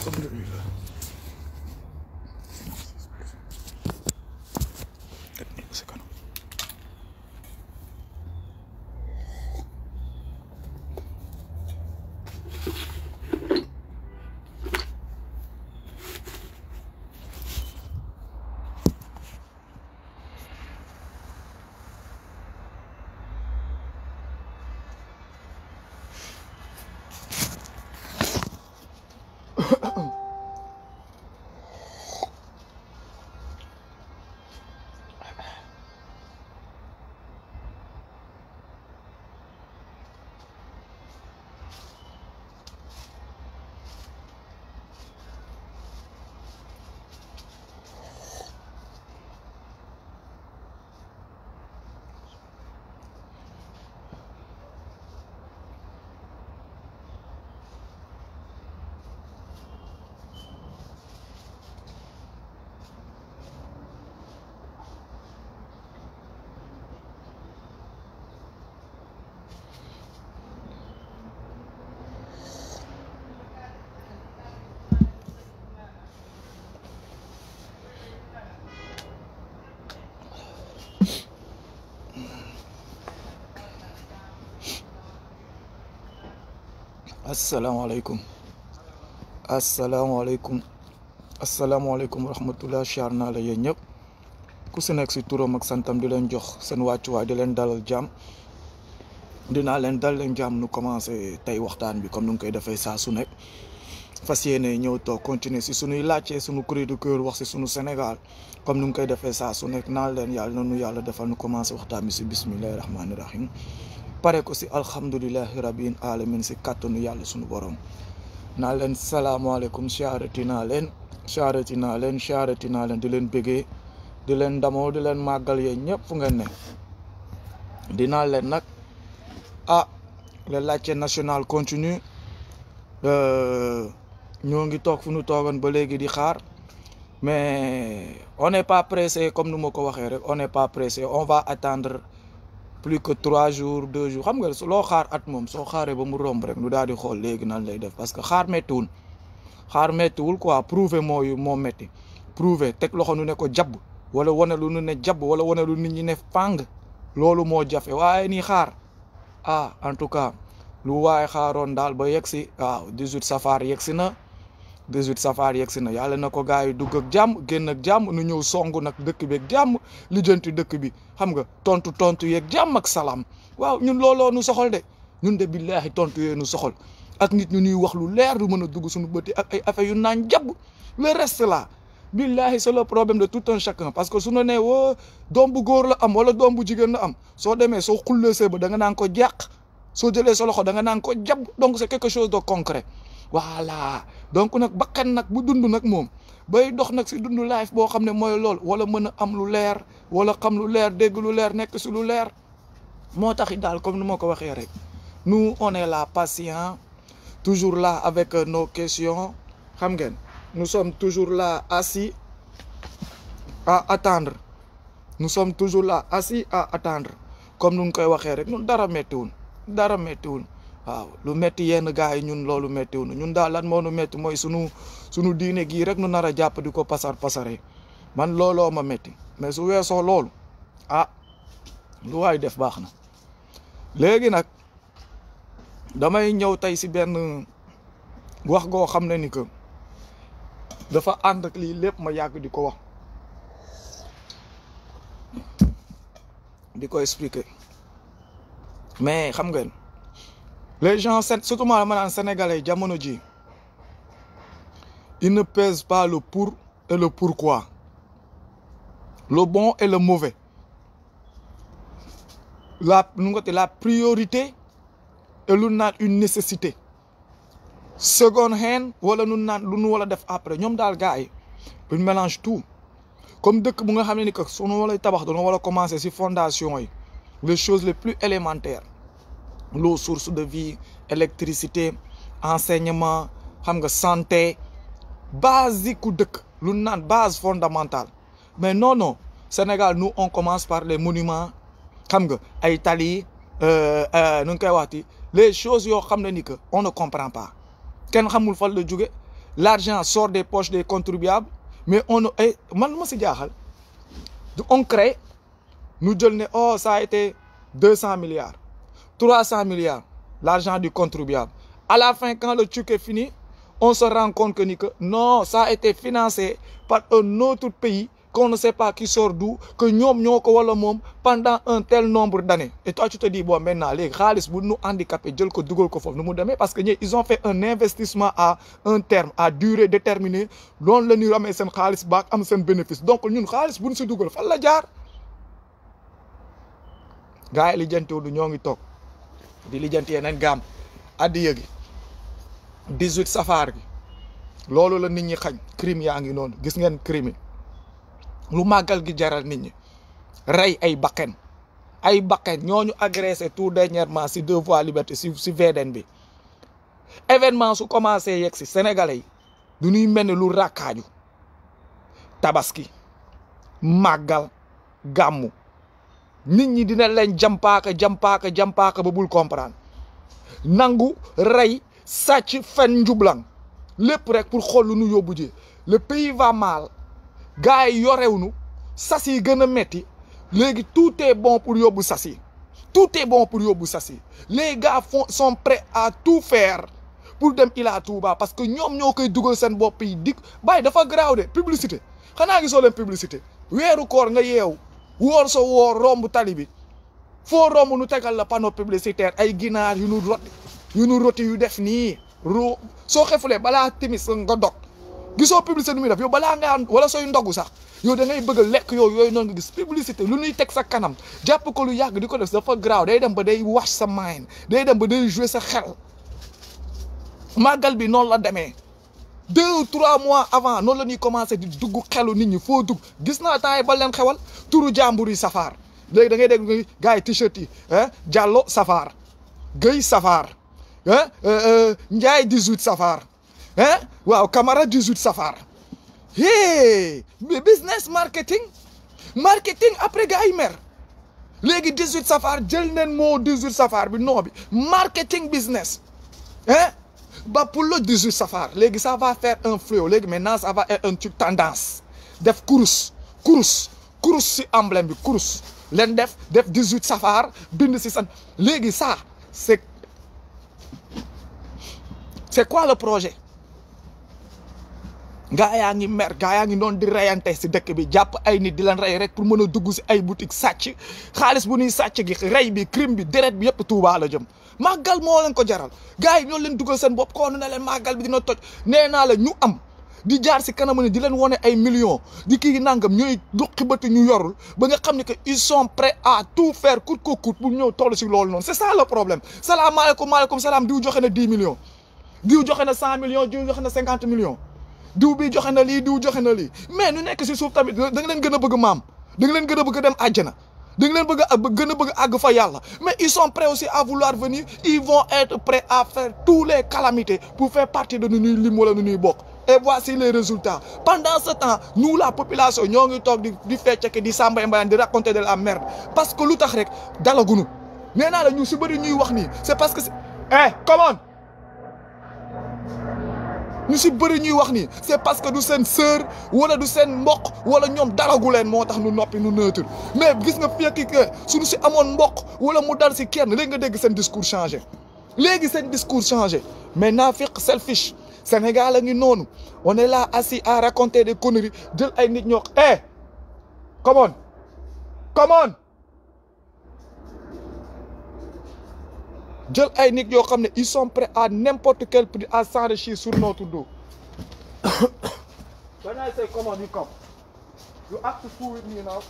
sobreviva. assalamu aleykum assalamu aleykum assalamu aleykum warahmatullah siyaar naa la yéen ñëpp ku si nekk si turam ak santam di leen jox seen wàccuwaay di leen dalal jàmm dinaa leen dal leen jaam nu commencé tey waxtaan bi comme nu ngi koy defee saa su nekk fas yéene ñëw toog continuer si suñuy laajtee suñu crédit du wax si suñu Sénégal comme nu ngi koy defee saa su nekk naa leen yàlla na nu yàlla defal nu commencé waxtaan bi si bismillahi rahmaani rahim pare ko si alhamdulillahi rabbil alamin si katunu yalla sunu borom naa leen salaamaaleykum siyaarati naa len siyaarati naa leen siyaarati naa leen di len bege di len damo di len magal ye ñep nga ne dina len nak ah le national continue euh ñongi tok fu nu togon ba di xaar mais on n'est pas pressé comme nous moko waxé rek on n'est pas pressé on va attendre plus que trois jours deux jours xam nga que xaar at moom soo xaaree ba mu romb rek di parce que xaar xaar prouver prouver teg ne ko wala lu ne wala lu nit ne ni xaar ah en tout cas lu waaye ba si 18 safar 18 safar yegg si na yàlla na ko ak jàmm genn ak jàmm nu ñëw songu nak dekk bi ak jàmm lijjanti dekk bi xam nga tontu tontu yek jàmm ak salam waaw ñun looloo nu soxol de ñun de billahi tontu yee soxol ak nit ñu ñuy wax lu leer du mëna dugg suñu bëti ak ay affaire yu naan jabb le reste là billahi c'est le problème de tout un chacun parce que suñu ñu wo dombu doom la am wala dombu bu la am démé so soo xulleesee ba da nga naan ko jàq soo jëlee loxo da nga naan ko donc c'est quelque chose de concret voilà donc nag bakkan nag bu dund nag moom bay dox nag si dund life boo xam ne mooy lool wala mën a am lu leer wala xam lu leer dégg lu leer nekk si lu leer moo tax it daal comme ni ma ko waxee rek nous on est là patient toujours là avec euh, nos questions xam ngeen nous toujours là assis à attendre nous sommes toujours là assis à attendre comme nu koy waxee rek dara méttiwul dara méttiwul waaw lu metti yenn gars yi ñun loolu méttiwunu ñun daal lan moo nu métti mooy sunu sunu diine gii rek nu nar a jàpp di ko pasar pasaree man looloo ma metti mais su weesoo loolu ah lu waay def baax na léegi nag damay ñëw tey si benn wax goo xam ne ni que dafa ànd ak lii lépp ma yàgg di ko wax di ko expliquer mais xam ngeen Les gens, surtout moi, en Sénégalais, ils ne pèsent pas le pour et le pourquoi. Le bon et le mauvais. La, la priorité est une nécessité. Second hand, voilà nous nous def après. Nous dal gaay, ils mélange tout. Comme dès que nous avons que si nous commencer sur ces fondations, les choses les plus élémentaires l'eau source de vie électricité enseignement santé base base fondamentale mais non non Sénégal nous on commence par les monuments À Italie, ay euh, euh, les choses on ne comprend pas l'argent sort des poches des contribuables mais on eh, on crée nous oh, ça a été 200 milliards 300 milliards, l'argent du contribuable. À la fin, quand le truc est fini, on se rend compte que, non, ça a été financé par un autre pays qu'on ne sait pas qui sort d'où, que nous avons pendant un tel nombre d'années. Et toi, tu te dis, bon, maintenant, les Khalis, nous handicapés, parce qu'ils ont fait un investissement à un terme, à durée déterminée, dont le nous ramène Khalis back, am sen bénéfice. Donc, nous, avons nous sommes Google, il faut le dire. les gens, nous sommes di lijanti yenen gam addiya gi 18 safar gi loolu la nit ñi xagn crime yaa ngi noonu gis ngeen crime lu magal gi jaral nit ñi ray ay bakken ay bakken ñoñu agresser tout dernièrement ci deux voies liberté ci ci VDN bi événement su commencé yek si sénégalais du ñuy melni lu rakaju tabaski magal, gamu nit ñi dina leen jàmpaaka jàmpaaka jàmpaaka ba bul comprendre nangu ray sàcc fen njublan lépp rek pour xool lu nu yóbbu le pays va mal gars yi yorewuñu sas yi gën a metti léegi tout est bon pour yóbbu sas yi tout est bon pour yóbbu sas yi les gars font sont prêts à tout faire pour dem Ila Touba parce que ñoom ñoo koy dugal seen bopp yi dik bàyyi dafa graw de publicité xanaa gisoo leen publicité weeru koor nga yeew woor sa woor romb tali bi foo romb nu tegal la panneau publicitaire ay ginaar yu nu roti yu nu roti yu def nii ru soo xefulee balaa timis nga dog gisoo publicité nu muy def yow balaa ngaa wala sooy ndogu sax yoo da ngay bëgg lekk yoo yooyu noonu nga gis publicité lu ñuy teg sa kanam jàpp ko lu yàgg di ko def dafa graaw day dem ba day wash sa mind day dem ba day jouer sa xel màggal bi noonu la demee. deux ou trois mois avant non la avons commencé di dugg xelu nit ñi fo dugg gis na temps yi ba leen xewal turu da ngay dégg t-shirt yi hein, Safar, hein euh euh Ndiaye 18 hein waaw 18 hey business marketing marketing après gaay mer 18 safar, jël mo 18 safar bi marketing business hein ba pour le 18 safar léegi ça va faire un fléau léegi maintenant ça va être un truc tendance def kurus kurus kurus si emblème bi kurus leen def def 18 safar bind si san léegi ça c'est c'est quoi le projet gaa yaa ngi mer gaa yaa ngi doon di rayante si dëkk bi jàpp ay nit di leen rey rek pour mën a dugg si ay boutique sàcc xaalis bu ñuy sàcc gi rey bi crime bi deret bi yëpp Touba la jëm màggal moo leen ko jaral gars yi ñoo leen dugal seen bopp koo ne leen màggal bi dina toj nee naa la ñu am di jaar si kanam ni di leen wone ay millions di kii nangam ñooy duqi bët ñu yorul ba nga xam ni que ils sont prêts à tout faire coûte que coûte pour ñëw toll si loolu noonu c' est ça le problème salaamaaleykum maaleykum salaam diw joxe na dix millions diw joxe na cent millions diw joxe na cinquante millions bi joxe na lii diw joxe na lii mais nu nekk si suuf tamit da nga leen gën a bëgg maam da nga leen gën a bëgg dem àjjana Ils mais ils sont prêts aussi à vouloir venir ils vont être prêts à faire toutes les calamités pour faire partie de nous. et voici les résultats pendant ce temps nous la population nous ngi toog di di fecc di di raconter de la merde parce que nous tax rek le nee naa ñu c'est parce que eh come on ñu si ñuy c'est parce que nous sommes sœur wala du sen mbokk wala ñom sommes gu len nous nu nopi nous neutre mais gis nga fiek que suñu si nous mbokk wala mu dal ci kenn sommes nga dégg sen discours changer légui discours changé mais Nafiq selfish Sénégal ngi on est là assis à raconter des conneries jël ay nit ñoo eh come on come on jël ay nit yo xamné ils sont prêts à n'importe quel prix à s'enrichir sur notre dos when I say come on you come you have to fool with me now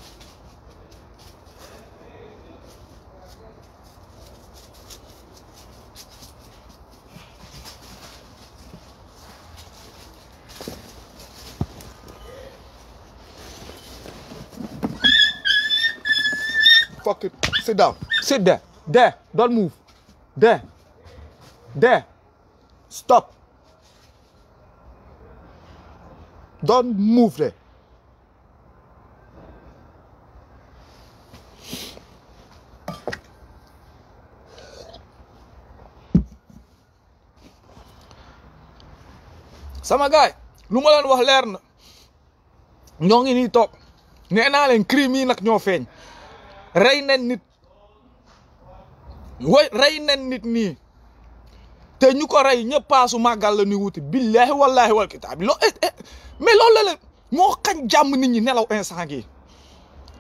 fuck it sit down sit there there don't move There. There. Stop. Don't move there. sama guy, lu ma leen wax leer na ñoo ngi krimi nak nee naa nit way rey nen nit nii te ñu ko rey ñëpp paasu màggal la ñuy wuti billaahi wallaahi wal kitaab loo eh, eh, mais loolu la leen moo xañ jàmm nit ñi nelaw instant gi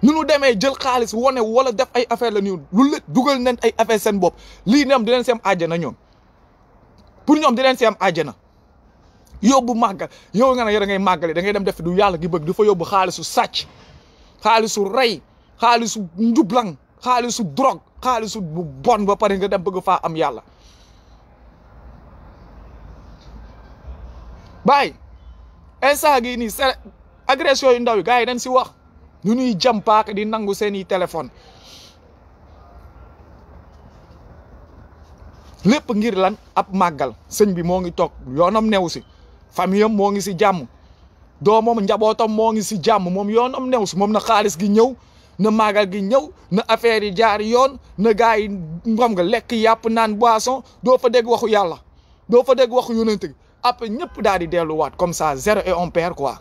nu nu demee jël xaalis wone wala def ay affaire la ñu lu la dugal nañ ay affaire seen bopp lii ñoom di leen seem àjjana ñoom pour ñoom di leen seem àjjana yóbbu màggal yow nga ne yow da ngay màggale da ngay dem def du yàlla gi bëgg du fo yóbbu xaalisu sàcc xaalisu rey xaalisu njublang xaalisu drogue xaalisu bu bon ba pare nga dem bëgg fa am yàlla ya bàyyi instant gii nii agression yu ndaw yi gaay dañ ci wax ñu ñuy jam paak di nangu seeni téléphone lepp ngir lan ab magal señ bi mo ngi tok yonam new ci famille mo ngi ci jam do mom njabotam mo ngi ci jam mom yonam ci mom na gi ñew na magal gi ñew na affaire yi jaar yoon na gaay ngom nga lek yap nan boisson do fa deg waxu yalla do fa deg waxu yonent gi après ñepp daal di wat comme ça zéro et on perd quoi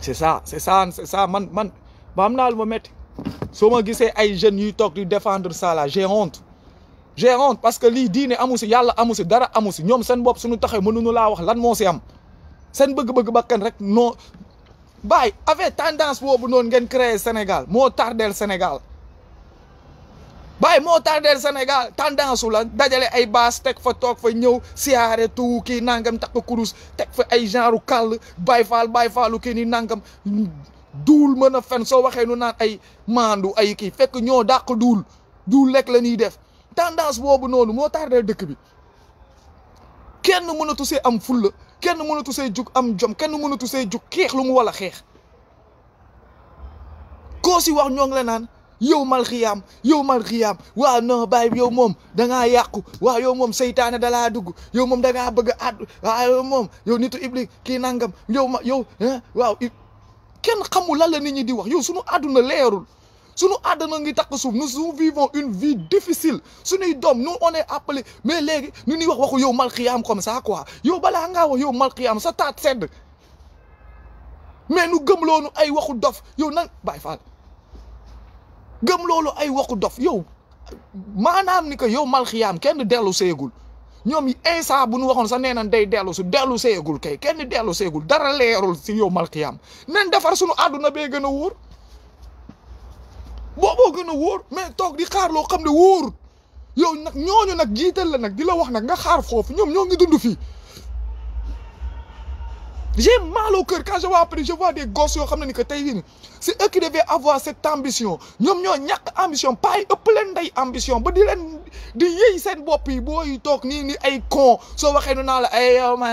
c'est ça c'est ça c'est ça man man ba am naal mo metti métti soo ma gisee ay jeunes yu tok di défendre ça là j'ai honte j'ai honte parce que li diiné amu si amu si dara amu si nyom seen bop suñu mënu ñu la wax lan mo ci am seen bëgg-bëgg bakkan rek non baay avec tendance boobu noonu ngeen créer Sénégal moo tardeel Sénégal baay moo tardeel Sénégal tendance wu la dajale ay baas teg fa toog fa ñëw siyaare tuwu kii nangam takk kurus teg fa ay genre kàll baay faal baay faalu kii nangam duul mën a fen soo waxee nu naan ay maandu ay kii fekk ñoo dàq duul duul lekk la ñuy def tendance boobu noonu moo tardeel dëkk bi kenn mënatu see am fulla kenn mënatu say jug am jom kenn mënatu say jug xeex lu mu wala xeex koo si wax ñoo ngi la naan yow malxiyaam yow malxiyaam waaw non baay yow moom da ngaa yàqu waaw yow moom seytaane da laa dugg yow moom da ngaa bëgg a àdd yow moom yow nitu ibli kii nangam yow ma yow waaw kenn xamul lan la nit ñi di wax yow sunu àdduna leerul. sunu àdduna ngi takk suuf nous nous vivons une vie difficile suñuy doom nous on est appelé mais léegi ñu ñuy wax waxu yow malxiyaam comme saa quoi yow balaa ngaa wax yow malxiyaam sa taat sedd mais nu gëm nu ay waxu dof yow nan bàyyi faal gëm ay waxu dof yow maanaam ni que yow malxiyaam kenn dellu seegul ñoom instant bu nu waxoon sax nee nañ day dellu su dellu seegul kay kenn dellu seegul dara leerul si yow malxiyaam nañ defar sunu àdduna bee gën a wóor. booboo gën a wóor mais toog di xaar loo xam ne wóor yow nag ñooñu nag jiital la nag di la wax nag nga xaar foofu ñoom ñoo ngi dund fii. j'ai mal au cœur quand je vois après des gosses yoo xam ne ni que tey jii c'est eux qui devaient avoir cette ambition ñoom ñoo ñàkk ambition pas yi ëpp leen nday ambition ba di leen di seen bopp yi booy toog nii ni ay con soo waxee nu naa la ay eh, yow ma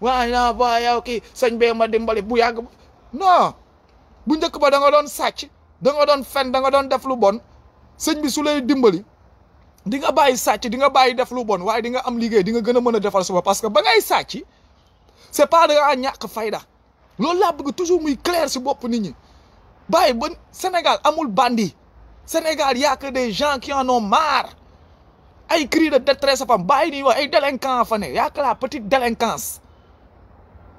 waay naa ba yow kii bee ma dimbali bu yàgg non bu njëkk ba da nga doon sàcc da doon fen da nga doon def lu bon sëñ bi su dimbali di nga bàyyi sàcc di nga bàyyi def lu bon waaye di nga am liggéey di nga gën a mën a defal suba parce que ba ngay sàcc c'est pas da ngaa ñàkk fayda loolu laa bëgg toujours muy clair si bopp nit ñi bàyyi ba Sénégal amul bandi Sénégal y a que des gens qui en ont ay cri de détresse fam bàyyi ni wax ay délinquant fa ne y a que la petite délinquance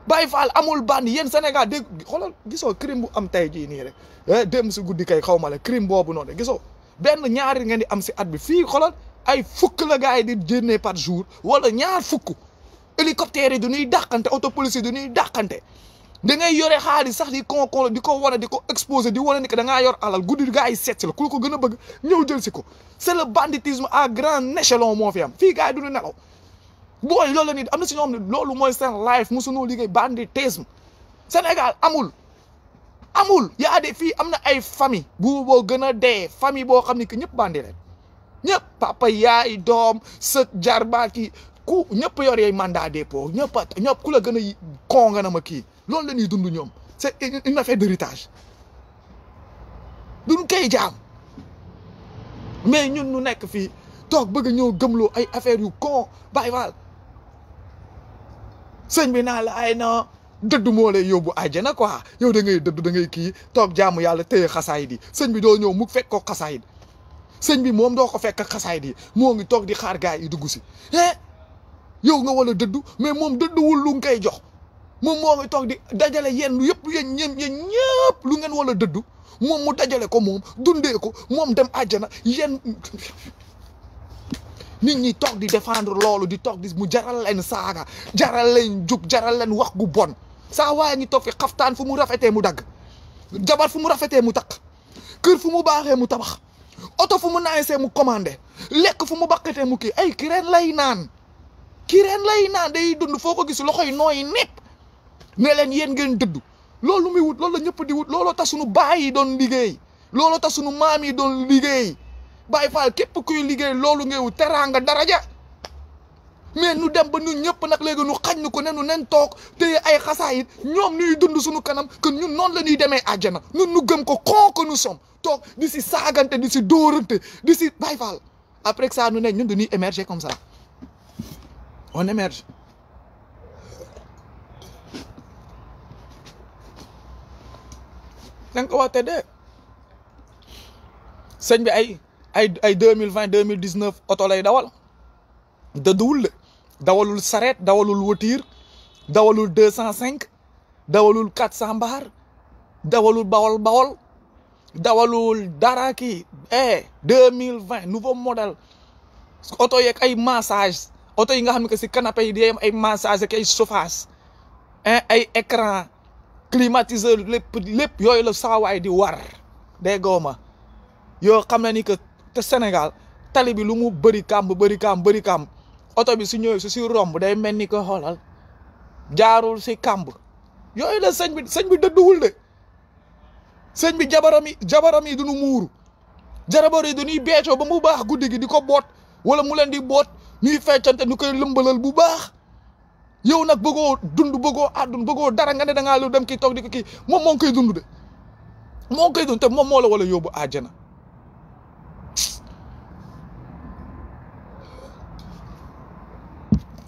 bàyyi faal amul bandi yéen Sénégal dégg xoolal gisoo crime bu am tey jii Eh, dem si guddi kay xaw ma la crime boobu noonu gisoo benn ñaari ngeen di am si at bi fii xoolal ay fukk la gars yi di génnee par jour wala ñaar fukk hélicoptère yi du ñuy dàqante auto police yi du ñuy dàqante da ngay yore xaalis sax di kon kon di ko wane di ko exposé di wane ni que da ngaa yor alal guddi gars yi seet si la ku ko gën a bëgg ñëw jël si ko c'est le banditisme à grand échelon moo fi am fii gars yi du ñu nelaw booy loolu la nit am na si ñoom ne loolu mooy seen life mosunoo liggéey banditisme Sénégal amul. amul yaa de fii am na ay famille bu boo gën a dee famille boo xam ni que ñëpp bandi leen ñëpp papa yaay doom sët jarbaat yi ku ñëpp yor yooyu mandat dépôt ñëpp a ñëpp ku la gën a koo nga na ma kii loolu la ñuy dund ñoom c'est une affaire d'héritage duñ koy jaam mais ñun ñu nekk fii toog bëgg ñëw gëmloo ay affaires yu con bàyyi waal sëñ bi naa la ay dëdd moo lay yóbbu àjjana quoi yow da ngay dëdd da ngay kii toog jaamu yàlla téye xasaay di sëñ bi doo ñëw mu fekk ko xasaay sëñ bi moom doo ko fekk xasaay di moo ngi toog di xaar gaay yi dugg si eh yow nga wala dëddu mais moom dëdduwul lu nga jox moom moo ngi toog di dajale yenn yëpp yéen ñëpp yéen lu ngeen wala dëdd moom mu dajale ko moom dundee ko moom dem àjjana yenn nit ñi toog di défendre loolu di toog di mu jaral leen saaga jaral leen jug jaral leen wax gu bon saa waaye ngi toog fi xaftaan fu mu rafetee mu dagg jabar fu mu rafetee mu takk kër fu mu baaxee mu tabax oto fu mu naayesee mu commandé lekk fu mu baqatee mu kii ay kireen lay naan kireen lay naan day dund foo ko gis loxo yi nooy nepp ne leen yéen ngeen dëdd loolu muy wut loolu la ñëpp di wut looloo tax sunu baay yi doon liggéey looloo tax sunu maam yi doon liggéey Baay Faal képp kuy liggéey loolu ngay wut teraanga daraja mais nu dem ba nu ñëpp nag léegi nu xañ nu ko ne nu nen toog te ay xasaayit ñoom nuy dund suñu kanam que ñun noonu la ñuy demee àjjana ñun nu gëm ko kon que nous toog di si saagante di si dóorante di si bay faal après que ça nu ne ñun dañuy émerger comme ça on émerge na nga ko waxte de sëñ bi ay ay ay deux mille vingt deux mille dix neuf oto lay dawal dëdduwul la dawalul saret dawalul voiture dawalul deux cent cinq dawalul quatre cent mbaar dawalul bawol bawol dawalul dara kii eh deux mille vingt nouveau modèle oto yeeg ay massage oto yi nga xam ne que si canapé yi day ay massage ak ay chauffage ay écran climatiseur lépp lépp yooyu la saawaay di war day gooma yoo xam ne ni que te Sénégal tali bi lu mu bëri kàmb bëri kàmb bëri kàmb auto bi su ñëw su si romb day melni ko xolal jaarul si kamb yoy la señ bi señ bi dëdduwul de señ bi jabarami jabarami jabaram yi duñu muuru jarabar yi dañuy ba mu baax guddi gi di ko wala mu len di bot ñuy feccante ñu koy lëmbalal bu baax yow nak bëggo dund bëggo adun bëggo dara nga ne da nga lu dem ki tok di kiki, mom mo ngi koy dund de mo ngi koy dund te mom mo la wala yobu aljana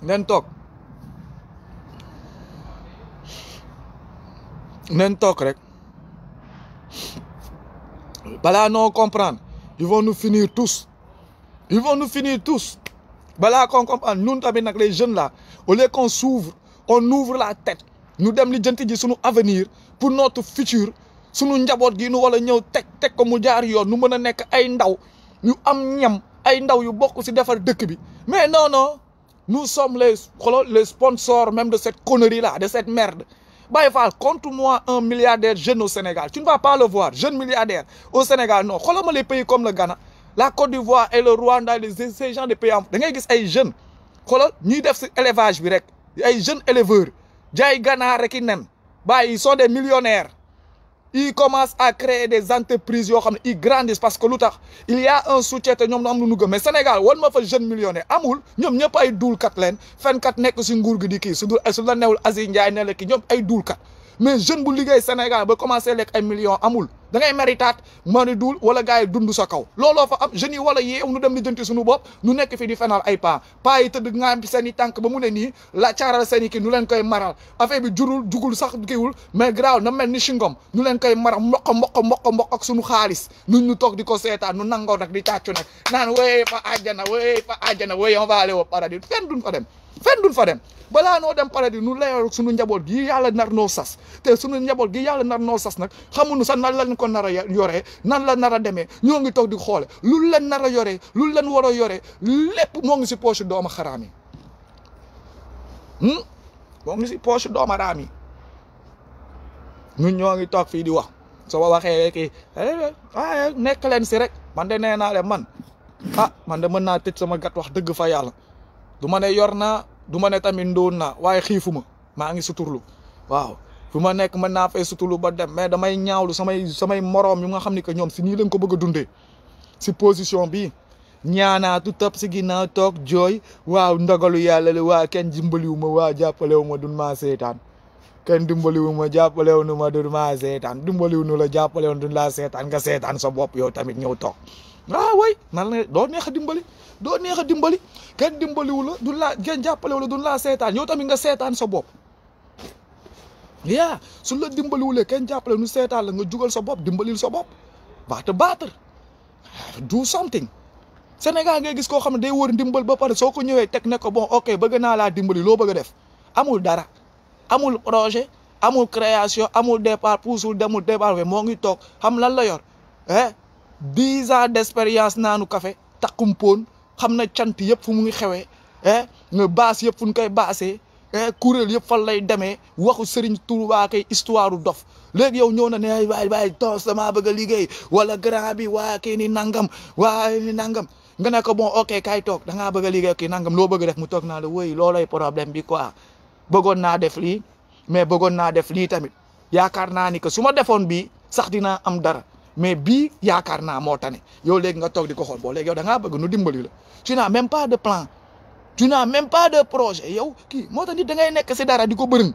Nen toog Nen toog rek bala noo comprendre ils vont nous finir tous ils vont nous finir tous bala qu'on comprendre nous tamit nak les jeunes là au lieu qu'on s'ouvre on ouvre la tête nous dem li jënt ji suñu avenir pour notre futur suñu njabot gi nu wala ñew tek tek ko mu jaar yoon nu mën nek ay ndaw ñu am ñam ay ndaw yu bokku ci défar dëkk bi mais non non nous sommes les, les sponsors même de cette connerie-là, de cette merde. Baïfal, compte-moi un milliardaire jeune au Sénégal. Tu ne vas pas le voir, jeune milliardaire au Sénégal. Non, regarde les pays comme le Ghana, la Côte d'Ivoire et le Rwanda, les, ces gens des pays en... Vous voyez sont jeunes, regarde, nous y les jeunes éleveurs. ils sont des millionnaires. ils commencent à créer des entreprises yoo xam ne ils grandissent parce que lu tax il y a un soutien te ñoom am lu mais Sénégal wal ma fa jeune millionnaire amul ñoom ñëpp ay duulkat leen fenkat nekk si nguur gi di kii su dul su la newul Aziz Ndiaye ne la kii ñoom ay duulkat mais jeune bu liggéey Sénégal ba commencé lekk ay millions amul da ngay méritaat mani duul wala gars yi dund sa kaw looloo fa am yi wala yéew nu dem lijjanti suñu bopp nu nekk fi di fenal ay paa paa yi tëdd nga am seen tànk ba mu ne nii la caaral seni i kii nu leen koy maral affaire bi jurul jugul sax kiwul mais graaw na mel ni chingom nu leen koy maral mboq mboq mboq mboq ak suñu xaalis nun ñu toog di ko seetaan nu nangoo nag di tàccu nag naan wéy fa àjjana wéy fa àjjana wéy on va aller au duñ fa dem fenn duñ fa dem balaa noo dem paradis nu layal suñu njaboot gi yàlla nar noo sas te suñu njaboot gi yàlla nar noo sas nag xamuñu sax nan lañ ko nar a yoree nan la nar a demee ñoo ngi toog di xoole lu leen nar a yoree lu leen war a yoree lépp moo ngi si poche doomu xaraam yi hmm? moo ngi si poche doomu xaraam yi ñun ñoo ngi toog fii di wax soo waxee kii eh, nekk leen si rek man de nee naa man a ah, man de mën naa tëj sama gat wax dëgg fa yàlla. duma ne yorna duma ne tamit ndona waye xifuma ma ngi suturlu wow, fuma nek man na fay suturlu ba dem mais damay ñaawlu samay samay morom yu nga xamni ni ñom si nii lañ ko bëgg a si position bii ñaanaatu topp si ginnaaw toog jooy waaw ndogalu yàlla la waa ken dimbaliwu ma waa jàppalewu ma dun maa seetaan kenn ma jàppalewu ma dun maa nu la jàppalewu dun la setan nga setan sa bop yow tamit ñew tok ah way la doo neex a dimbali doo neex a dimbali kenn dimbaliwu la duñ laa kenn jàppalewu la duñ laa seetaan yow tamit nga seetaan sa bopp yaa su la dimbaliwulee kenn jàppale nu seetaan la nga jugal sa bopp dimbalil sa bopp va te battre do something Sénégal ngay gis koo xam ne day woor dimbal ba pare soo ko ñëwee teg ne ko bon ok bëgg naa laa dimbali loo bëgg a def amul dara amul projet amul création amul départ puusul demul départ moo ngi toog xam lan la yor dix ans d'expérience naanu café takkum poon xam na cant yëpp fu mu ngi xewee eh nga baas yëpp fu ñu koy baasee eh kuréel yëpp fan lay demee waxu Serigne Touba kay histoire dof léegi yow ñëw na ne ay waay waay tos damaa bëgg a liggéey wala grand bi waa kii ni nangam waa ni nangam nga ne ko bon ok kaay toog da ngaa bëgg a liggéey kii nangam loo bëgg def mu toog naa la wéy loolay problème bi quoi bëggoon naa def lii mais bëggoon naa def lii tamit yaakaar naa ni que su ma defoon bii sax dinaa am dara. mais bi ya karena naa yo tane yow nga tok di xol boleh leg léegi yow da nga beug nu dimbali la tu n'as même pas de plan tu n'as même pas de projet yow ki motan tax da ngay nek ci dara di beureng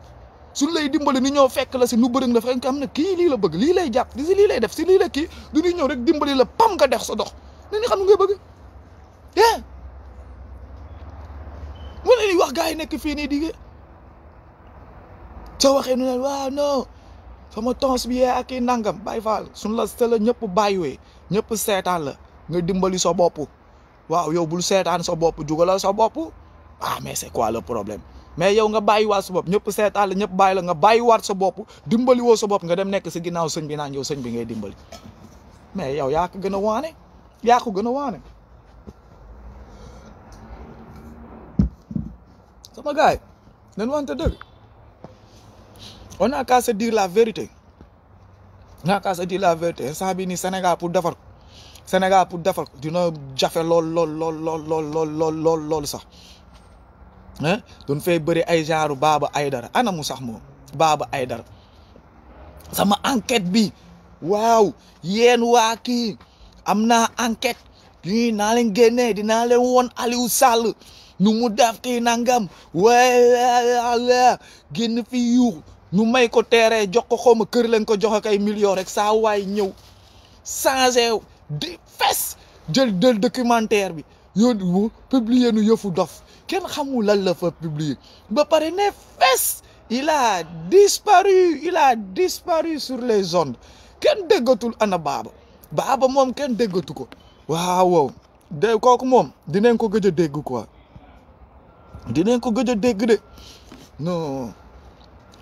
bërëng lay dimbali ni ñoo fekk la ci nu beureng la fekk nga xam ne kii la beug li lay japp si li lay def ci li la ki du ñuy rek dimbali la pam nga def sa dox ni ni xam nga beug eh mo ni wax gaay nek fi ni di di soo waxe nu ne wa non sama tons bi ya ak e nangam bay faal sun la sa ñep ñëpp bàyyiwee ñëpp la nga dimbali so bop waaw yow bul so bop jugalal so bop ah mais c'est quoi le problème mais yow nga bàyyiwaat so bop ñep seetaan la ñep bay la nga wat so bop dimbali wo so bop nga dem nek ci ginaaw señ bi naan yow señ bi ngay dimbali mais yow ya ko gëna wané ya ko gëna wané sama gay nañ wante deug on n'a qu'à se dire la vérité on n'a qu'à se dire la vérité Ça a nii Sénégal pour defar Sénégal pour defar ko dina jafe lol, lol, lol, lol, lol, lol, lol, lool lool sax ay genre Baba ana mu sax moom Baba Ça sama enquête bi wow, Yen waki. Amna anket? enquête Di nalen gene, di nalen won ali usal. nu mu nangam waaye Gene fi ñu may ko terrain jox ko xawma kër lañ ko jox ak rek saa waay ñëw changé di fes jël jël documentaire bi yoon wu publier nu yëfu dof kenn xamul lan la fa publier ba pare ne fes il a disparu il a disparu sur les ondes kenn déggatul ana baaba baaba moom kenn déggatu ko waaw waaw de kooku moom dinañ ko gëj a dégg quoi dinañ ko gëj a dégg de non.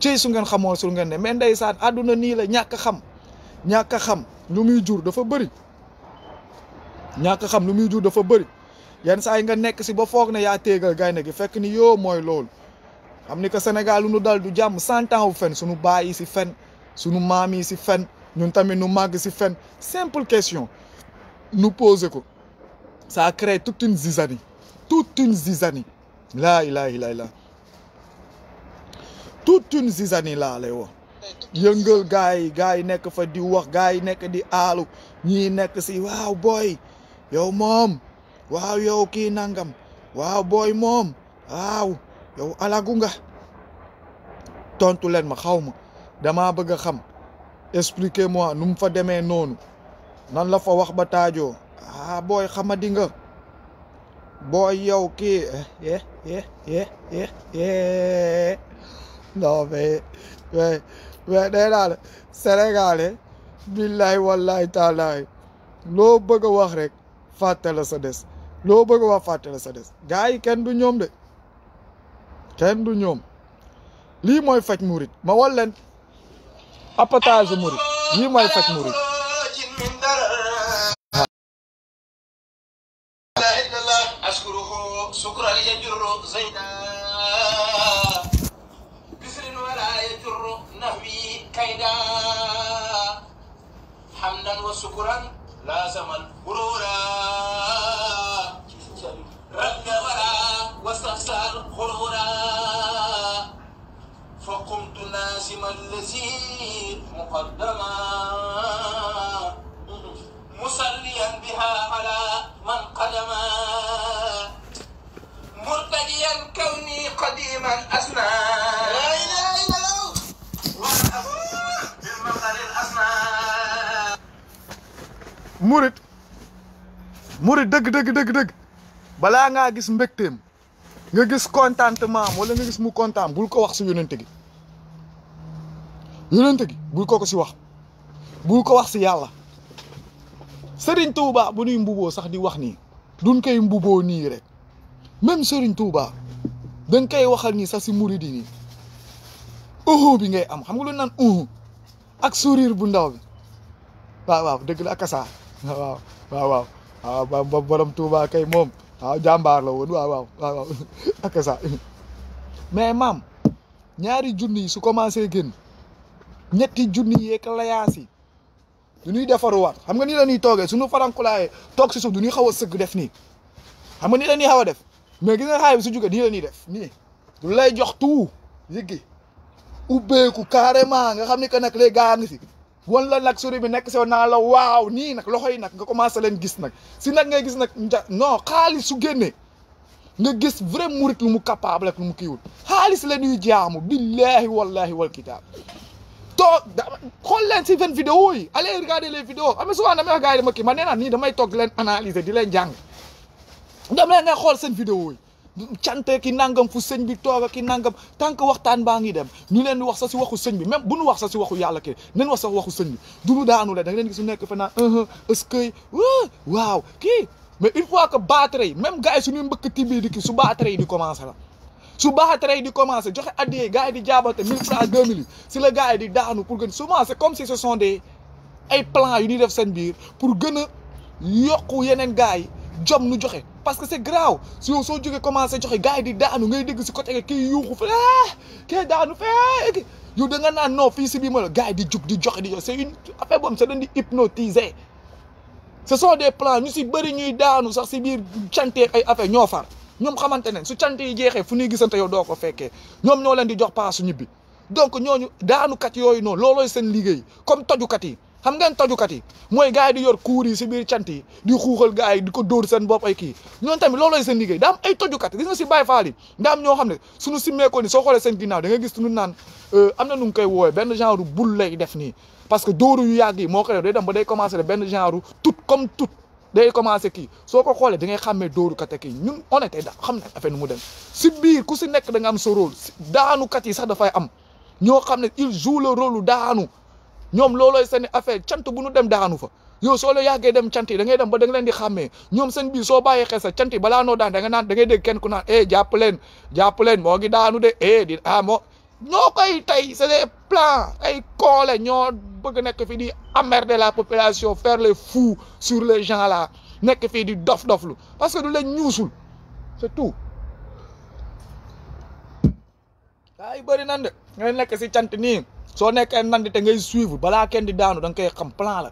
ci su ngeen xamoo su ngeen ne mais ndaysaan aduna ni la ñaaka xam ñaaka xam lu muy jur dafa bari ñaaka xam lu muy jur dafa bari yeen saay nga nekk ci ba foog ne yaa téegal gaynde gi fekk ni yoo mooy lool xam ni que Sénégal lu nu dal du jàmm cent ans wu fen suñu baay yi si fen sunu maam yi si fen ñun tamit nu màgg si fen simple question nu poser ko ça crée toute une zizanie toute une zizanie laa ilaaha illallaah toute une zizanie laa lay wax yëngal gars yi gars yi nekk fa di wax gars yi nekk di aalu ñii nekk si waaw booy yow moom waaw yow kii nangam waaw booy moom waaw yow alagu nga tontu leen ma xaw ma dama bëgg a xam expliquez-moi nu mu fa demee noonu nan la fa wax ba taajoo ah, booy xamadi nga booy yow kii eh eh eh eh, eh, eh, eh. non mais mais mais nee naa la taalaay loo bëgg wax rek fàtte sa des loo bëgg a wax fàtte sa des gars yi kenn du ñoom de kenn du ñoom lii mooy faj murit ma wal leen murit lii mooy faj murit كيدا حمدا وشكرا لازم غرورا رد ورا واستخسر غرورا فقمت لازما الذي مقدما Murid, murid deug deug deug deug bala nga gis mbektem nga gis contentement wala nga gis mu content bul ko wax si yonent gi yonent gi bul ko ko si wax bul ko wax si yalla Serigne Touba bu nuy mbubo sax di wax ni, duñ koy mbubo ni rek même Serigne Touba dañ koy waxal ni sa si mouride ni bi ngay am xam nga lu naan uhu ak sourire bu ndaw bi waaw waaw deug la waaw waaw waaw waaw ah, ba ba borom Touba kay moom waaw ah, jàmbaar la woon waaw waaw waaw ak ça mais maam ñaari junni yi su commencé génn ñetti junni yeeg layaas yi du ñuy defaruwaat xam nga ni la ñuy toogee suñu farankulaayee toog si suuf du ñuy xaw a sëgg def nii xam nga ni la ñuy xaw a def mais gis nga xaay bi su jugee nii la ñuy def nii du lay jox tout yëggi ubbeeku carrément nga xam ni que nag les gars am si. wan la nag souris bi nekk sew naa la waaw nii nag loxo yi nag nga commencé leen gis nag si nag ngay gis nag non xaalis su génnee nga gis vrai murit lu mu capable ak lu mu kiiwul xaalis la ñuy jaamu billahi wallahi wal kitaab toog xool leen si fen vidéo yi allez regarder les vidéos am na souvent a wax gars yi ma kii man nee nii damay toog leen analyser di leen jàng dem nga xool seen vidéo yi cante ki nangam fu señ bi tooga ki nangam tant que waxtaan baa ngi dem ñu leen di wax sa si waxu sëñ bi même bu nu wax sa si waxu yàlla ke nen wax sa waxu sëñ bi du nu daanu la da nga leen gis nekk fa naa est-ce que waaw kii mais une fois que battre yi même gars yi suñuy mbëkk tibi di kii su battre yi di commencé la su battre yi di commencé joxe addiyee gars yi di jaabate mille francs deux mille si la gars yi di daanu pour gën souvent c'est comme si ce sont des ay plans yu ñuy def seen biir pour gën a yokku yeneen gars yi jom nu joxe parce que c'est grave si on soo jógee commencé joxe gars yi di daanu ngay dégg si côté kii yuuxu fa eh, kii daanu fee eh, yow da nga naan non fii non bii ma la gars yi di jug di joxe di une affaire bon c'est est dañ hypnotiser ce sont des plans nous si bëri ñuy daanu sax si biir cantee ay affaire ñoo far ñoom xamante ne su cante yi jeexee fu ñuy que yow doo ko fekkee ñoom ñoo leen di jox paasu ñibbi donc ñooñu daanukat non lolo loolooy seen ligue comme tojukat yi. xam ngeen tojukat yi mooy gars yi di yor kuur yi si biir cant yi di xuuxal gars yi di ko dóor seen bopp ay kii ñoon tamit loolooy seen liggéey daa am ay tojukat gis nga si Baye Fall yi daa am xam ne suñu simmeekoo ni soo xoolee seen ginnaaw da nga gis suñu naan euh, am na nu ngi koy woowee benn genre bul lay que dóoru yu yàgg yi moo ko day dem ba day commencé benn genre tout comme tout day commencé kii soo ko xoolee da ngay xàmmee dóorukat ak kii ñun honnête da xam ne affaire mu dem si biir ku si nekk da nga am sa rôle daanukat yi sax dafay am ñoo xam ne il joue le rôle daanu ñom loloy seen affaire cant bu nu dem daanu fa yow soo la yàggee dem cant da ngay dem ba da nga leen di xamé ñom seen bi so baye xessa sa bala no daan da nga naan da ngay deg kenn ku naan eh japp len japp len mo gi daanu de eh di ah moo ñoo tay c'est des plans ay colé ñoo bëgg nekk fi di emmerder la population faire les fous sur les gens là nekk fi di dof-doflu parce que du leen ñuusul c'est tout. kay bari nan de nga nek ci cant ni soo nekkee nandi te ngay suivre balaa kenn di daanu da koy xam plan la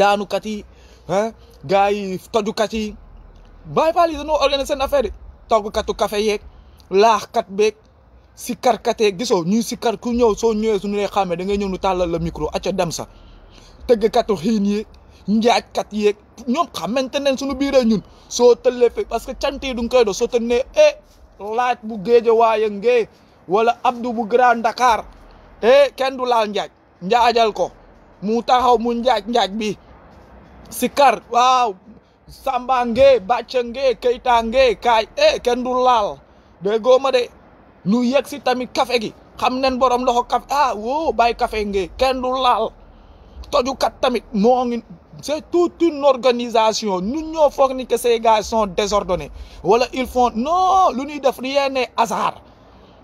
daanukat yi ah gars yi tojukat yi bàyyi faal yi dañoo organiser seen affaire yi toggkatu café yeeg laaxkat beeg sikkarkat yeeg gisoo ñuy sikkar ku ñëw soo ñëwee suñu lay xàmmee da ngay ñëw nu tàllal la micro acca dem sa tëggkatu xiin yeeg njaajkat yeeg ñoom xamante ne suñu biiree ñun soo tëllee parce que cant yi du nga koy do soo tënnee e laaj bu géeje waaye ngee wala abdu bu grand Dakar eh kenn du laal njaaj njaajal ko mu taxaw mu njaaj njaaj bi sikar waaw samba ngee bàcca ngee kayta ngee kaay eh kenn du laal déggoo ma de ñu yegg si tamit kafe gi xam nen borom loxo kafe ah woo bàyyi kafe ngee kenn du laal tojukat tamit moo ngi c'est toute une organisation ñun ñoo foog ni que ces gars sont wala il font non lu ñuy def rien n'est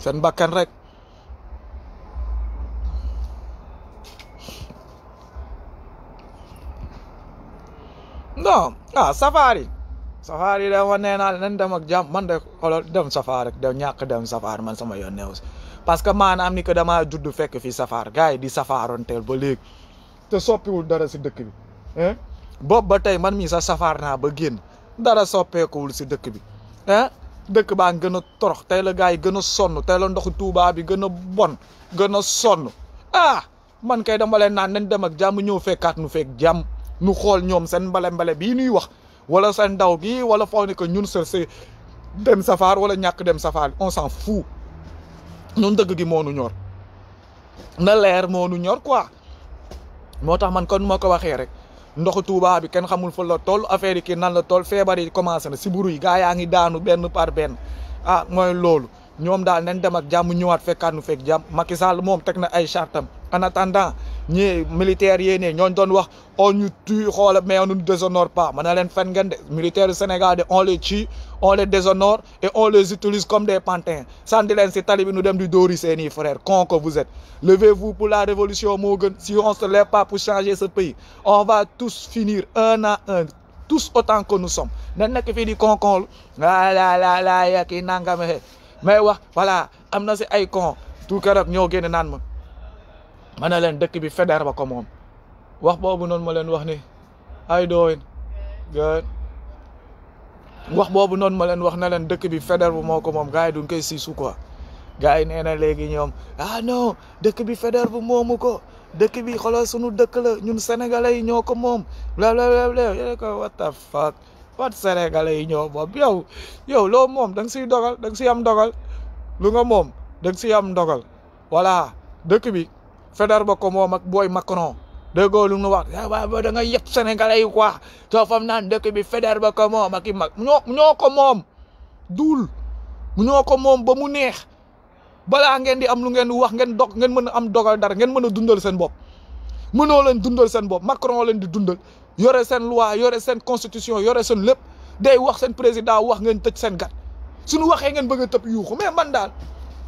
seen bakkan rek non ah safari safari da ma nee naa leen dem ak jàmm man de xoolal dem safari de ñàkk dem safari man sama yoon neew si parce que maanaam ni que damaa juddu fekk fii safar gars yi di safaronteel ba leeg te soppiwul dara si dëkk bi bop ba tey man mii sax safar naa ba génn dara soppeekuwul si dëkk bi ah dëkk ba nga gëna torox tay la gaay gëna gën la ndoxu Touba bi gëna bon gëna ah man kay dama leen naan nañ dem ak jamm ñëw fekkat nu fekk jamm nu xol ñom sen mbale mbale bi ñuy wax wala sen ndaw gi wala foog ne ñun seul dem safar wala ñak dem safar on s'en fout ñun dëgg gi mo nu ñor na leer mo nu ñor quoi motax man kon ma waxé rek. ndoxu Touba bi kenn xamul fa la toll affaire yi kii nan la toll feebar yi commencé na siburu yi gaa yaa ngi daanu benn par benn ah mooy loolu ñoom daal nañ dem ak jàmm ñëwaat fekkaat nu fekk jàmm Macky Sall moom teg na ay chartam en attendant les militaires yee ne qu'on doon on oh, tue mais on ne déshonore pas ma militaires du Sénégal on les tue on les déshonore et on les utilise comme des pantins sànni leen c'est les talibans nu dem du dóori seeni frère, con que vous êtes levez-vous pour la révolution si on se lève pas pour changer ce pays on va tous finir un à un tous autant que nous sommes n'a nekk fii di konkon la la la la ya kii nangam mais voilà nous na si ay con tout keroog ñoo génne naan ma leen dëkk bi Faidherbe ba ko moom wax boobu noonu ma leen wax ni ay wax boobu noonu ma leen wax na leen dëkk bi Faidherbe bu moo ko moom gars yi duñ koy siisu quoi gars yi nee na léegi ñoom ah non dëkk bi Faidherbe bu moomu ko dëkk bi xolo sunu dëkk la ñun sénégalais yi ñoo ko moom blablabla yéen ko what the fuck wat yi ñoo moom yow yow loo moom dang nga siy dogal da nga siy am dogal lu nga moom da nga siy am dogal voilà dëkk bi. fédar ya, ko moom ak boy Macron de lu mu wax ba da nga yëpp sénégalais yi quoi soo fam nan dekk bi fédar ko moom ak i mag ñoo ñoo ko ba mu neex bala ngeen di am lu ngeen wax ngeen dog ngeen mëna a am dogal dar ngeen mëna dundal seen bop mëno leen dundal seen bop Macron leen di dundal yore seen loi yore seen constitution yore seen lepp day wax seen président wax ngeen tecc seen gat suñu waxe ngeen bëgg tepp yu mais man dal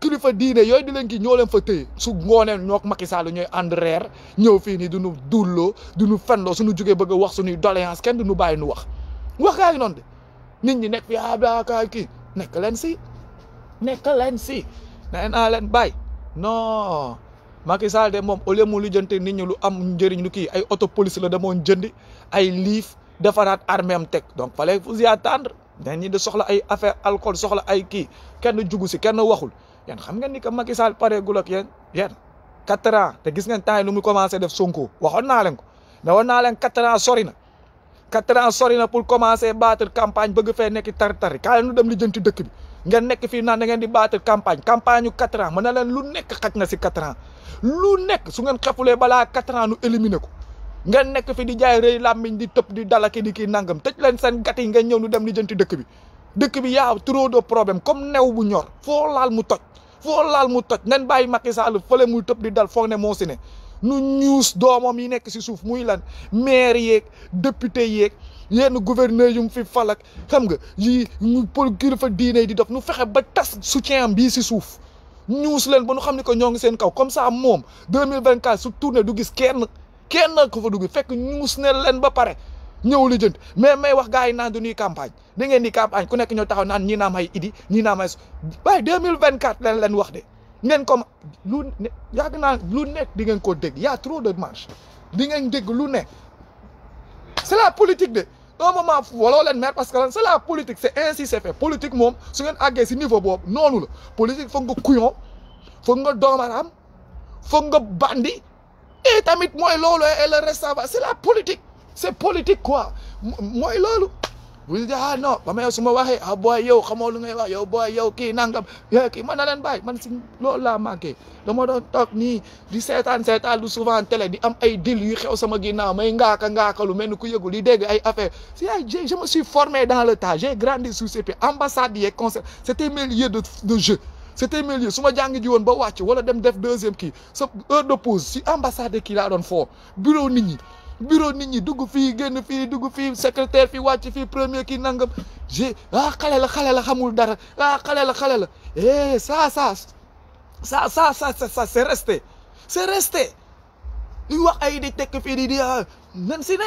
kilifa diine yoy di len ki ñoo fa téye su ngone ñook Macky Sall ñoy ànd reer ñëw fii nii du ñu dulloo du ñu fenloo suñu jógee bëgg wax suñu doléance kenn du ñu bàyyi nu wax wax gaa ngi noonu de nit ñi nek fi ah ka ki nek len si nek len si en a len bay no Macky Sall de moom au mo lu lijjanti nit ñi lu am njëriñ lu ki ay auto police la demoon jëndi ay liif defarat armée am tek donc fallait vous y attendre dañ ñi de soxla ay affaire alcool soxla ay ki kenn jugu si kenn waxul yéen xam ngeen ni que Macky Sall pareegul ak yéen yéen quatre ans te gis ngeen temps yi mu commencé def Sonko waxoon naa leen ko mais waxoon naa leen quatre ans sori na quatre ans sori na pour commencer battre campagne bëgg fee nekk tar-tari kaay nu dem li jënti dëkk bi ngeen nekk fii naan da ngeen di battre campagne campagne yu quatre ans mën na leen lu nekk xaj na si quatre ans lu nekk su ngeen xefulee balaa quatre ans nu éliminer ko ngeen nekk fi di jaay rëy làmmiñ di tëb di dalaki di kii nangam tëj leen seen gat yi ngeen ñëw nu dem li jënti dëkk bi dëkk bi yaa trop de problème comme new bu ñor foo laal mu toj foo laal mu toj ngeen bàyyi Macky Sall fële muy tëb di dal foo ne moo si ne nu ñuus doomam yi nekk si suuf muy lan maire yeeg député yeeg yenn gouverneur yu mu fi falak xam nga yi ñu kilifa diine di def nu fexe ba tas soutien am bii si suuf ñuus leen ba nu xam ne que ñoo ngi seen kaw comme ça moom 2024 su tournée du gis kenn kenn ko fa dugg fekk ñuus ne leen ba pare. ñëw li jënd mais may wax gars yi naan du ñuy campagne da ngeen di campagne ku nekk ñoo taxaw naan ñii naa may idi ñii naa may waaye deux mille vingt quatre leen leen wax de ngeen comme lu ne yàgg naa lu nekk di ngeen ko dégg y' a trop de marche di ngeen dégg lu nekk c' la politique de un moment waloo leen mer parce que lan c' est la politique c' est ainsi c' est fait politique moom su ngeen àggee si niveau boobu noonu la politique foog nga kuyon foog nga doomaraam foog nga bandi et tamit mooy loolu et politique. c'est politique quoi mooy loolu bu ñu ah non ba ma yow su ma waxee ah booy yow xamoo lu ngay wax yow booy yow kii nangam yow kii mën na leen bàyyi man si loolu laa manqué dama doon toog nii di seetaan seetaan lu souvent tele di am ay dil yu xew sama ginnaaw may ngaaka ngaaka lu mel ni ku yëgul di dégg ay affaire si ay je me suis formé dans le tas j'ai grandi sous ces pays ambassades yeeg conseil c'était mes lieux de de jeu c'était mes lieux su ma jàngi ji woon ba wàcc wala dem def deuxième kii sa de pause si ambassade kii laa doon foo bureau nit ñi bureau nit ñi dugg fi génn fii dugg fii secrétaire fi wàcc fii premier kii nangam j'ai ah xale la xale la xamul dara ah xale la xale la eh ça ça ça ça ça ça c'est resté c'est resté ñu wax ay di tekk fii di di ah, nen si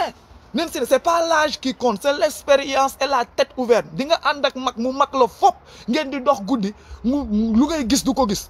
ne si ne c'est pas l'âge qui compte c'est l'expérience et la tête ouverte di nga ànd ak mag mu mag la fop ngeen di dox guddi mu lu ngay gis du ko gis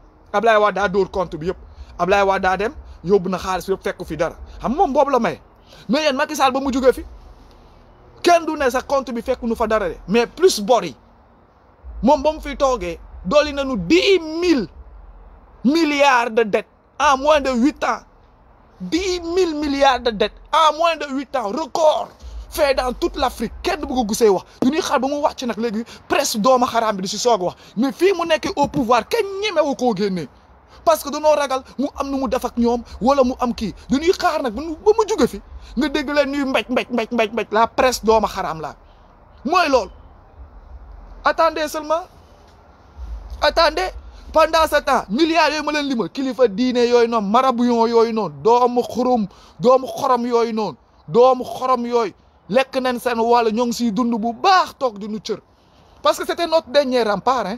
Ablaye Wade daa dóor compte bi yëpp Ablaye Wade daa dem yóbbu na xaalis bi yëpp fekku fi dara xam moom boobu la may mais yéen Macky Sall ba mu jógee fi kenn du ne sa compte bi fekk nu fa dara de mais plus bor moom ba mu fi toogee dooli nañu dix mille milliards de dettes en moins de huit ans dix mille milliards de dettes en moins de huit ans record fait dans tout l' Afrique kenn bu ko gusee wax du ñuy xaar ba mu wax ci nag léegi presse doomu xaraam bi du si soog wax mais fii mu nekkee au pouvoir kenn ñemewu koo génnee parce que dañoo ragal mu am nu mu def ak ñoom wala mu am kii du ñuy xaar nag ba mu jóge fi nga dégg leen ñuy mbéj mbéj mbéj mbéj mbéj la presse doomu xaraam la mooy loolu. attendez seulement attendez pendant ce temps milliards yooyu ma leen limal kilifa diine yooyu noonu marabuyon yooyu noonu doomu xurum doomu xorom yooyu noonu doomu xorom yooyu lek nañ sen wàll ñong ngi dund bu baax tok di nu cër parce que c'était notre dernier rempart hein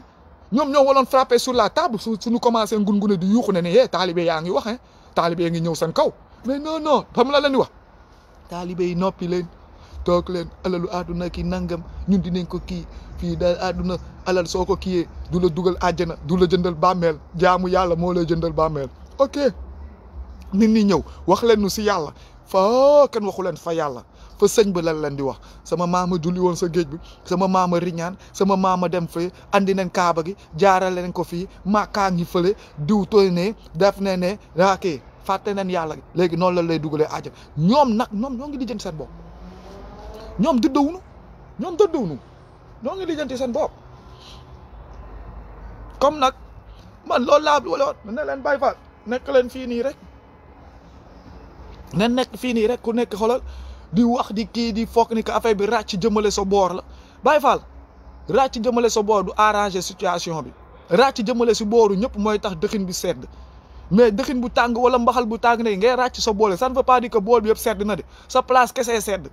ñom ñoo waloon frapper sur la table su suñu commencé ngungune di yuuxu ne ne eh, yee taalibe yaa ngi wax hein talibé ngi ñew seen kaw mais non non xam la leen wax taalibe yi noppi leen tok leen alalu aduna ki nangam ñun dinañ ko ki fi daal àdduna alal soko ko kiiyee du la dugal àjjana du la jëndal bàmmeel jaamu yalla mo lay jëndal bàmmeel ok nit ñi wax leen nu si yalla fa kan waxu leen fa yalla. fa sëñ ba lan leen di wax sama maama julli woon sa géej bi sama maama riñaan sama maam a dem fee andi neen kaaba gi jaaral leen ko fii maakaa ngi fële diw tooy ne def ne ne raakee ah, fàtte neen yàlla léegi noonu la lay dugalee àjjal ñoom nag ñoom ñoo ngi lijjanti seen bopp ñoom dëddawunu ñoom dëddawunu ñoo ngi lijjanti seen bopp comme nag man loolu laa wala ne leen bàyyi fa nekk leen fii nii rek ne nekk fii nii rek ku nekk xoolal di wax di ki di fokk ni ka affaire bi ràcc jëmale so bor la Baye Fall ràcc jëmale so bor du arranger situation bi ràcc jëmale si boru ñëpp moy tax dëxin bi sedd mais dëxin bu tang wala mbaxal bu tàng ne ngay ràcc so bolé ça ne veut pas dire que bol bi sedd na de sa place kessé sedd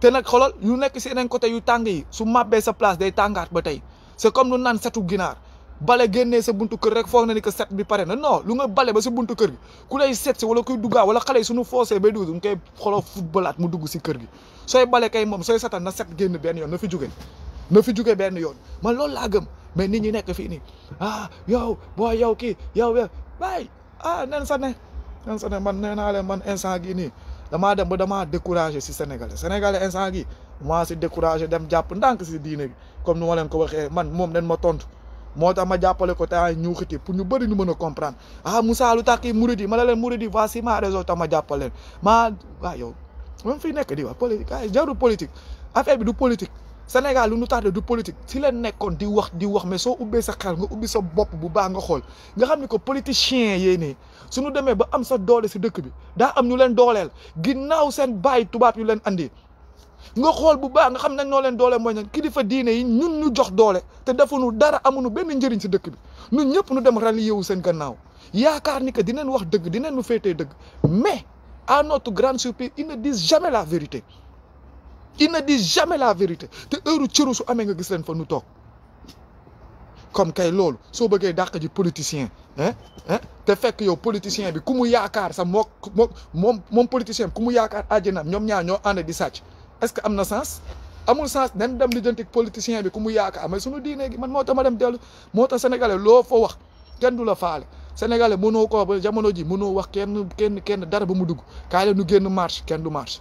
té nak xolal yu nekk ci enen côté yu tang yi su sa place day tangat ba tay c'est comme lu nane setu ginar bale génnee sa buntu kër rek foog na ni que set bi pare na non lu nga bale ba si buntu kër gi ku lay set si wala kuy duggaa wala xale yi suñu foosee bay dugg duñ koy si kër gi sooy bale kay moom sooy setal na set génn benn yoon na fi jóge na fi jóge benn yoon man loolu laa gëm mais nit ñi nekk fii nii ah yow boo yow kii yow yow waay ah nen sa ne nen sa ne man nee naa leen man instant gi nii damaa dem ba damaa découragé si sénégalais sénégalais instant gi maa si dem jàpp ndànk si diine comme nu ma leen ko waxee man moom nen ma tontu moo tax ma jàppale ko temps ñu xiti pour ñu bëri ñu mën a comprendre ah Moussa lu tax kii Mouridi ma ne leen Mouridi di ma raison tax ma jàppale leen maa waaw yow même fii nekk di wax politique ah jarul politique affaire bi du politique Sénégal lu ñu tax du politique si leen nekkoon di wax di wax mais soo ubbee sa xel nga ubbi sa bopp bu baax nga xool nga xam ni ko politicien yee ne su ñu demee ba am sa doole si dëkk bi daa am ñu leen dooleel ginnaaw seen baay tubaab yu leen andi. nga xool bu baax nga xam nañ noo leen doole mooy ki difa diine yi ñun ñu jox doole te defuñu dara amuñu benn njëriñ si dëkk bi ñun ñëpp ñu dem rallié yewu seen gannaaw yaakaar ni que dinañ wax dëgg dinañ ñu féetee dëgg mais à notre grande surprise ils ne disent jamais la vérité ils ne disent jamais la vérité te heure cëru su amee nga gis leen fa ñu toog comme kay loolu soo bëggee dàq ji politicien hein hein te fekk yow politicien bi ku mu yaakaar sa moom moom moom politicien bi ku mu yaakaar àjjanaam ñoom ñaar ñoo ànd di sàcc. est-ce que am na sens amul sens nañ dem lijjanti politicien bi ku mu yaakaar mais sunu diine gi man moo tax ma dem dellu moo tax sénégalais loo fa wax kenn du la faale sénégalais mënoo ko ba jamono ji mënoo wax kenn kenn kenn dara ba mu dugg kaay leen nu génn marche kenn du marche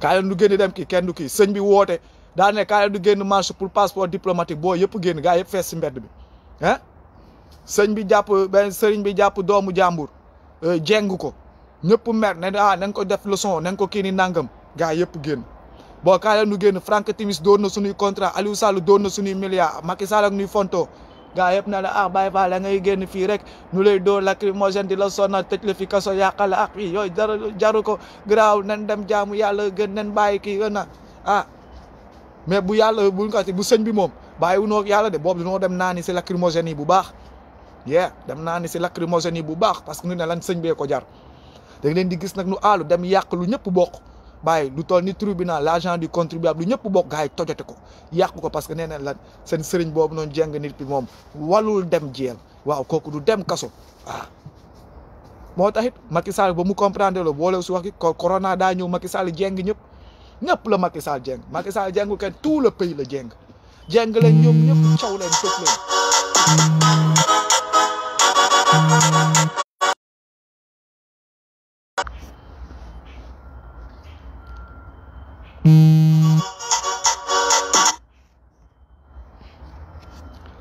kaay leen nu génn dem kii kenn du kii sëñ bi woote daane ne kaay leen nu génn marche pour passeport diplomatique boo yëpp génn gaa yëpp fees si mbedd bi ah sëñ bi jàpp benn sëriñ bi jàpp doomu jàmbur euh, jeng ko ñëpp mer ne ah nañ ko def leçon nañ ko kii ni nangam gars yëpp génn boo kaa leen génn Frank Timis doon na suñuy contrat Aliou Sall doon na suñuy milliards Macky Sall ak fonto gaa yëpp na la ah bàyyi faa la ngay génn fii rek ñu lay dóor lacrymogène di la sonna tëj la fi kaso yàqal ah fii yooyu dara jaru ko garaaw nen dem jaamu yàlla gën nen bàyyi kii gën na ah mais bu yàlla bu ko bu sëñ bi moom bàyyiwunoo ak yàlla de boobu dunoo dem naa ni si lacrymogène yi bu baax yeah dem naa ni si lacrymogène yi bu baax parce que ñu ne lan sëñ bee ko jar da leen di gis nag nu aalu dem yàq lu ñëpp bokk bàyyi lu toll ni tribunal l'argent du contribuable lu ñëpp bokk gars yi tojate ko yàq ko parce que nee na lan seen sëriñ boobu noonu jeng nit bi moom walul dem jeel waaw kooku du dem kaso waaw ah. moo tax it Macky Sall ba mu comprendre lo boole su wax ki corona daa ñëw Macky Sall jeng ñëpp ñëpp la Macky Sall jeng Macky Sall jengul kenn tout le pays la jeng jeng leen ñoom ñëpp caw leen fépp leen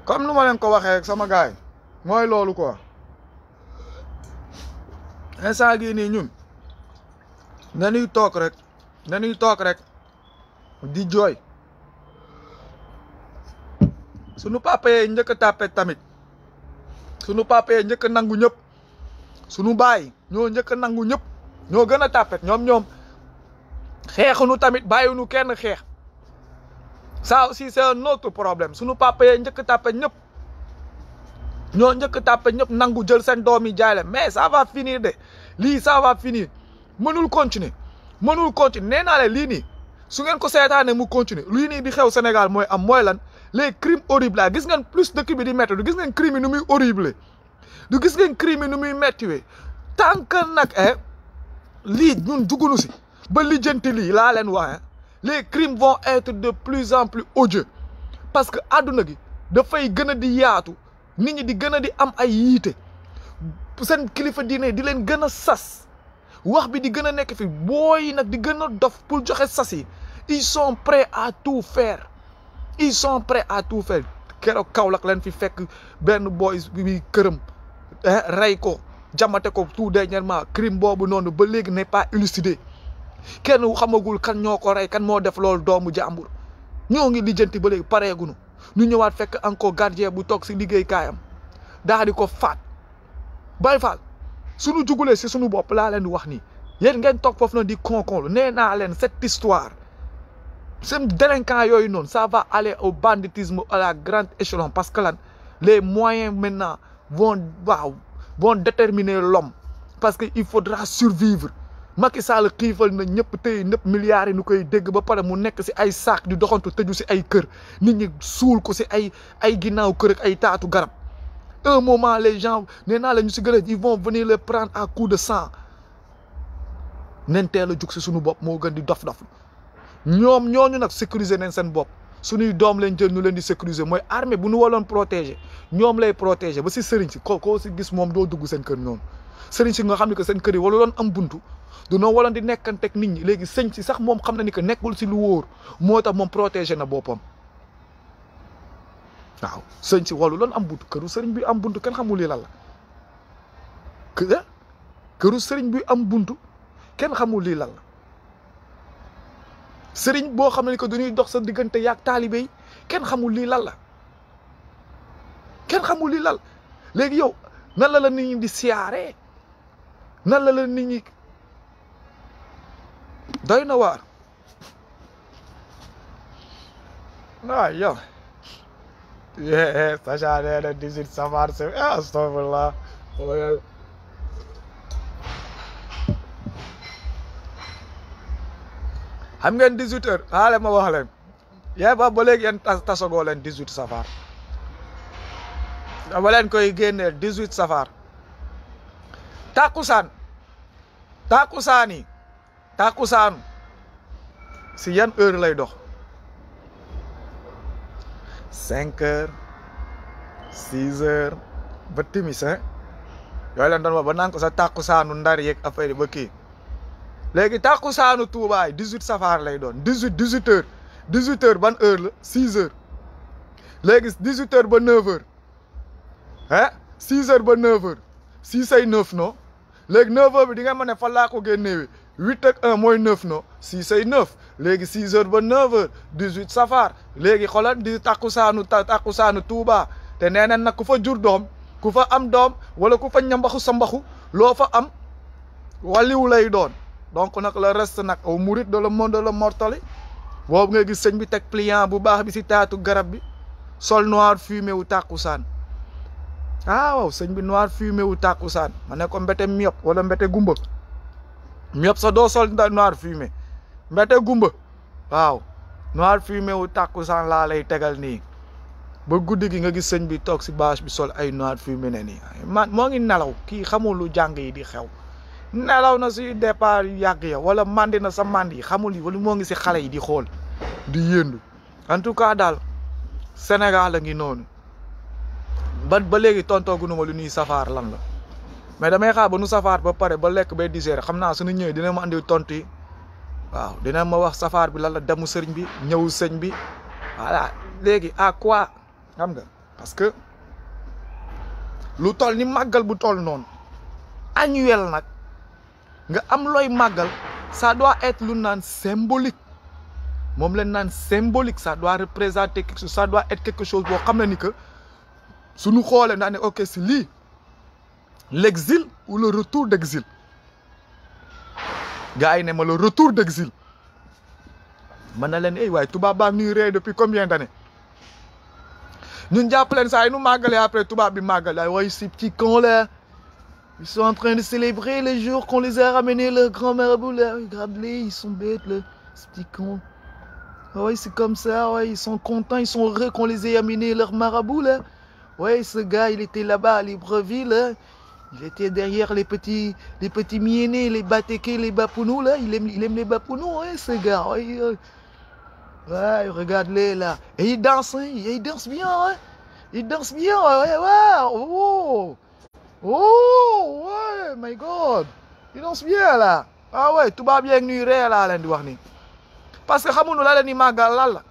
comme nu ma ko waxee sama gaay mooy loolu quoi instant gii nii ñun nañuy toog rek nañuy toog rek di jooy sunu papa yee njëkk a tàppe tamit sunu papa yee njëkk a nangu ñëpp sunu baay ñoo njëkk nangu ñëpp ñoo gën a tàppet ñoom ñoom nu tamit bàyyiwuñu kenn xeex ça aussi c'est un problème suñu papa yee njëkk tàppe ñëpp ñoo njëkk tàppe ñëpp nangu jël seen doom yi jaay la mais ça va finir de lii ça va finir mënul continuer mënul continuer nee naa leen su ngeen ko seetaanee mu continuer lii nii bi xew Sénégal mooy am mooy lan les crimes horribles la gis ngeen plus dëkk bi di métti du gis ngeen crime yi nu muy horrible du gis ngeen crime yi nu muy méttiwee tant que nag eh lii ñun jugunu si ba lijjanti lii laa leen waa les crimes vont être de plus en plus odieux parce que àdduna gi dafay gën a di yaatu nit ñi di gën a di am ay yiite seen kilifa diine di leen gën a sas wax bi di gën a nekk fi booy nag di gën a dof pour joxe sas yi ils sont prêts à tout fair ils sont prêts à tout faire keroog Kaolack leen fi fekk benn booy bi këram rey ko jamate ko tout dernièrement crime boobu noonu ba léegi n'est pas élucidé a xamagul kan ñoko ray kan mo def loolu doomu jambour ñoo ngi lijjanti ba léegi pareegunu ñu ñëwaat fekk encore gardien bu ko faat bal faal suñu si suñu bop nous leen wax ngeen di leen cette histoire Ce délinquant yoy ça va aller au banditisme à la grande échelon parce que les moyens maintenant vont déterminer l'homme parce qu'il faudra survivre Macky Sall xiifal na ñëpp tey nëpp milliards yi nu koy dégg ba pare mu nekk si ay saak di doxantu tëju si ay kër nit ñi suul ko si ay ay ginnaaw kër ak ay taatu garab un moment les gens nee naa la ñu si gën a ils vont venir les prendre à coup de sang nen a jug si suñu bopp moo gën di dof-dof ñoom ñooñu nag sécuriser nañ seen bopp su suñuy doom leen jël ñu leen di sécuriser mooy armée bu ñu waloon protéger ñoom lay protéger ba si sëriñ si ko koo si gis moom doo dugg seen kër ñoom sëriñ si nga xam ne que seen kër yi wala doon am buntu. du noo waroon di nekkante ak nit ñi léegi sëñ si sax moom xam na ni que nekkul si lu wóor moo tax moom protégé na boppam waaw sëñ si walu loon am bunt këru sëriñ bi am buntu kenn xamul lii lan eh? këru sëriñ bi am buntu kenn xamul lii la sëriñ boo xam ne que du ñuy dox sa diggante yaag taalibe yi kenn xamul lii lan la kenn xamul lii lal léegi yow nan la la nit ñi di siyaaree nan la la nit ñi doy na waar waaw yow Sacha nee na dix-huit safar se astafurlah xam ngeen dix-huit heures xaale ma wax leen yee ba ba léegi yeen tasagoo leen dix-huit safar leen koy génneel dix-huit safar takusaan takusaani saanu si yan heure lay dox cinq heures six heures ba timis hein yooyu leen doon wax ba naan sa sa saanu ndar yeeg affaire yi ba kii léegi tàkkusaanu tuubaay dix huit safaar lay doon dix huit dix huit heures dix huit heures ban heure la six heures léegi dix huit heures ba neuf heures hein six heures ba neuf heures six ay neuf non léegi neuf heures bi di nga mën ne fa laa ko génnewee huit ak un mooy neuf no six ay neuf léegi six heures ba neuf heures dix huit safar léegi xoolal di takkusaanu takkusaanu Touba te nee na nag ku fa jur doom ku fa am doom wala ku fa ñambaxu sambaxu loo fa am waliw lay doon donc nag la reste nag au mourid de le monde le mortali boobu ngay gis sëñ bi teg pliant bu baax bi si taatu garab bi sol noir fumé wu takkusaan ah waaw sëñ bi noir fumé wu takkusaan ma ne ko mbete miop wala mbete gumba ñëpp sa doo sol noir fumé mbete gumba waaw noir fumé wu tàkkusaan laa lay tegal nii ba guddi gi nga gis sëñ bi toog si bâche bi sol ay noir fumé ne nii man moo ngi nelaw kii xamul lu jàng yi di xew nelaw na suy départ yàgg ya wala mandi na sa mandi yi xamul yi wala moo ngi si xale yi di xool di yëndu en tout cas daal senegal a ngi noonu ba ba léegi tontoogu nu ma lu ñuy safaar lan la mais damay xaar ba nu safar ba paré ba lek bay 10h xamna suñu ñëw dina ma andi tontu yi waaw dina ma wax safar bi la la damu sëriñ bi ñëw sëriñ bi voilà ah, légui à quoi xam nga parce que lu toll ni magal bu toll non annuel nak nga am loy magal ça doit être lu nane symbolique mom la nane symbolique ça doit représenter quelque chose ça doit être quelque chose bo xamna ni que suñu xolé nane ok c'est li l'exil ou le retour d'exil gars le retour d'exil man na leen ay eh, waaye tubaab baa depuis combien d'années nous ça et après bi ces petits cons, là ils sont en train de célébrer les jours qu'on les a ramenés leur grand-mère là regarde les ils sont bêtes là ces petits cons ah ouais c'est comme ça ah ouais ils sont contents ils sont heureux qu'on les ait amenés leur marabout là ouais ce gars il était là-bas à Libreville hein. Il était derrière les petits, les petits miennés, les batekés, les bapounous, là. Il aime, il aime les bapounous, hein, ce gars. Ouais, regarde-les, là. Et il danse, hein. il danse bien, hein. Il danse bien, ouais, ouais. Oh, oh, my God. Il danse bien, là. Ah ouais, tout va bien, nuire là, Alain Parce que, xamuñu la il di màggal lan la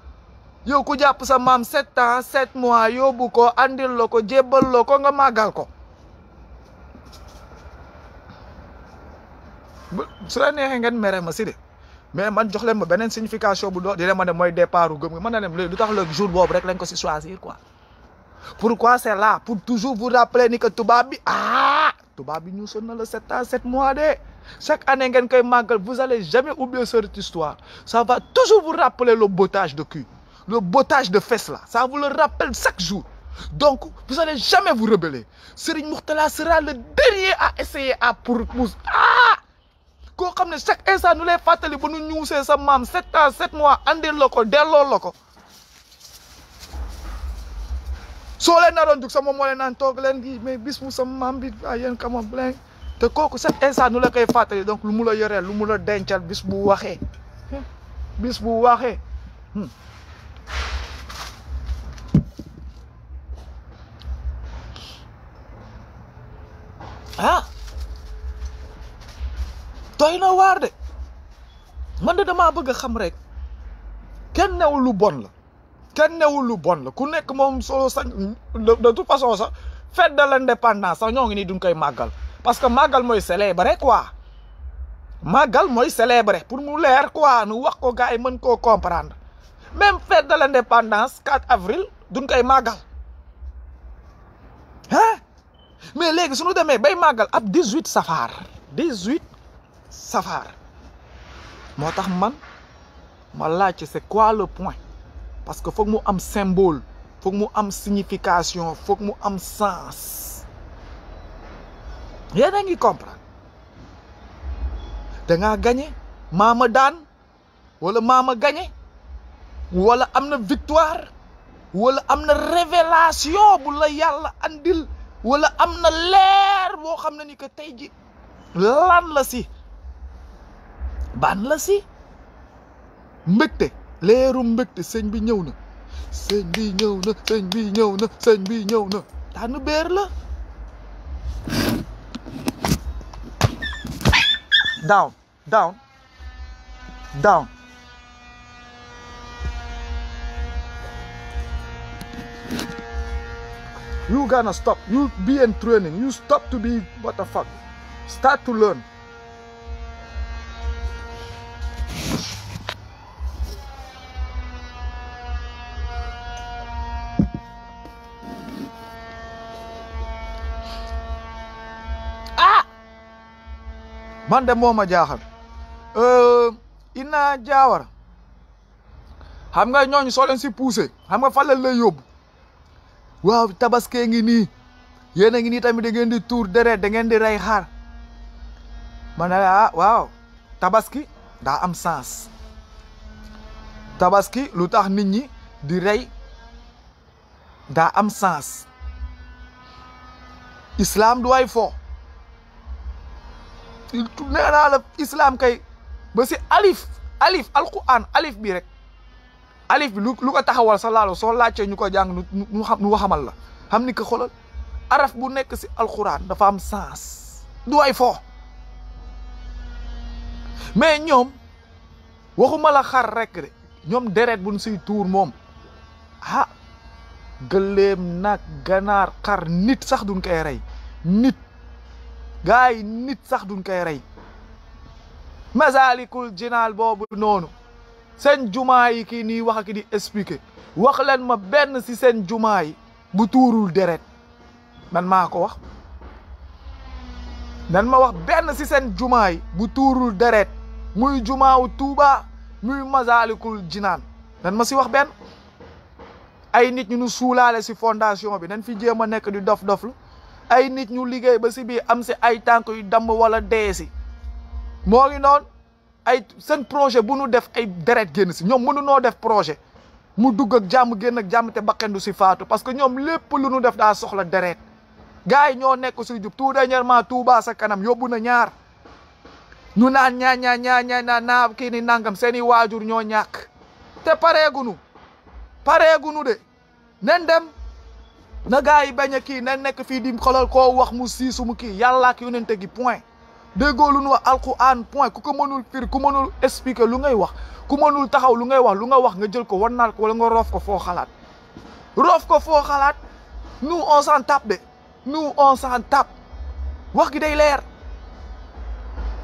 yow ku jàpp sa mam sept ans 7 mois yóbbu ko andil la ko nga magal ko su n'est neexee ngeen mere ma si de mais man jox leen ma signification bu doon di leen ma ne départ gëm gi mën na leen lu le jour boobu rek lañ ko choisir quoi. pourquoi c'est là pour toujours vous rappeler ni que tubaab bi ah tubaab bi sommes là le 7 ans 7 mois de chaque année ngeen koy màggal vous allez jamais oublier cette histoire ça va toujours vous rappeler le bottage de cul le bottage de fesses là ça vous le rappelle chaque jour donc vous allez jamais vous rebeller Serigne Murtala sera le dernier à essayer à pour ah. koo xamne chaque instant nou lay fatali bu nu ñuusé sa mam 7 ans 7 mois andil la ko delloo so le na leen juk jug sa moom moo leen naan gi mais bis bu sa mam bi ayen kama blank te koku 7 instant nou la kay fatali donc lu mu la yoré lu mu la dencal bis bu waxé bis bu waxé ah doy na waar de man de dama bëgg a xam rek kenn newul lu bon la kenn newul bon la ku nekk moom soo sañ de toute façon sax fête l'indépendance sax ñoo ngi nii duñ koy màggal parce que màggal mooy célébrer quoi màggal mooy célébrer pour mu leer quoi nu wax ko gars yi mën koo comprendre même fête de l'indépendance 4 avril duñ koy màggal ah mais léegi suñu demee bay màggal ab 18 safar 18 safar motax man ma laajte c'est quoi le point parce que mu am symbole que mu am signification que mu am sens Ya da ngi comprendre da nga gagner mama dan wala mama gagner wala amna victoire wala amne revelation révélation bu la yalla andil wala amne lèr bo xamna ni que lan la si ban la si mbégte leeru mbégte sëñ bi ñëw na sëñ bi ñëw na sëñ bi ñëw na sëñ bi ñëw na la down down down you gonna stop you be in training you stop to be what the fuck start to learn man eh, de moma ina euh ina jaawar xam nga ñooñu so len si pousser xam nga falal lay yob waaw tabaske ngi ni yene ngi ni tamit de ngeen di tour deret de ngeen di rey xaar man la waaw tabaski da am sens tabaski lu tax nit ñi di ray, da am sens islam du ay fo nee la islam kay ba ci alif alif alquran alif bi rek alif bi lu lu ko taxawal sa laalo so laajtee ñuko jang nu xam nu waxamal la xam ko xolal araf bu nekk ci alquran dafa am sens du way fo mais ñom waxuma la xar rek de ñom deret buñ ci tour mom ha ah, gelem nak ganar xar nit sax duñ kay ray nit gaa yi nit sax duñ koy rey masalikul jinaal boobu noonu seen jumaa yi kii ni wax ak di expliquer wax leen ma benn ci seen jumaa yi bu tuurul deret man maa ko wax nan ma wax benn ci seen jumaa yi bu tuurul deret muy jumaawu Tuuba muy masalikul jinaan nan ma ci wax benn ay nit ñu nu suulaale si fondation bi nan fi jéem a nekk di dof-doflu ay nit ñu liggéey ba ci bi am ci ay tank yu dam wala déssi mo ngi non ay seen projet bu ñu def ay deret ci ñom mënu no def projet mu dugg ak jamm genn ak jamm té bakkan ci faatu parce que ñom lepp lu ñu def da soxla deret gaay yi ñoo nekk ci jub tout dernièrement Touba sa kanam yobbu na ñaar ñu na ñaa ñaa ñaa ñaa na na ki ni nangam seen i waajur ñoo ñàkk te pareegunu pareegunu de nen dem na gars yi bañ a kii na nekk fii di xoolal koo wax mu siisu mu kii yàlla ak yonente gi point déggoo lu nu wax alquran point ku ko mënul firi ku mënul expliquer lu ngay wax ku mënul taxaw lu ngay wax lu nga wax nga jël ko wan naal ko wala nga roof ko foo xalaat roof ko foo xalaat nous on s'en tape de nous on s'en wax gi day leer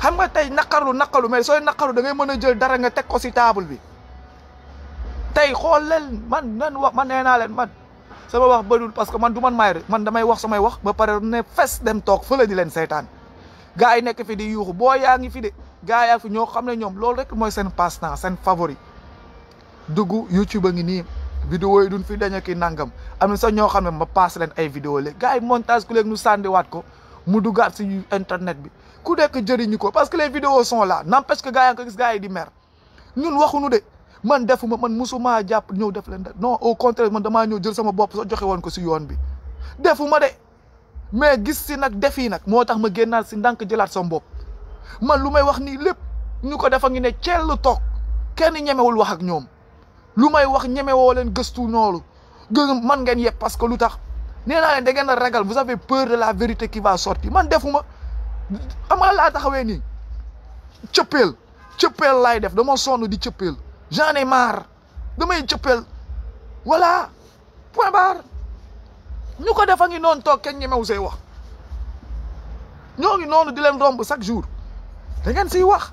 xam nga tey naqarlu naqalu mais sooy naqalu da ngay mën a jël dara nga teg ko si table bi tey xool leen man nan wax ma nee naa leen man sama wax bëriwul parce que man du man maay rek man damay wax samay wax ba pare ne fes dem toog fële di leen seetaan gars yi nekk fi di yuuxu boo yaa ngi fi de gars yaa fi ñoo xam ne ñoom loolu rek mooy seen passe-temps seen favori dugg YouTube a ngi nii vidéo yi duñ fi dañu ki nangam am na sax ñoo xam ne ma pass leen ay vidéo léegi gars yi montage ku léegi nu sàndiwaat ko mu duggaat si internet bi ku nekk jëriñu ko parce que les vidéos sont la n'empêche que gars yaa ngi ko gis yi di mer ñun waxuñu de man defuma man musuma jàpp ñëw def leen non au contraire man damaa ñëw jël sama bopp soo joxe ko si yoon bi defuma de mais gis si nag def yi nag moo tax ma génnaat si ndànk jëlaat sama bopp man lu may wax nii lépp ñu ko defa ngi ne cell toog kenn ñemewul wax ak ñoom lu may wax ñemewoo leen gëstu noolu gën man ngeen yëpp parce que lu tax nee naa leen da ngeen a ragal vous avez peur de la vérité qui va sortir man defuma am nga laa taxawee nii cëppeel cëppeel laay def dama sonn di cëppeel j'en ai marre damay cëppel voilà point barre ñu ko defa ngi noonu toog kenn ñemewu say wax ñoo ngi noonu di leen romb chaque jour da ngeen siy wax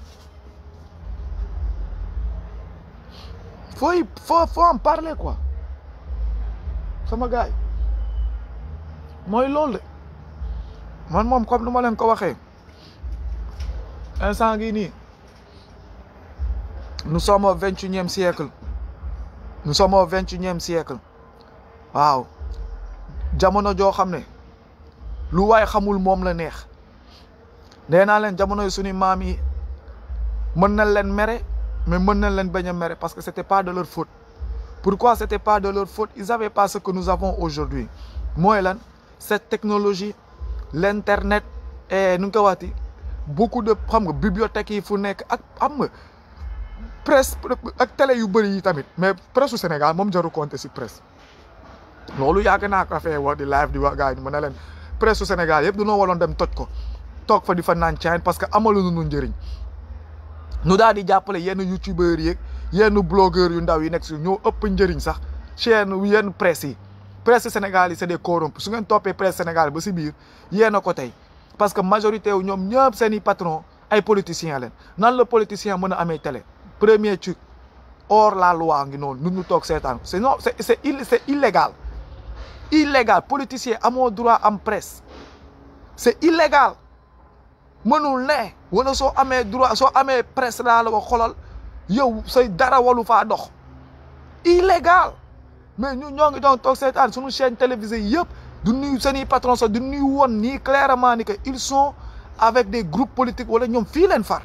fooy foo foo en parler sama gars mooy loolu de man moom comme nu ma leen ko waxee instant gi nii nous sommes au 21e siècle nous sommes au 21e siècle Wow. jamono jo xamné ne lu way xamul mom la neex jamono suñu yi mais parce que c'était pas de leur faute pourquoi c'était pas de leur faute ils avaient pas ce que nous avons aujourd'hui Moi, cette technologie l'internet et nungawati. beaucoup de xam bibliothèques yi presse ak télé yu bëri yi tamit mais presse su Sénégal moom jaru compter si presse loolu yàgg naa ko fee wax di live di wax gars yi mu ne leen presse su Sénégal yëpp dañoo waroon dem toj ko toog fa fa naan caayin parce que amalu nu njëriñ nu daal di jàppale yenn youtubeurs yeeg yenn blogueurs yu ndaw yi nekk si ñoo ëpp njëriñ sax chaîne yenn presse yi presse Sénégal yi c'est des corrompus su ngeen toppee presse Sénégal ba si biir yéen ko tey parce que majorité wu ñoom ñëpp seen i patron ay politiciens leen nan la politicien mën a amee télé. premier truc hors la loi ngi noonu ñun ñu toog seetaan c'est non c'est c'est illégal illégal politicien amoo droit am presse c'est illégal mënul ne wala soo amee droit soo amee presse daa la ko xolal yow say dara walu faa dox illégal mais ñun ñoo ngi doon toog seetaan suñu chaîne télévisée yëpp du nuyu seeni patron sax du nuyu woon nii clairement ni que ils sont avec des groupes politiques wala ñoom fii leen far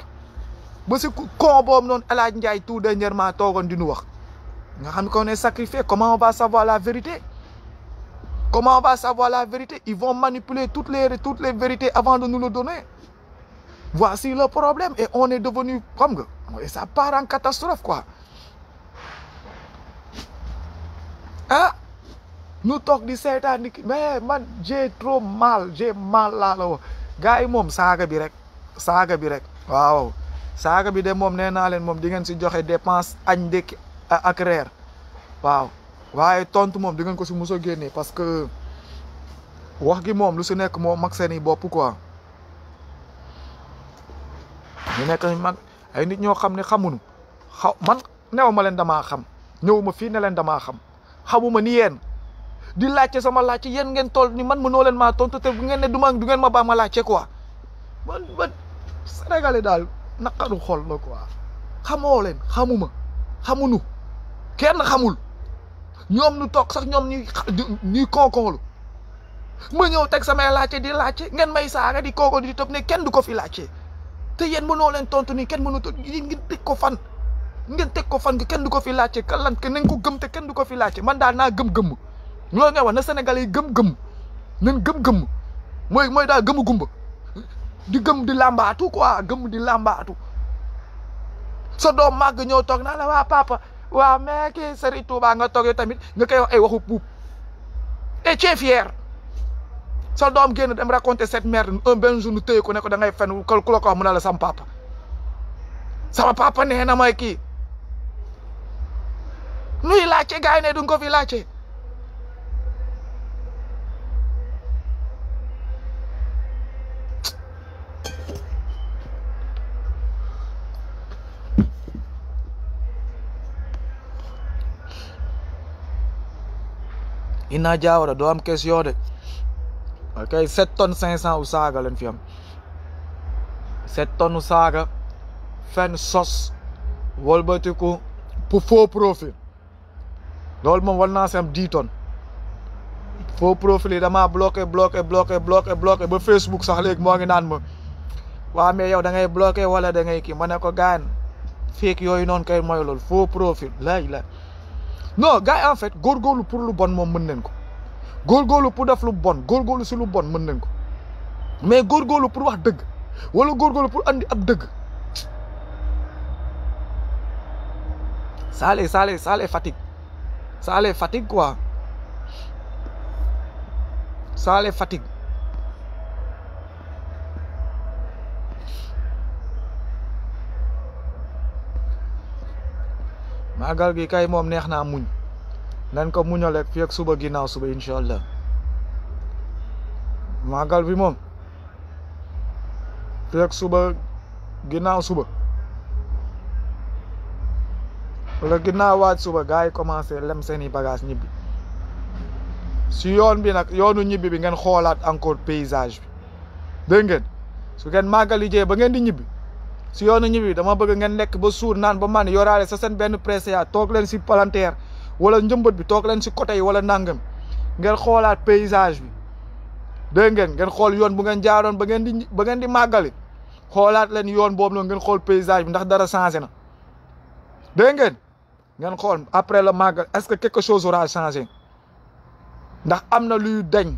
ba si on boobu non El a Ndiaye tout dernièrement toogoon di nous wax nga sacrifié comment on va savoir la vérité comment on va savoir la vérité ils vont manipuler toutes les toutes les vérités avant de nous le donner voici le problème et on est devenu comme et ça part en catastrophe quoi ah nous toquons du certains mais man j'ai trop mal j'ai mal là là wax gars yi moom saaga bi rek saaga bi rek saaga bi de mom neena len mom di ngeen si joxe dépenses añ ndékki ak reer waaw waye tontu mom di ngeen ko ci mos a parce que wax gi mom lu si nek mo mak seen bop quoi ñu nekk mak ay nit ñoo xam ne xamuñu man neewuma len dama xam ñëwuma fi ne len dama xam xamuma ni yeen di laajte sama laajte yeen ngeen tol ni man mënoo len ma tontu te bu ngeen ne duma du ngeen ma ba ma laajte quoi man ba sénégalais dal naqaru xol la quoi xamoo leen xamuma xamunu kenn xamul ñoom nu toog sax ñoom ñuy ñuy konkoolu ma ñëw teg samay laajte di laajte ngeen may saaga di kooko di topp ne kenn du ko fi laajte te yéen mënoo leen tontu nii kenn mënu to ngeen teg ko fan ngeen teg ko fan kenn du ko fi laajte kan lan nañ ko gëm te kenn du ko fi laajte man daal naa gëm-gëmm loolu nga wax na Sénégalais yi gëm-gëmm nañ gëm-gëmm mooy mooy daal gëmu gumba di gëm di làmbaatu quoi gëm di làmbaatu sa doom màgg ñëw toog naa la waa papa waa mais kii Serigne Touba nga toog yow tamit nga koy wax ay waxu puub et fier sa doom génn dem raconter cette merde un benn jour nu téye ko ne ko fen ku la ko wax mu ne la sama papa sama papa nee na may kii nuy laajte gars ne duñ ko fi laajte Inna Diawara doo am question de ok sept tonnes cinq cent u saaga leen fi am sept tonnes u saaga fenn sos wolbatiku pour faux profil loolu moom war naa si am dix tonnes faux profil yi damaa bloqué bloqué bloqué bloqué bloqué ba Facebook sax léegi moo ngi naan ma waa mais yow da ngay bloqué wala da ngay kii ma ne ko gaan fekk yooyu noonu kay mooy loolu faux profil laaj la non gars yi en fait góorgóorlu pour lu bon moom mën nañ ko góor góorgóorlu pour def lu bon góorgóorlu si lu bon mën nañ ko mais góorgóorlu pour wax dëgg wala góor góorgóorlu pour andi ab dëgg ça les ça les saale les fatigue ça les fatigue màggal gi kay moom neex naa muñ nañ ko muñaleeg fii ak suba ginnaaw suba incha allah màggal bi moom fii ak suba ginnaaw suba wala ginnaaw waaj suba gars yi commencé lem seeni bagage ñibbi si yoon bi nag yoonu ñibbi bi ngeen xoolaat encore paysage bi dégg ngeen su ngeen màggal yi ba ngeen di ñibbi Ya, si yoonu ñibbi dama bëgg ngeen nekk ba suur naan ba man yoraale sa seen benn ya toog leen si palanteer wala njëmbat bi toog leen si côté yi wala nangam ngeen xoolaat paysage bi dégg ngeen ngeen xool yoon bu ngeen jaaroon ba ngeen di ba ngeen di màggali xoolaat leen yoon boobu noonu ngeen xool paysage bi ndax dara changé na dégg ngeen ngeen xool après le màggal est ce que quelque chose aura changé ndax am na luy dañ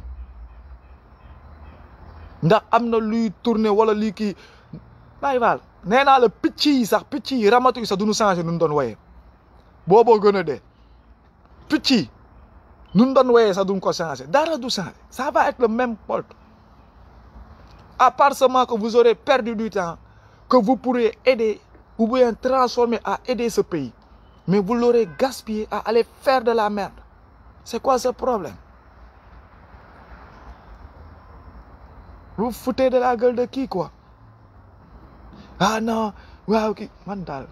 ndax am na luy tourner wala luy kii bàyyi le petit ça va être le même port. à part seulement que vous aurez perdu du temps que vous pourrez aider vous bien transformer à aider ce pays mais vous l'aurez gaspillé à aller faire de la merde c'est quoi ce problème vous foutez de la gueule de qui quoi ah non, wow, okay. mental.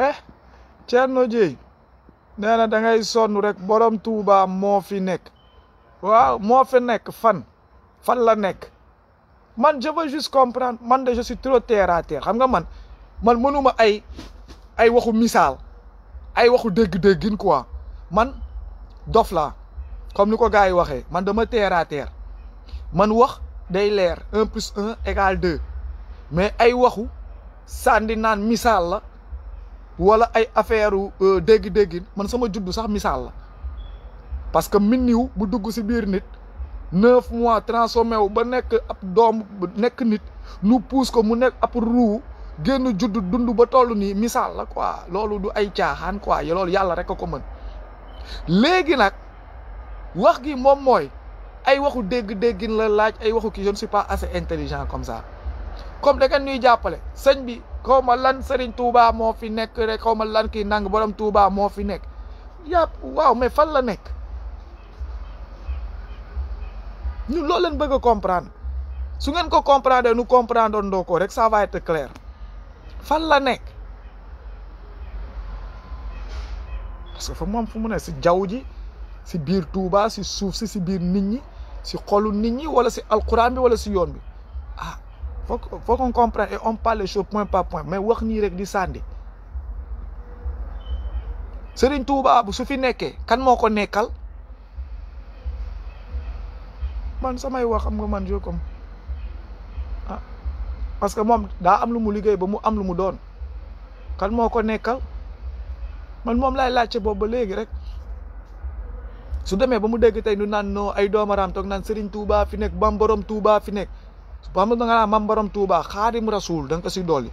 Eh, Thierno Dieng nee na da ngay sonn rek borom Touba moo fi nekk waaw moo fi nekk fan fan la nekk man je veux juste comprendre man de je suis trop terre à terre xam nga man man mënuma ay ay waxu misaal ay waxu dégg-déggin quoi man dof laa comme ni ko gars yi waxee man dama terre à man wax day leer un plus un égale deux mais ay waxu sànni naan misaal la wala ay affaire u euh, dégg-déggin man sama juddu sax misaal la parce que min niw bu dugg si biir nit neuf mois transformé wu ba nekk ab doom nekk nit nu pousse ko mu nekk ab ruu génn judd dund ba toll nii misaal la quoi loolu du ay caaxaan quoi loolu yàlla rek a ko mën léegi nag wax gi moom mooy ay waxu dégg-déggin la laaj ay waxu ki je ne suis pas assez intelligent comme ça comme da ngeen ñuy jàppale sëñ bi xaw ma lan Serigne Touba moo fi nekk rek xaw ma lan kii nang borom Touba moo fi nekk yàpp waaw mais fan la nekk ñun loolu leen bëgg a comprendre su ngeen ko comprendre nu comprendre doo ko rek ça va être clair. fan la nekk parce que fa moom fu mu ne si jaww ji si biir tuubaa si suuf si si biir nit ñi si xolu nit ñi wala si alquran bi wala si yoon bi ah faut faut qu'on comprenne et on parle les point par point mais wax nii rek di sànni sëriñ Touba bu su fi nekkee kan moo ko nekkal man samay wax xam nga man jo comme. parce que mom da am lu mu liggey ba mu am lu mu doon kan moko nekkal man mom lay laajte boobu ba léegi rek su demee ba mu dégg tay nu nan no ay ram tok nan Serigne Touba fi nek mam borom Touba fi nek su da nga la mam borom Touba khadim rasoul dang ko ci doli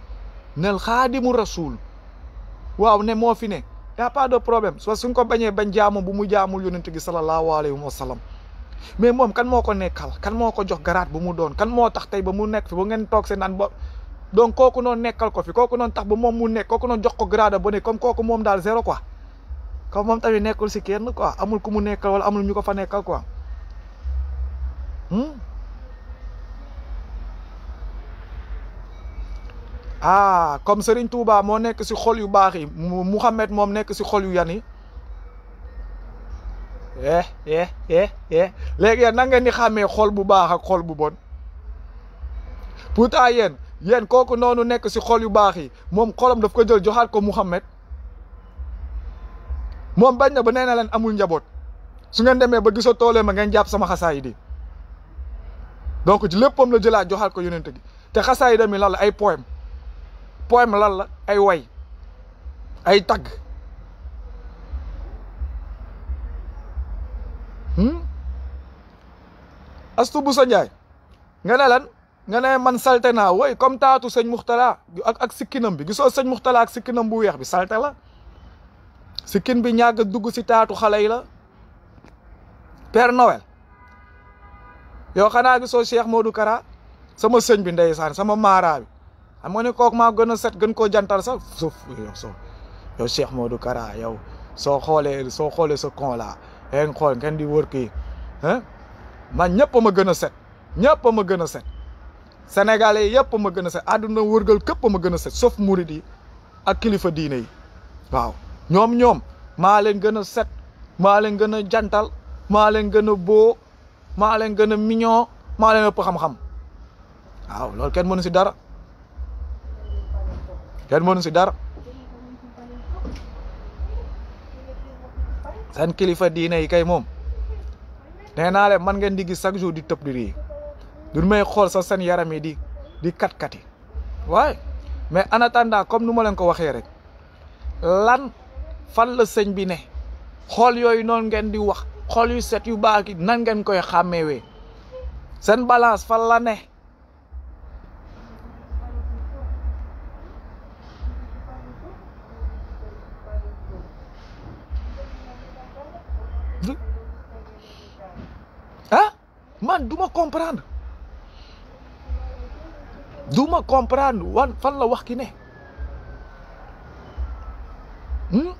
nel khadim rasoul waw ne mo fi nek ya pas de problème so su nga ko bañee bañ jaamu bu mu jaamul yonent sallallahu alayhi wa sallam mais moom kan moo ko nekkal kan moo ko jox garaat bu mu doon kan moo tax tey ba mu nekk fi ba ngeen toog seen naan bo donc kooku noon nekkal ko fi kooku noon tax ba moom mu nekk kooku noonu jox ko grade ba ne comme kooku moom daal zéro quoi moom tamit nekkul si kenn quoi amul ku mu nekkal wala amul ñu ko fa nekkal quoi hmm? ah comme Serigne Touba moo nekk si xol yu baax yi Mouhamed moom nekk si xol yu yan yi Eh, eh eh eh léegi yéen na ngeen di xàmmee xol bu baax ak xol bu bon pourtant yéen yéen kooku noonu nekk si xol yu baax yi moom xolam daf ko jël joxaat ko Muhammad moom bañ na ba nee na leen amul njaboot su ngeen demee ba gisoo toolee ma ngeen jàpp sama xasaay di donc ci léppam la jëlaat joxaat ko yonent gi te xasaay dami lan la ay poème poème lan la ay way ay tagg Hmm? Astou Boussa Ndiaye nga na lan nga na man salte naa woy comme taatu sëñ Muxtala ak ak sikinam bi Giso sen Muxtala ak sikinam bu weex bi salte la bi ñàgg dugg si taatu xale la Père Noël yoo xanaa so Cheikh Modou Kara sama sëñ bi ndeysaan sama mara bi xam nga ne kooku set gën ko set gën koo so, sax suuf yo Cheikh Modou Kara yow So xolé, so xolé so kon la ngeen xool ngeen di wër kii ah man ñëpp ma gën a set ñëpp ma gën a set sénégalais yëpp ma gën a set àdduna wërgal képp ma gën a set sof murid yi ak kilifa diine yi waaw ñoom ñoom maa leen gën a set maa leen gën a jantal maa leen gën a boo maa leen gën a mignon maa leen ëpp xam-xam waaw loolu kenn mënu si dara kenn mënu si dara seen kilifa diine yi kay moom nee naa leen man ngeen di gis chaque jour di tëb di rii du may xool sa seen yaram yi di di kat-kati waaye mais en attendant comme nu ma leen ko waxee rek lan fan la sëñ bi ne xool yooyu noonu ngeen di wax xool yu set yu baax yi nan ngeen koy xàmmeewee seen balance fan la ne ah man duma comprendre Duma comprendre wan fan la wax ki ne hmm?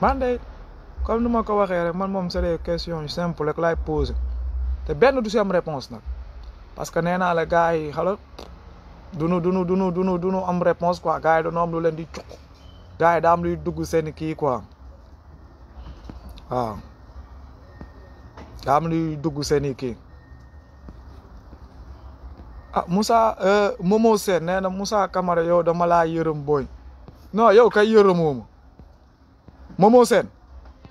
man de comme nu ko waxee rek man mom c'est des questions simples que rek laay poser te ben du si réponse nak. parce que nena la gars yi xala dunu dunu dunu dunu dunu am réponse quoi gars yi dañoo am lu di gars yi daa am luy dugg seen kii quoi waaw daa am luy dugg seen kii a ah, Moussa euh, Momo Sène nee na Moussa Camara yow dama yërëm booy non yow kay yërëmooma Momo Sène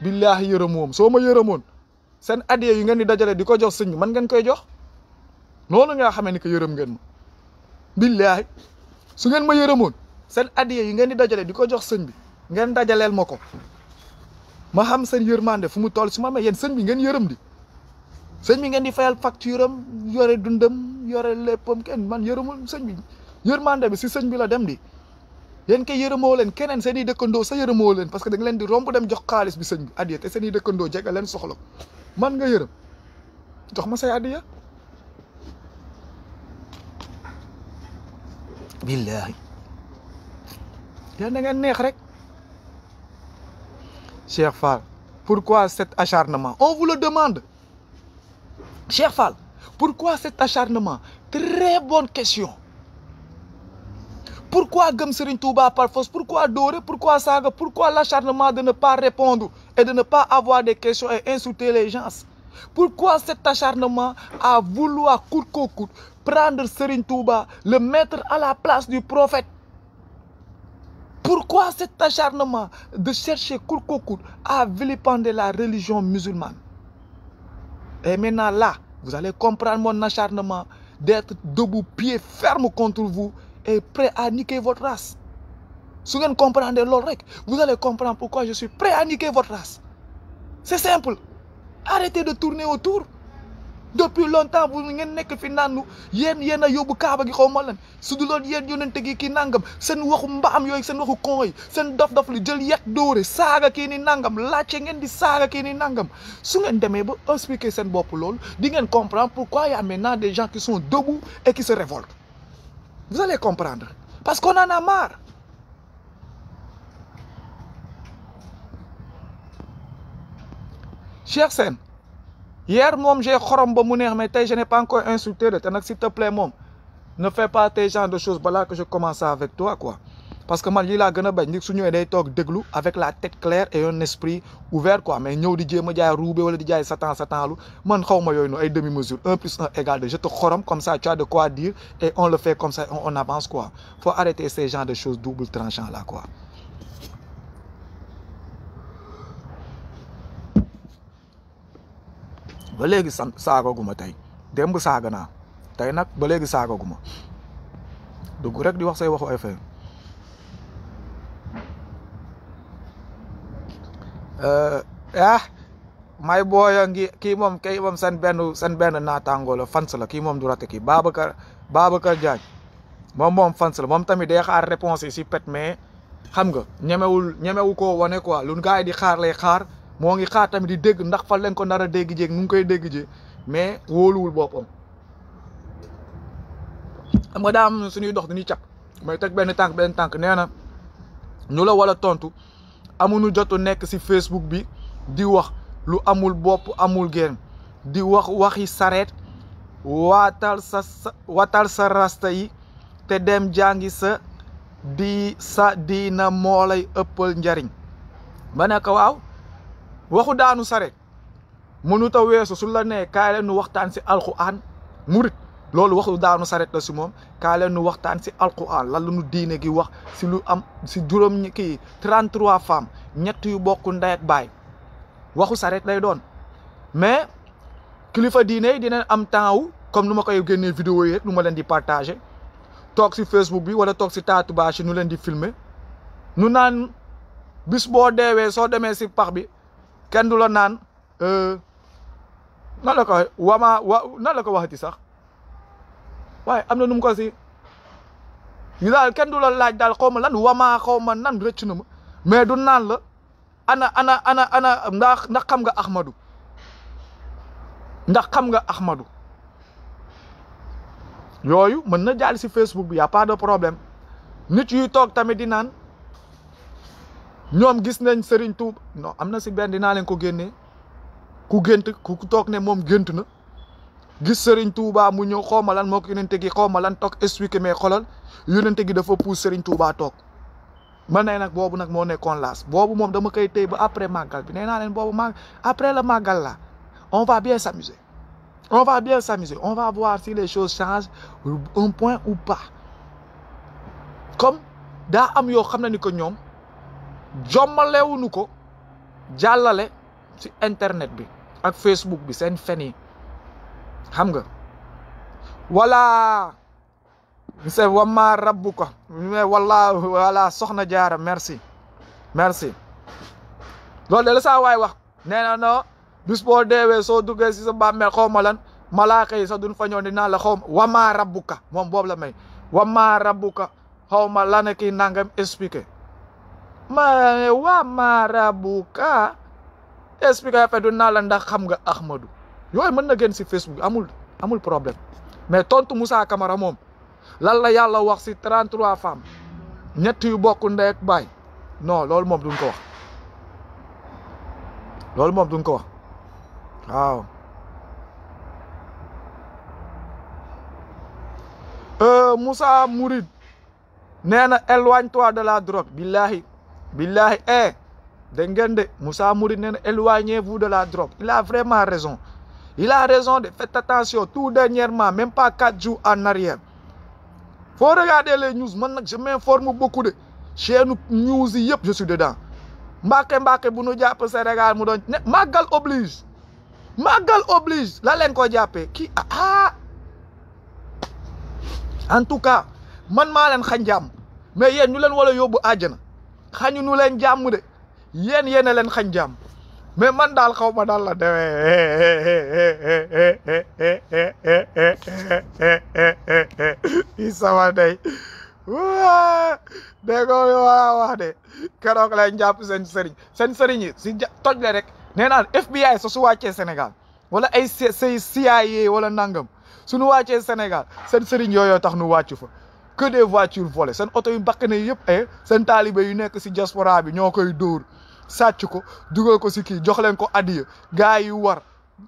billaahi yërëmoom soo ma yërëmoon seen adiya yi ngeen di dajale di ko jox sëñ man ngeen koy jox noonu nga xamee ni que yërëm ngeen ma billaahi su ngeen ma yërëmoon seen addiya yi ngeen di dajale di ko jox sëñ bi ngeen dajaleel ma ko ma xam seen yërmande fu mu toll su ma amee sëñ bi ngeen yërëm di sëñ bi ngeen di fayal facture yore dundam yore léppam kenn man yërëmul sëñ bi yërmande bi si sëñ bi la dem di yéen kay yërëmoo leen keneen seen i dëkkandoo sa yërëmoo leen parce que da leen di romb dem jox xaalis bi sëñ bi addiya te seen i dëkkandoo jege leen soxla man nga yërëm jox ma say addiya billaahi Chère pourquoi cet acharnement on vous le demande Cher Fall pourquoi cet acharnement très bonne question pourquoi gëm Serigne Touba par force pourquoi Doré pourquoi Saga pourquoi l'acharnement de ne pas répondre et de ne pas avoir des questions et insulter les gens pourquoi cet acharnement à vouloir coûte prendre Serigne Touba le mettre à la place du prophète pourquoi cet acharnement de chercher court, à vilipender la religion musulmane Et maintenant là, vous allez comprendre mon acharnement d'être debout, pied ferme contre vous et prêt à niquer votre race. Si vous comprenez l'orec, vous allez comprendre pourquoi je suis prêt à niquer votre race. C'est simple. Arrêtez de tourner autour depuis longtemps bu ngeen nek fi naan yeen yéen a yóbbu kaaba gi xaw lan su du loon yéen yónnente gi kii nangam sen waxu mbaam yoy sen waxu kon yi seen dof-dof li jël yet dóore saga kii ni nangam laajte ngeen di saga kii ni nangam su ngeen demee ba expliquer sen bop lool di ngeen comprendre pourquoi y a maintenant des gens qui sont debout et qui se révoltent vous allez comprendre parce qu'on en a marre cher sen hier mom, j'ai xorom ba mu mais tey je n'ai pas encore insulté de te s'il te plaît mom. ne fais pas tes genre de choses balaa que je commence avec toi quoi parce que moi, lii laa gën a bañ nit su day toog déglu avec la tête claire et un esprit ouvert quoi mais nous, di jéem a jaay ruube wala di jaay satan satan lu man xaw ma ay demi mesure un plus un égale deux je te xorom comme ça tu as de quoi dire et on le fait comme ça on avance quoi faut arrêter ces genre de choses double tranchant là quoi ba léegi sant saagaguma tey démb saaga naa tey nag ba léegi saagaguma dugg rek di wax say waxu ay fay euh, ah may booya ngi kii moom kii moom seen benn seen benn naataangoo fans la kii moom du rate kii Babacar Babacar Diagne moom moom fans la moom tamit day xaar réponse si pet mais xam nga ñemewul ñemewu ko wane ko lu gars yi di xaar lay xaar mo ngi xaar tamit di dégg ndax fa lañ ko nara a dégg jéeg nu ngi koy dégg jéeg mais wolul bopam am nga daam suñuy dox dañuy ciap may tek ben tank ben tank neena ñu la wala tontu amunu jotu nek si facebook bi di wax lu amul bop amul génn di wax waxi sareet watal sa watal sa rasta te dem jangi sa di sa dina molay jaring. Mana njariñ waw waxu daanu saret mënu ta weesu su la nee kaay leen nu waxtaan si alquran murit loolu waxu daanu saret la si moom kaay leen nu waxtaan si alquran lan la nu diine gi wax si lu am si juróom kii 33 femmes ñett yu bokk ndey baay waxu saret lay doon mais kilifa diine yi dinañ am temps wu comme nu ma koy génnee vidéo yi rek nu ma leen di partager toog si Facebook bi wala toog si taatu bâche nu leen di filmer nu naan bis boo deewee soo demee si pax bi. kenn du la naan euh, nan la ko wama na la ko waxati sax waaye am na nu ko si ñu daal kenn du la laaj daal xaw ma lan wamaa xaw ma nan rëcc na ma mais du naan la ana ana ana ndax ndax xam nga Ahmadou ndax xam nga Ahmadou yooyu mën na jàll si Facebook bi y' pas de problème nit yuy toog tamit di naan ñoom gis nañ Serigne Touba non am na si benn dinaa leen ko génnee ku gént ku toog ne moom gént na gis Serigne Touba mu ñëw xaw ma lan moo ko yónnante gi xaw ma lan toog expliqué mais xolal yónnante gi dafa pousse Serigne Touba toog man ne nag boobu nag moo nekkoon laas boobu moom dama koy téy ba après màggal bi nee naa leen boobu màgg après la màggal la on va bien s'amuser on va bien s'amuser on va voir si les choses changent un point ou pas comme daa am yoo xam na ni ko ñoom. jommalewuñu ko jàllale ci internet bi ak Facebook bi seen fen xam nga wala monsieur wama rabbu ko mais wala soxna jaara merci merci loolu de la saa waay wax nee na non bis boo deewee soo duggee si sa bàmmeel xaw ma lan malaaka yi sax duñ fa ñëw di naan la xaw ma wama rabbu ka moom boobu la may wama rabbu ka xaw ma ki nangam expliqué ma waa marabuka expliqué affaire du naa la ndax xam nga Ahmadou yooyu mën na gën si Facebook amul amul problème mais tontu Moussa Camara moom lan la yàlla wax si 33 femmes ñett yu bokk ndey bay noo loolu moom duñ ko loolu moom duñ ko wax waaw. Euh, Moussa Mouride nee na éloigne-toi de la drogue billahi billahi eh dengende, Musa Moussa vous de la drogue il a vraiment raison il a raison de faites attention tout dernièrement même pas quatre jours en arrière faut regarder les news Maintenant je m'informe beaucoup de chaîne news yi je suis dedans mbake mbake bounou nu Sénégal mu Magal oblige Magal oblige la leen ko jàppee kii ah, ah en tout cas man malen leen mais yé ñu l'en wala yobu xañu nu leen jàmm de yéen yéen a leen xañ jàmm mais man daal xaw ma daal la demee i sama day dégg nga waa wax de keroog lañ jàpp seen sëriñ seen sëriñ yi si toj le rek nee naan FBI sa su wàccee Sénégal wala ay say CIA wala nangam suñu wàccee Sénégal seen sëriñ yooyoo tax nu wàccu fa que des voitures volées seen oto yu bakk ne yëpp ay eh, seen taalibe yu nekk si diaspora bi ñoo koy dóor sàcc ko dugal ko si kii jox leen ko addiya gars yi war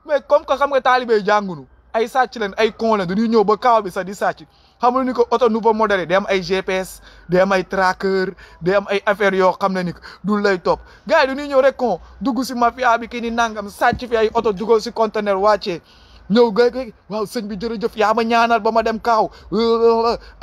mais comme que xam nga taalibe yi jàngunu ay sàcc leen ay con leen dañuy ñëw ba kaaw bi sax di sàcc xamul ni ko oto nouveau modèle day am ay GPS day am ay tracker day am ay affaire yoo xam ne ni du lay topp gars yi dañuy ñëw rek kon dugg si mafia bi kii ni nangam sàcc fi ay oto dugal si conteneur wàccee ñëw gay gay waaw sëñ bi jërëjëf yaa ma ñaanal ba ma dem kaaw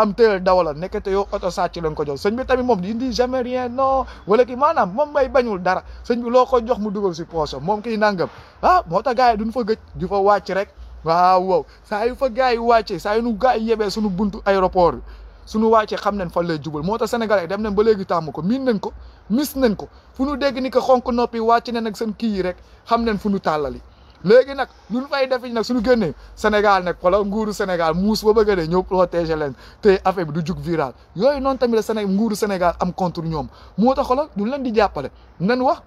am teel dawala nekkete yow oto sàcc lañ ko jox sëñ bi tamit moom di indi jamais rien non wala ki maanaam moom may bañul dara sëñ bi loo ko jox mu dugal si poosam moom kiy nangam ah moo ta gars yi duñ fa gëj di fa wàcc rek waaw waaw saa yu fa gars yi wàccee saa yu nu gars yi yebee suñu buntu aéroport sunu waat wàccee xam nañ fan lay jubal moo tax sénégalais dem nañ ba léegi tàmm ko miin nañ ko mis nañ ko fu nu dégg ni ko xonk noppi wàcc nañ ak seen kii yi rek xam nañ fu nu tàllali léegi nak ñun fay def nag suñu génnee Sénégal nak wala nguuru Sénégal mus bo bëgg de ñëw protéger lén té affaire bi du juk viral yoy non tamit la Sénégal nguuru Sénégal am contre ñom mo tax xoolal duñ lén di jappalé nan wax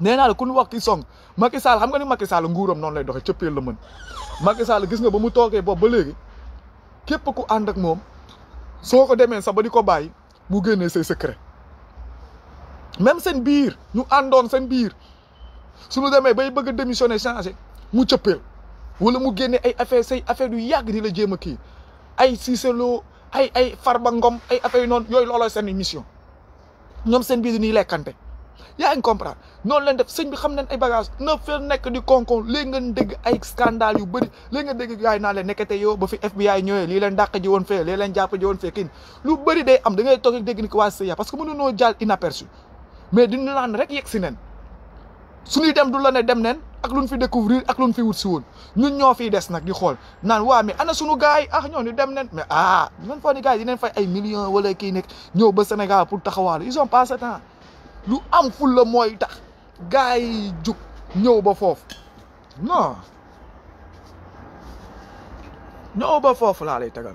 néna la kuñ wax ki song Macky Sall xam nga ni Macky Sall nguuram non lay ci cëppeel le mën Macky Sall gis nga ba mu toké bob ba légui képp ku and ak mom soko démé sa ba diko ko bu mu génnee secret même sen biir ñu andone sen biir su suñu demee bay bëgg a démissionner changé mu cëppeel wala mu génnee ay affaire say affaire yu yàgg di la jéem a kii ay Cicelo ay ay Farba Ngom ay affaire yu noonu yooyu looloo seen mission ñoom seen biir dañuy lekkante yaa ngi comprendre noonu leen def sëñ bi xam nañ ay bagage na fa nekk di konkon léegi nga dégg ay scandale yu bëri léegi nga dégg yaay naa leen nekkate yow ba fi FBI ñëwee lii leen dàq ji woon fee lii leen jàpp ji woon fee kii lu bëri am da ngay toog rek dégg ni ko waa CIA parce que rek yegg si neen su suñuy dem du la ne dem neen ak luñ fi découvrir ak luñ fi wut si woon ñun ñoo fi des nag di xool naan waa mais ana suñu gars yi ah ñoo ni dem neen mais ah man foo ni gars yi dinañ fay ay million wala kii nekk ñëw ba Sénégal pour taxawaalu ils ont passé temps lu am ful mooy tax gars yi jug ñëw ba foofu non ñëw ba foofu laa lay tegal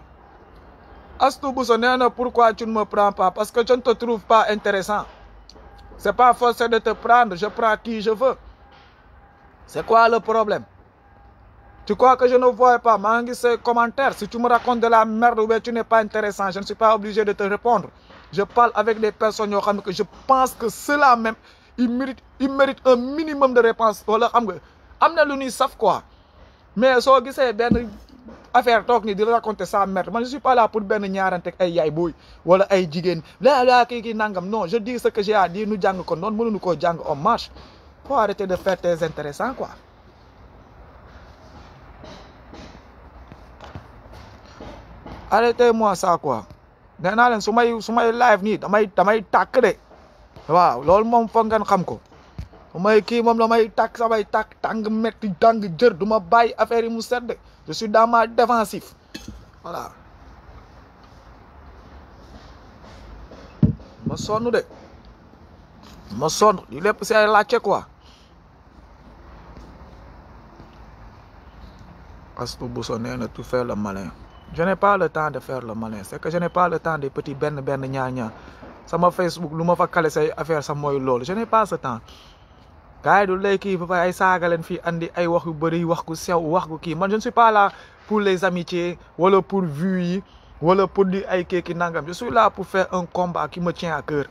Astou Bousso nee na pourquoi tu ne me prends pas parce que je ne trouve pas intéressant C'est pas forcé de te prendre, je prends qui je veux. C'est quoi le problème Tu crois que je ne vois pas Mangi ces commentaires Si tu me racontes de la merde, ouais, tu n'es pas intéressant. Je ne suis pas obligé de te répondre. Je parle avec des personnes que je pense que cela même, ils méritent, il mérite un minimum de réponse. Voilà, amna lu quoi. Mais soo gisee affaire tok ni di raconter sa mère man je suis pas là pour ben ñaarante ay yaay boy wala ay jigen la la ki nangam non je dis ce que j'ai à dire nous jang ko non mënuñu ko jang en marche faut arrêter de faire tes intéressants quoi arrêtez-moi ça quoi nee naa leen su live ni damay damay tak de waaw lol mom foog ngeen xam ko su ki mom lamay tak tàkk samay tak tang metti tang jër duma ma affaire yi mu sedd je suis dans ma défensif. Voilà. ma ou de ma il est lépp c'est laajte quoi parce que bu sonnee a tout faire le malin je n'ai pas le temps de faire le malin c'est que je n'ai pas le temps des petits benn benn ñaar Ça m'a Facebook lu fa kale say affaire ça moi loolu je n'ai pas ce temps gars yi du lay kii ba ay saaga leen fii andi ay wax yu bëri wax ku sew wax ku kii man je ne suis pas là pour les amitiés wala pour vues yi wala pour di ay keeki nangam je suis là pour faire un combat qui me tient à cœur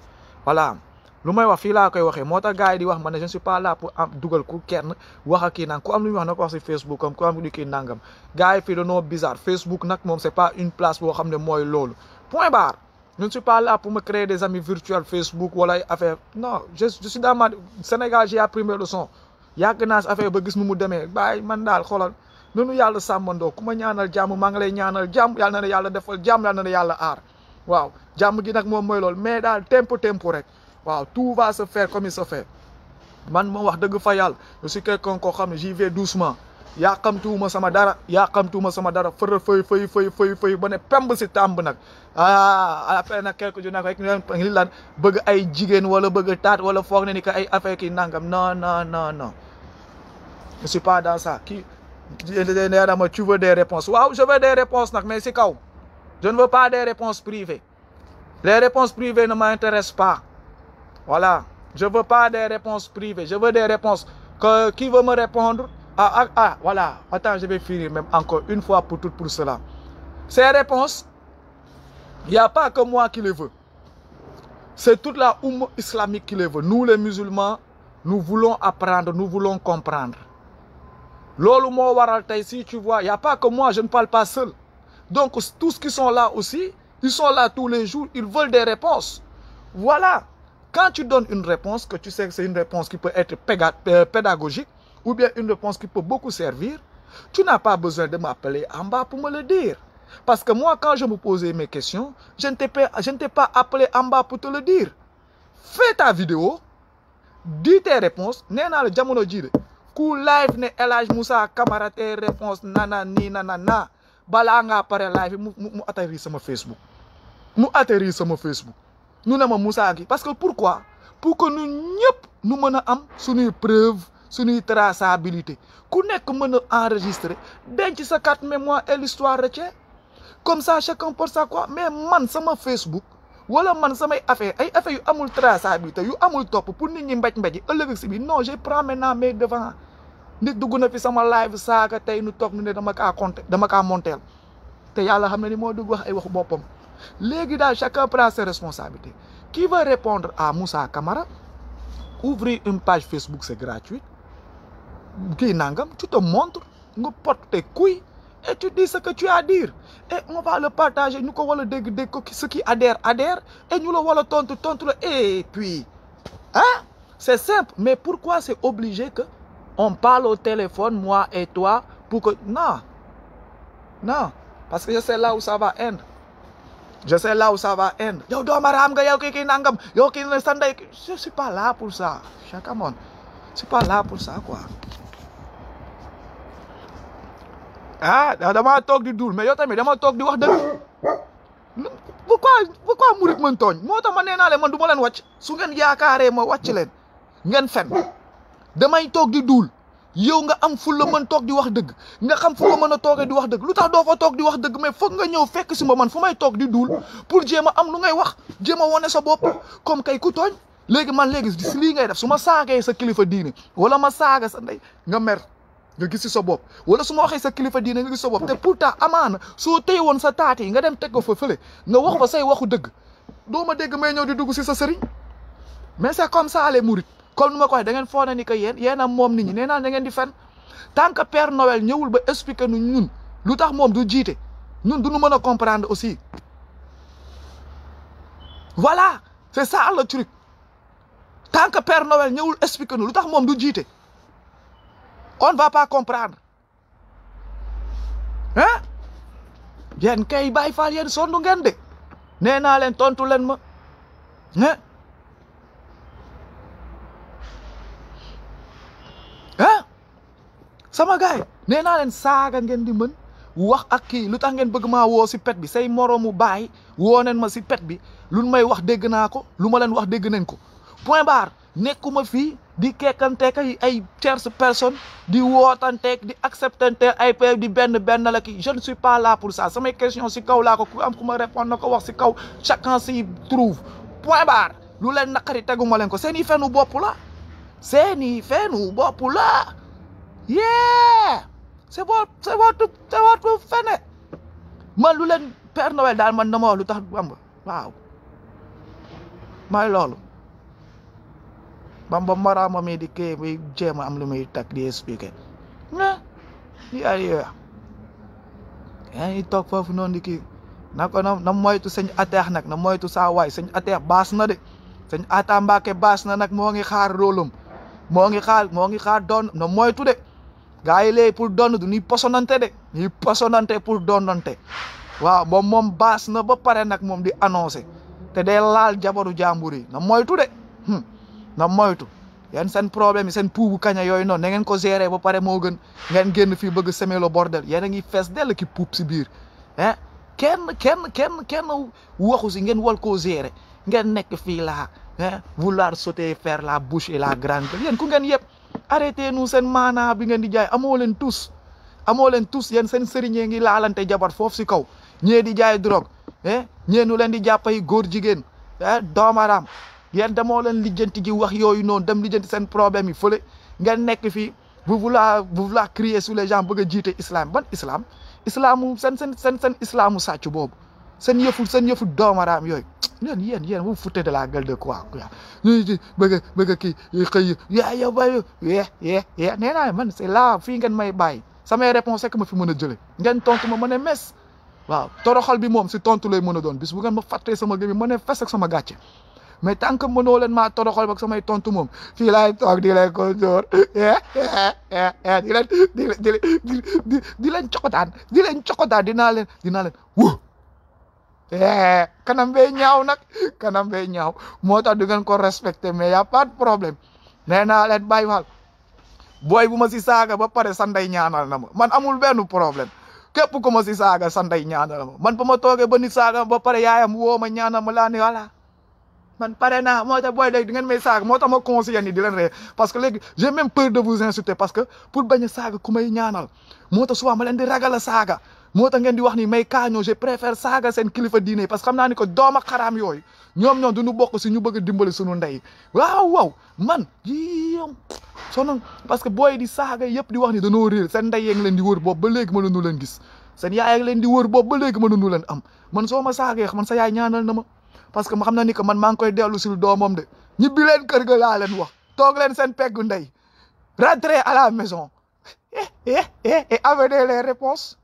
voilà lu may wax fii laa koy waxee moo tax gars yi di wax man je ne suis pas là pour am dugal ku kenn wax ak kii nang ku am lu ñu wax na ko wax Facebook am ku am lu kii nangam gars yi fii dañoo bizarre Facebook nag moom c'est pas une place boo xam ne mooy loolu point barre. Je ne suis pas là pour me créer des amis virtuels Facebook ou affaire non je suis dans ma Sénégal j'ai appris mes leçons Il y a des qui mu Je suis man Je suis ñaanal na defal na Je suis gi suis mais tempo tempo rek waaw tout va se faire comme il se fait je suis quelqu'un doucement ya yàqamtuwuma sama dara ya yàqamtuwuma sama dara fërë feuy feuy feuy feuy fëy ba ne pemb si tàmb nag ah après nag quelque jour nag rek ngi lan bëgg ay jigéen wala bëgg taat wala foog ne ni ka ay affaire kii nangam non non non non je suis pas dans ça kii nee na ma tu veux des réponses waaw je veux des réponses nak mais ci kaw je ne veux pas des réponses privées les réponses privées ne m'intéressent pas voilà je veux pas des réponses privées je veux des réponses que qui veut me répondre ah, ah, ah, voilà. Attends, je vais finir même encore une fois pour tout pour cela. Ces réponses, il n'y a pas que moi qui les veux. C'est toute la Oum islamique qui les veut. Nous, les musulmans, nous voulons apprendre, nous voulons comprendre. Lolo si tu vois, il n'y a pas que moi, je ne parle pas seul. Donc, tous qui sont là aussi, ils sont là tous les jours, ils veulent des réponses. Voilà. Quand tu donnes une réponse, que tu sais que c'est une réponse qui peut être euh, pédagogique, ou bien une réponse qui peut beaucoup servir, tu n'as pas besoin de m'appeler en bas pour me le dire. Parce que moi, quand je me posais mes questions, je ne t'ai pas, appelé en bas pour te le dire. Fais ta vidéo, dis tes réponses. Nena le dire. live ne Elaj Moussa Camarade tes réponses nanana. live Je sur Facebook. sur Facebook. Nous n'avons Parce que pourquoi? Pour que nous ñep nous am preuve suñuy traçabilité ku est mën a enregistrer denc sa carte mémoire et l'histoire retient comme ça chacun pour sa quoi mais man mon Facebook wala man samay affaire ay affaire yu amul traçabilité yu amul top, pour nit ñi mbaj mbaji ëllëg bi non je prends maintenant mes devant nit dugg na fi sama live saaga tey nu toog nu ne dama kaa compter dama kaa monteel te yàlla xam ne ni moo dugg wax ay waxu boppam les gars, chacun prend ses responsabilités qui va répondre à Moussa Camara ouvrir une page Facebook c'est gratuit tu te montres nous portes tes couilles et tu dis ce que tu as à dire et on va le partager nous ko wala ceux qui adhèrent adhèrent et nous le wala tontu tontu et puis hein c'est simple mais pourquoi c'est obligé que on parle au téléphone moi et toi pour que non non parce que je sais là où ça va end je sais là où ça va end yo ne suis pas là pour ça chacun mon ne suis pas là pour ça quoi ah damaa toog di duul mais yow tamit dama toog di wax dëgg pourquoi pourquoi murit mën tooñ moo tax ma nee naa leen ma duma leen wàcc su ngeen yaakaaree ma wàcc leen ngeen fen damay toog di duul yow nga am fu la mën toog di wax dëgg nga xam fu mën a toogee di wax dëgg lu tax doo fa toog di wax dëgg mais foog nga ñëw fekk si ma man fu may toog di duul pour jéem a am lu ngay wax jéem a wane sa bopp comme kay ku tooñ léegi man léegi si lii ngay def su ma saagee sa kilifa diini wala ma saaga sa ndey nga mer. nga gis gitu, ci sa bop wala su ma sa kilifa diine nga gis gitu, sa bop te pourtant amana so tey won sa tati nga dem teg ko fa nga wax ba say waxu deug do ma dégg may di dugg ci sa serigne mais c'est comme ça les mourid comme numa ma ko waxee da ngeen fo na ni que yeen yéen a moom nit ñi neena da ngeen di fan tant que Père Noël ñewul ba expliquer nu ñun lutax mom du jité ñun du nu mëna comprendre aussi voilà c'est ça le truc tant que Père Noël ñewul expliquer nu lutax mom du jité On ne va pas comprendre. ah yéen kay Baay Faal yéen sonn ngeen de nee naa leen tontu leen ma ah sama gars yi nee naa leen saaga aki di mën wax ak bëgg si pet bi say moroomu baay wo nen ma si pet bi lu may wax dégg naa ko lu ma leen wax dégg nañ ko point barre di kekkanteeg ay tierce personne di wootanteeg di acceptanteeg ay pay di benn benn la ki je ne suis pas là pour ça samay question si kaw laa ko ku am ku ma répondre na ko wax si kaw chacun s'y trouve point barre lu leen naqari teguma leen ko seen i fenu bopp la seen i fenu bopp la yeah c'est votre c'est votre fene man lu leen Père daal man dama wax lu tax am waaw mooy loolu bamba maraama mi di kii bi jéem a am lu muy tag di expliqué ah di ay yooya yaa ngi toog foofu noonu di na ko na moytu sëñ ateex nag na moytu saa waay sëñ ateex baas na de sëñ ata Mbàkke baas na nag moo ngi xaar róolum moo ngi xaar moo ngi xaar doon na moytu de gaa yi léegi pour doon du ñuy posonante de ñuy posonante pour doonante waaw moom moom baas na ba pare nag moom di annoncé te de laal jabaru jàmbur yi na moytu de hmm. na moytu yan sen problème sen puubu kaña yoy non ngeen ko gérer ba paré mo gën ngeen génn fi bëgg semer lo bordel yeen nga fess del ki puub ci bir hein eh? kenn kenn kenn kenn waxu ci ngeen wal ko gérer ngeen nek fi eh? la hein vouloir sauter faire la bouche et la grande yeen ku ngeen yëpp arrêtez nous sen mana bi ngeen di jaay amo len tous amo len tous yeen sen serigne ngi jabar fof ci kaw ñe di jaay drogue eh ñe nu len di jappay gor jigen ah eh? domaram yéen damoo leen lijjanti ji wax yooyu noonu dem lijjanti seen problème yi fële ngeen nekk fii vous voulez vous voulez crier sur les gens bëgg jiite islam ban islam islamu sen seen seen seen islamu sàcc boobu seen yëfu seen yëfu doomaraam yooyu yéen yéen yéen vous foutez de la gueule de quoi bëgg kii xëy ya yow bayu yee yee yee nee naa laa c'est là fii ngeen may bàyyi samay réponse ma fi mën a jëlee ngeen tontu ma mën a mes waaw toroxal bi moom si tontu lay mën a doon bis bu ngeen ma fàttee sama gëm ma ne fes sama gàcce mais tant que mënoo leen maa toroxal ak samay tontu moom fii laay toog di leen ko joor eh, eh, eh, di leen di di di di leen di leen leen dinaa leen wu kanam bee ñaaw nag kanam bee ñaaw moo tax du ngeen ko respecté mais y a pas de problème nee naa leen bàyyi waal booy bu ma si saaga ba pare sanday ñaanal na ma man amul benn problème képp ku ma si saaga sanday ñaanal ma man ba ma tooge ba nit saaga ba pare yaayam woo ma ñaanal ma laa ne man pare naa moo tax booy léegi di ngeen may saaga moo tax ma conseillé ni di leen ree parce que léegi j'ai même peur de vous insulter parce a saaga ku may ñaanal moo tax souvent ma leen di ragal a saaga moo ta ngeen di wax ni may kaañoo je préfère saaga seen kilifa diine parce que xam naa ni ko dooma xaraam yooy ñoom ñoom duñu bokk si ñu bëgg a dimbali suñu ndey man yiyom sonon parce que booy di saaga yëpp di wax ni dañoo réer seen ndey yeeg leen di wër boobu ba léegi mënuñu leen gis seen yaay yeeg leen di wër boobu ba léegi mënuñu leen am man soo ma saagee sa yaay ñaanal na ma parce que je ni que man mang koy dellu sul domom de ga wax tok leen sen peggu ndey à la maison et eh. avez les réponses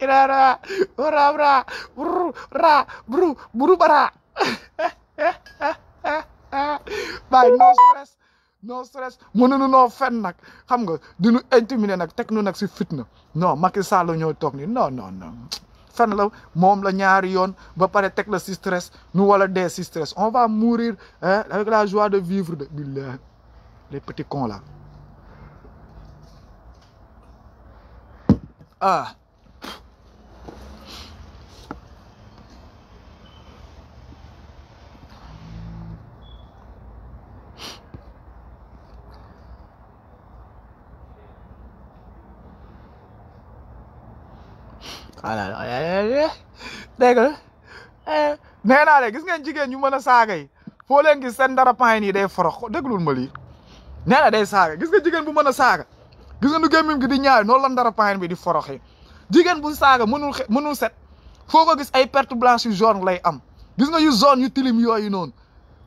ora ora bru ra bru bru bara bay no stress no stress non noo fen xam nga duñu intimider nak tek nu nak ci fitna non Macky Sall ñoo tok ni non non non fen la moom la ñaari yoon ba paré tek la si stress nu wala dé stress on va mourir hein avec la joie de vivre de billah les petits cons là ah voilà dégg nga eh, nee naa leen gis jigéen ñu mën a saaga foo leen gis seen dara paa yi nii day forox déglul ma lii nee na day saaga nga jigéen bu mën a saaga gis nga nu gémmiñ gi di ñaari noonu la dara paa bi di forox yi jigéen bu saaga mënul mënul set foo ko gis ay perte blanche yu jaune lay am gis nga yu jaune yu tilim yooyu noonu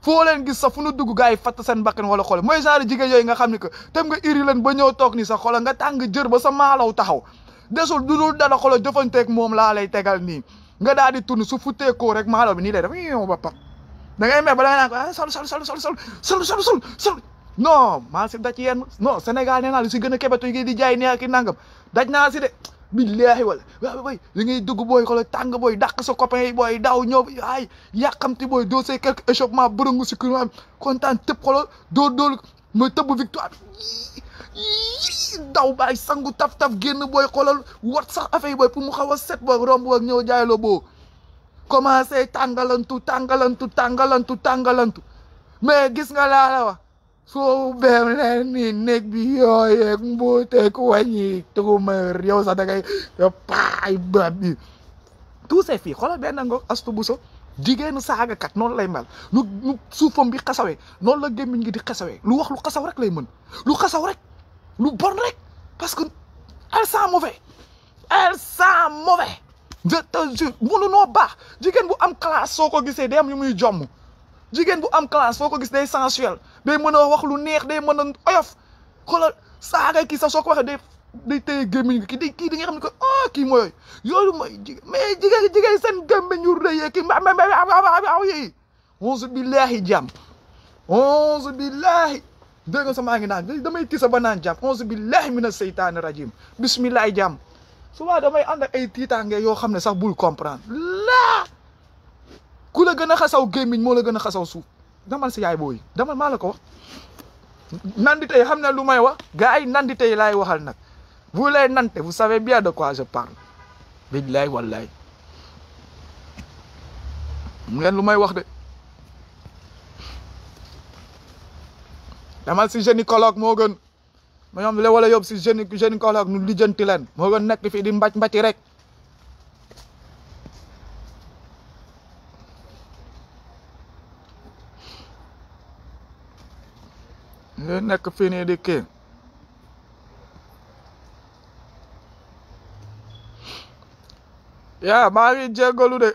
foo leen gis sa fu nu dugg gars yi fatt seen bakkan wala xool mooy genre jigéen yooyu nga xam ni que tam nga iri leen ba ñëw toog ni sa xol nga tàng jër ba sa maalaw taxaw desul du dul dana xolo jëfanteeg moom laa lay tegal nii nga daal di tourne su futteekoo rek maalo bi nii lay def yow ba pap da ngay mer ba da ngay naan ko sol sol sol sol sol sol sol sol sol non maa si daj yenn non Sénégal nee naa si gën a kébetu yi di jaay neex ki nangam daj naa si de billahi wala waaw booy li ngay dugg booy xoolal tàng booy dàq sa copain yi booy daaw ñëw ay yàqamti booy doo see quelque échauffement bërëngu si kuréel kontaan tëb xoolal doo dool mooy tëb victoire bi daw baay sangu taf-taf génn booy xoolal wat sax affaire yi booy pour mu xaw a set booy romb ak ñëw jaay la boo commencé tàngalantu tàngalantu tàngalantu tàngalantu mais gis nga laa la wax soo beem leen nii néeg bi yooyeeg mbuuteeg wàññi tumeur yow sax da ngay paay baab bi tout c'est fii xoolal benn ngoog astu buso jigéenu saagakat noonu lay mel nu nu suufam bi xasawee noonu la gémmiñ gi di xasawee lu wax lu xasaw rek lay mën lu xasaw rek lu bon rek parce que elles sont mauvais elles sont mauvais je te jure mënunoo baax jigéen bu am classe soo ko gisee day am ñu muy jomm jigéen bu am classe soo ko gis day sensuel day mën a wax lu neex day mën a oyof xoolal saaga kii sax soo ko waxee day day téye gémmiñ kii day kii di nga xam ne que ah mooy yooyu mooy jigéen mais jigéen jigéen seen gémmiñ ñu rëy kii ma ma ma ma ma ma ma ma ma ma ma dégg nga maa ngi naan damay tisa ba naan jàmm onze billahi seytaane seytaani rajim bismillahi jàmm souvent damay ànd ak ay tiitaange yoo xam ne sax bul comprendre laa ku la gën a xasaw gémmiñ moo la gën a xasaw suuf damal si yaay booy damal maa la ko wax nandi xam ne lu may wax gars yi nandi tey waxal nag vous lay nante vous savez bien de quoi je parle billahi wallahi mu ngeen lu may wax de demal si gynécologue moo gën ma ñoom la wala yóbbu si géni gynécologue nu lijjanti leen moo gën nekk fii di mbàcc mbàcc rek nga nekk fii nii di kii yaa maa ngi jégalu de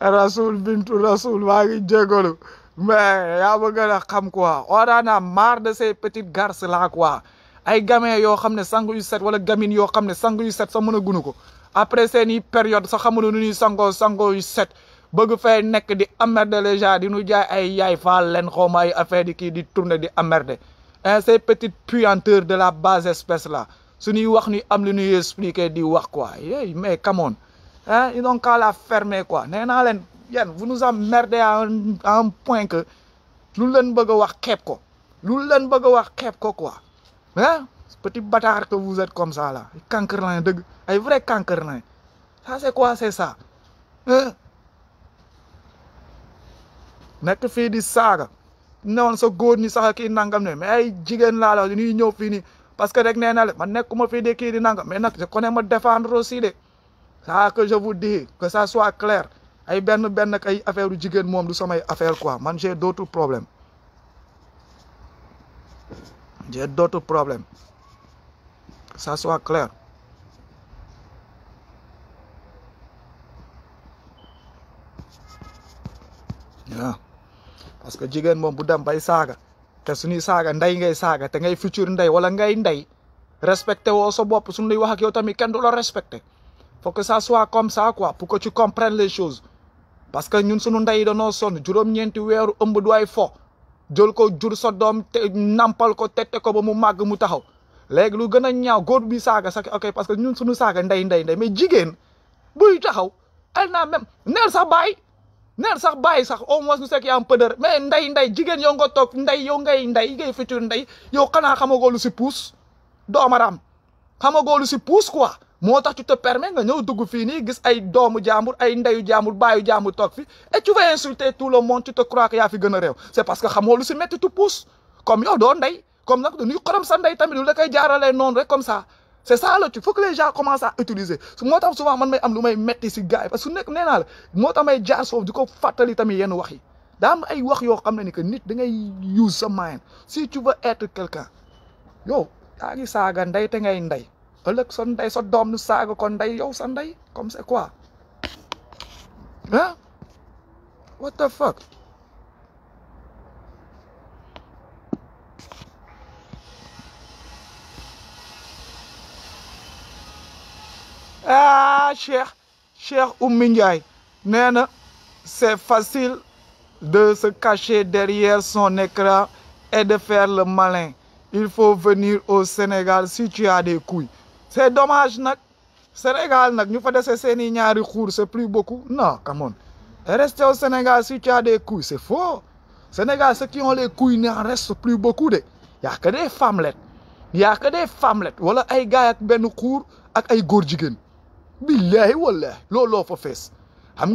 rasul bintu rasul maa ngi jégalu mais il y quoi on a marre de ces petites garces là quoi gamins ne set wala gamine yoo ne sango set après période set bëgg fay Ils di les gens di nu jaay ay affaire di de di tourner di hein, ces petites puanteurs de la base espèce là si wax ni am lu quoi mais come on hein, ils ont qu'à la fermer quoi yéen vous nous emmerdez à un à un point que lu leen bëgg a wax xeeb ko lu leen bëgg wax xeeb ko quoi ah petit bâtard que vous êtes comme ça là cancrelin dëgg ay vrai cancrelin ça c'est quoi c'est ça hein nekk fii di saaga newoon sa góor ñi sax kii nangam ne mais ay jigéen laa la ñuy ñëw fii parce que rek nee na le man nekkuma fii de kii di nangam mais nag je connais ma défendre aussi de ça que je vous dis que ça soit clair ay ben ben nak ay affaire u jigéen moom du samay affaire quoi man j'ai d'autres problèmes j'ai d'autres problèmes pas ça soit clair yeah parce que jigen mom bu dam bay saga te suñuy saga nday ngay saga te ngay futur nday wala ngay nday respecté wo so bop suñu lay wax ak yow tamit kenn dou la respecté faut que ça soit comme ça quoi pour que tu comprennes les choses parce que ñun suñu ndey danoo sonn juróom-ñeenti weeru ëmba du ay fo jël ko jur sa doom te nampal ko tette ko ba mu màgg mu taxaw léegi lu gën a ñaaw góor bi saaga sax ok parce que ñun suñu saaga ndey ndey ndey mais jigéen buy taxaw elle naa même neel sax baay neel sax bàyyi sax au moins nu sekk yaa am pëdër mais ndey ndey jigéen yow nga toog ndey yow ngay ndey ngay futur ndey yow xanaa xamagoo si puus doomaram xamagoo lu si puus quoi moo tu te permets nga ñeu dugg fi ni gis ay doomu jaambur ay ndayu jaambur baayu jaambur tok fi et tu vas insulter tout le monde tu te crois que yaa fi gën a c'est parce que xamoo lu si metti tu pousse comme yo do ndey comme nag dañuy xorom sa ndey tamit lu da kay jaarale non rek comme ça c'est ça le truc faut que les gens commencent à utiliser su souvent man may am lu may metti ci gars parce que nek nekk nee la moo may jaar soof diko fatali tamit yenn wax yi daa am ay wax yo xam ni que nit da ngay use sa mind si tu veux être quelqu'un yo yaa ngi saaga ndey te ngay ndey ëllëg son day sa doom nu yow sa comme c'est quoi Hein? what the fuck ah cher, cher Oumingay, Ndiaye c'est facile de se cacher derrière son écran et de faire le malin il faut venir au Sénégal si tu as des couilles c'est dommage c'est Sénégal nous ñu fa c'est plus beaucoup non come on rester au Sénégal si tu as des couilles c'est faux Sénégal ceux qui ont les couilles n'en restent plus beaucoup de n'y a que des il n'y a que des femmes. a ay gars qui ont des ak et des billahi voilà C'est fa xam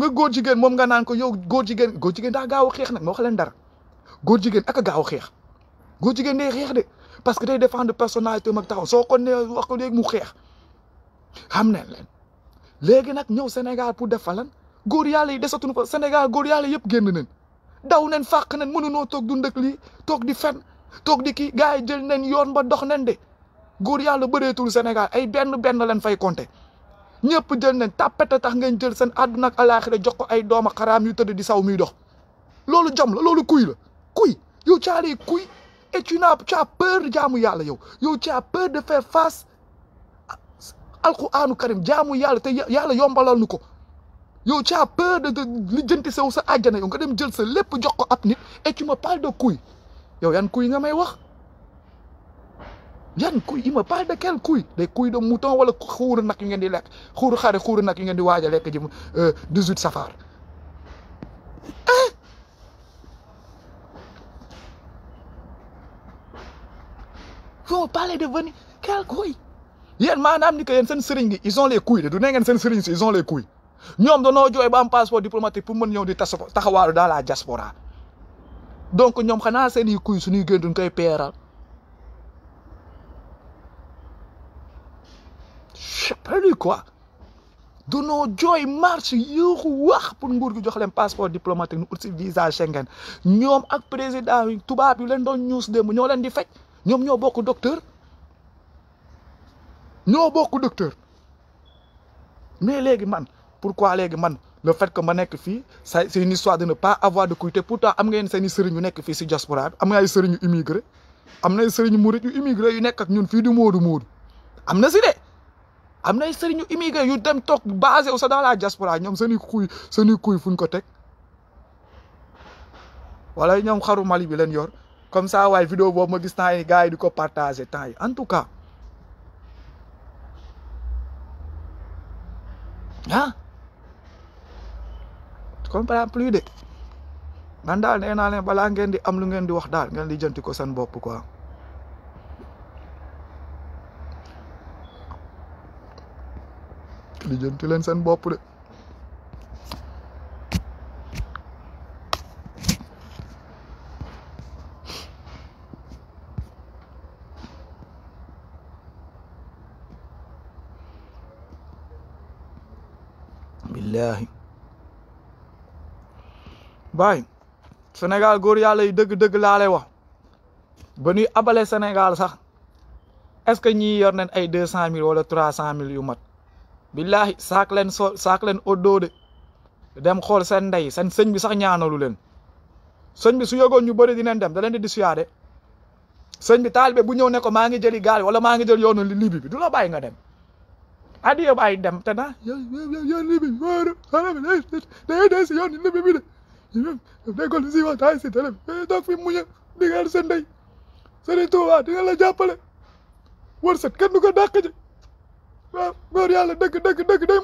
nga nga a ko yow les couilles. Il a parce que day défendre personnalité mag taxaw soo ko nee wax ko léegi mu xeex xam ne leen léegi nag ñëw Sénégal pour def falan góor yàlla yi desatuñu ko Sénégal góor yàlla yëpp génn nañ daw nen fàq nañ mënunoo toog dund ak li toog di fen toog di kii gars yi jël nañ yoon ba dox nañ de góor la bëreetul Sénégal ay benn benn leen fay compter ñëpp jël nañ tàppete tax ngeen jël seen àdduna ak alaaxira jox ko ay dooma xaraam yu tëdd di saw muy dox loolu jom la loolu et tu n'as tu as peur jaamu yàlla yow yow tu as peur de faire face karim jaamu yàlla te yàlla yombalal nu ko yow tu as peur de de lijjanti sew sa àjjana yow nga dem jël sa lépp jox ko ab nit et tu me parles de couille yow yan couille nga may wax yan couille il ma parle de quelle couille des couilles de mouton wala xuuru nag yu ngeen di lekk xuuru xare xuuru nag yi ngeen di waaj a lekk ji euh, 18 safar ah quand on de venir quel couille ils ont ni ont ils ont les couilles de ils ont les couilles Nous, ba passeport diplomatique pour mën di dans la diaspora donc nous xanaa seen les couilles koy diaspora. je sais pas lui quoi danoo les marche yuuxu ont pour nous que passeport diplomatique nous visa Schengen nous ak président le tubaab yu news les ñoo ont di ñoom ñoo bokk docteur ñoo bokk docteur mais léegi man pourquoi léegi man le fait que ma nekk fii ça c'est une histoire de ne pas avoir de cuité pourtant am ngeen seni i sëriñ nekk fii si diaspora am nga ay sëriñ yu immigré am na ay sëriñ murit yu immigré yu nekk ak ñun fii di Moodu Moodu am na si de am na seriñu sëriñ yu immigré yu dem toog basé au sa dans la diaspora ñoom seen i kuy seen i kuy fu ñu ko teg wala ñoom xaru Mali bi leen yor. comme ça waay vidéo boobu ma gis naa ni gars yi di ko partager temps yi en tout cas ah comprends plus de man daal leen balaa ngeen di am lu ngeen di wax daal ngeen di jënti ko seen bopp ko di jënti leen seen bopp de billaahi baay Sénégal góor yàlla yi dëgg-dëgg laa lay wax ba ñuy abale senegal sax est-ce que ñii yor nañ ay deux cent mille wala trois cent mille yu mat billaahi saak leen so saak leen oddoo de dem xool seen ndey seen sëñ bi sax ñaanalu leen sëñ bi su yëgoon ñu bëri dinañ dem da leen di dissuader sëñ bi taalibe bu ñëw ne ko maa ngi jëli gaal wala maa ngi jël yoonu libi bi du la bàyyi nga dem adiyo bàyyi dem te na yoon li bi wóoru day day si yoon li bi de déggol si waxtaan si télé bi toog fi muñe di nga sa ndey sëriñ Tuuba di nga la jàppale wërsët kenn du ko dàq ji waaw góor yàlla dëgg dëgg dëgg day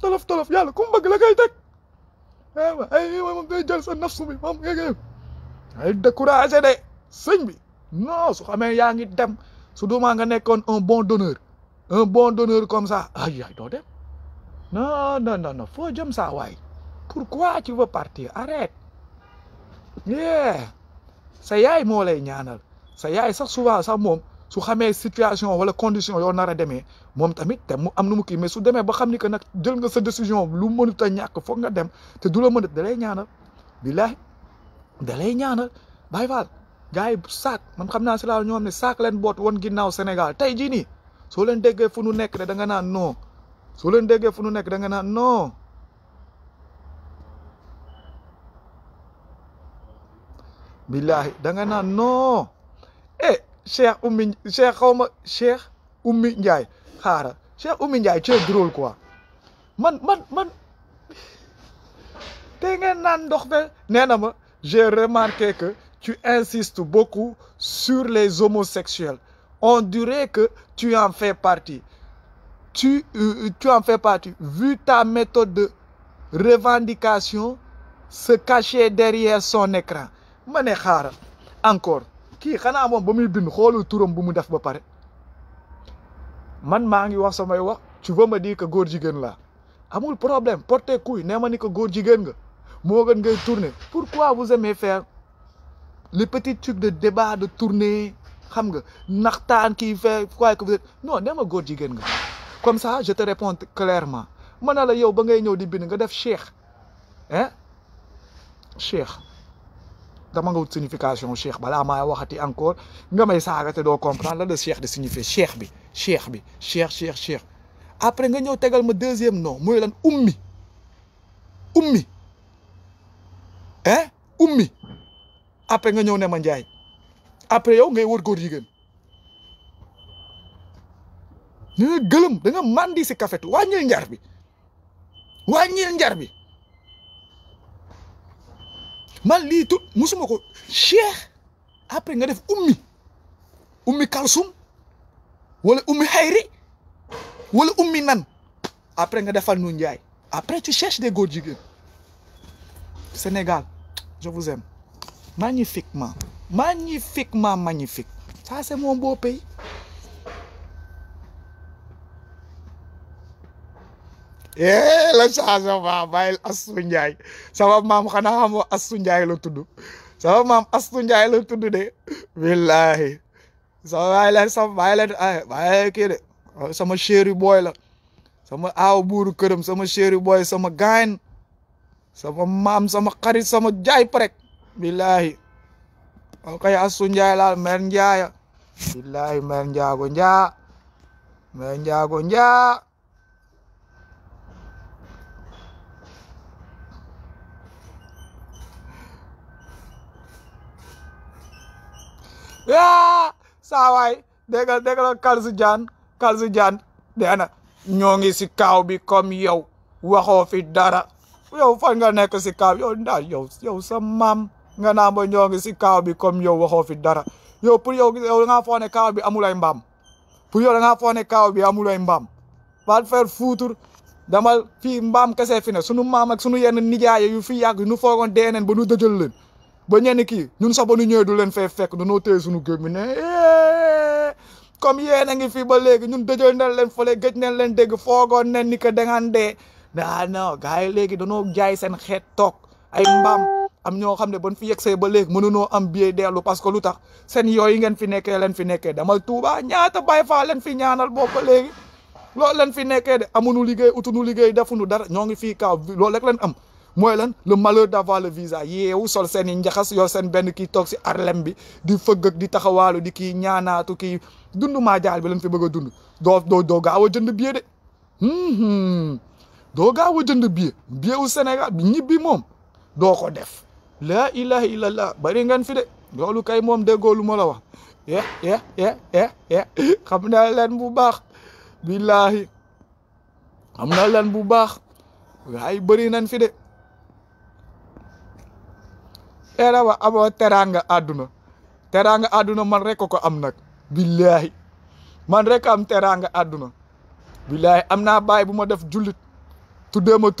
tolof tolof yàlla ku mu la koy teg eh, waaw ay moom day sa nafsu bi moom nga ngay ay découragé de sëñ bi non su xamee yaa ngi dem su duma nga nekkoon un bon donneur un bon donneur comme ça ay ay doo dem non non non non foo jëm saa waay pourquoi tu veux sa yaay moo lay ñaanal sa yaay sax souvent sax moom su xamee situation wala condition yoo nar a demee moom tamit te mu am nu mu kii mais su demee ba xam ni que nag jël nga sa décision lu mënut a ñàkk foog nga dem te du la mën a da lay ñaanal billahi da lay ñaanal bàyyi faal gars yi man xam naa si laa ñoo xam ne saak leen boot woon ginnaaw Sénégal tey jii nii so leen déggee fu nu nekk de da nga naan non so leen déggee fu nu nekk da nga naan non billaahi da nga naan non eh Cheikh oumi Cheikh xaw ma Cheikh Oumy Ndiaye xaara Cheikh Oumy Ndiaye c'est drôle quoi man man man te ngeen naan ndox be nee na ma j'ai remarqué que tu insistes beaucoup sur les homosexuels on dirait que tu en fais partie. Tu, euh, tu en fais partie. Vu ta méthode de revendication, se cacher derrière son écran. ma ne encore Qui est moom ba muy bind que turam bu mu def ba pare man maa wax samay tu veux me dire que góor jigéen laa amul problème porte couille nee ni que góor jigéen nga moo gën ngay tourner pourquoi vous aimez faire les petits trucs de débat de tourner xam nga naxtaan kii fait quoi que vous êtes non dama góor jigéen nga comme ça je te réponds clairement ma ne la yow ba ngay ñëw di bind nga def cheikh hein cheikh dama nga wut signification cheikh balaa ma waxati encore nga may saaga te doo comprendre la de cheikh di signifier cheikh bi cheikh bi cheikh cheikh cheikh après nga ñëw tegal ma deuxième no muy lan ummi ummi hein ummi après nga ñëw ne ma njaay après yow ngay wor gor jigéen da nga da nga mandi si cafet wàññil ndjar bi wàññil ndjar bi man li tout musuma ko cheikh après nga def ummi ummi kalsum wala ummi hayri wala ummi nan après nga defal nu ndjay après tu cherches des gor jigéen Sénégal je vous aime magnifiquement magnifiquement magnifique. Ça, c'est mon beau pays. Eh, le changement, bàyyil Astou Ndiaye sama maam xanaa xamoo Astou Ndiaye la tudd sama maam Astou Ndiaye la tudd de. wallaahi sama bàyyi leen sama bàyyi leen ay eh, bàyyi kii de oh, sama chéri boy la sama aaw buuru këram sama chéri boy sama gaañ sama maam sama xarit sama jaay parek. wallaahi kaya asunja la menja ya billahi menja gonja menja gonja ya sawai degal degal kalsu jan kalsu jan dena ñoo ngi si kaaw bi comme yow waxoo fi dara yow fan nga nekk si kaaw yow ndaa yow yow sa maam nga naam ma ñoo ngi si kaaw bi comme yow waxoo fi dara yow pour yow yow da ngaa foog ne kaaw bi amul ay mbaam pour yow da ngaa ne kaaw bi amul ay mbaam va faire fuutur dama fii mbaam kese fi ne sunu maam ak sunu yenn nijaay yu fi yàgg nu foogoon dee neen ba nu dëjël leen ba ñenn kii ñun sax ba nu ñëwee du leen fay fekk danoo téye sunu géej mi ne comme yéen a ngi fi ba léegi ñun dëjël nañ leen fële gëj nañ leen dégg foogoon nen ni que da ngaan dee gars yi léegi danoo jaay seen xeet toog ay mbaam. am ñoo xam ne ban fi yegsee ba léegi mënunoo am billet dellu parce que lu tax seen yooyu ngeen fi nekkee len fi nekkee demal Touba ñaata Baay Faal len fi ñaanal boobu ba léegi lool leen fi nekkee de amuñu liggéey utuñu liggéey defuñu dara ñoo ngi fii kaw loolu rek len am mooy la le malheur d'avoir le visa yeewu sol seen i njaxas yor seen benn kii toog si arlem bi di fëgg di taxawaalu di kii ñaanaatu kii dund maa jaal bi leen fi bëgg a dund doo doo doo gaaw a jënd billet de hmm, hmm. doo gaaw a jënd billet billet wu Sénégal bi moom doo ko def La ilaha illallah. bari ngan fi de lolou kay mom de golu mo la wax ya ya ya ya ya xamna naa bu bax billahi xam naa bu bax ay bari nan fi de eh, era wa abo teranga aduna teranga aduna man rek ko am nak billahi man rek am teranga aduna billahi amna naa buma def julit tudema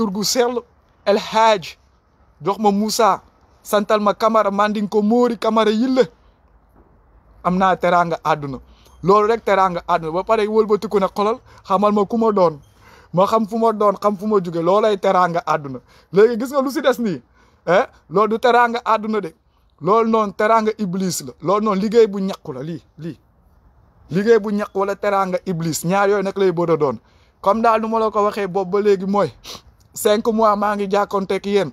El jox ma musa santal ma Camara Mandinko Mori kamara Yille am naa teraanga àdduna loolu rek teraanga àdduna ba pare wol wëlbatiku ne xolal xamal ma ku ma doon ma xam fu ma doon xam fu ma jóge loolay teraanga àdduna léegi gis nga lu si des nii eh loolu du teraanga àdduna de loolu noonu teraanga iblis la loolu noonu liggéey bu ñàkku la lii lii liggéey bu ñàkk wala teraanga iblis ñaar yooyu nag lay bëgg doon comme daal nu ma la ko waxee boobu ba léegi mooy cinq mois maa ngi jàkkoonte ak yéen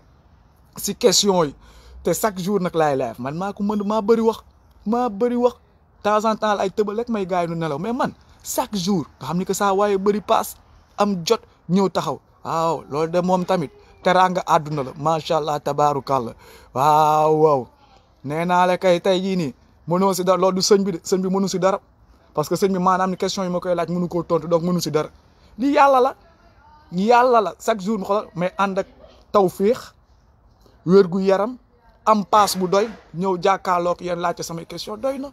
si question yi te chaque jour nag laay live man maa ko mën maa bëri wax maa bëri wax temps en temps ay tëbal may gars yi nu nelaw mais man chaque jour nga xam ni que saa waaye bëri paas am jot ñëw taxaw waaw loolu de moom tamit teraanga àdduna la macha allah tabaarukàlla waaw waaw nee naa la kay tey jii nii mënoo si dara loolu du sëñ bi de sëñ bi mënu si dara parce que sëñ bi maanaam ni question yi ma koy laaj mënu koo tontu donc mënu si dara lii yàlla la yàlla la chaque jour mu xoolal mais ànd ak tawféex wér gu yaram. am paas bu doy ñëw jàkkaarloog laa laajte samay question doy na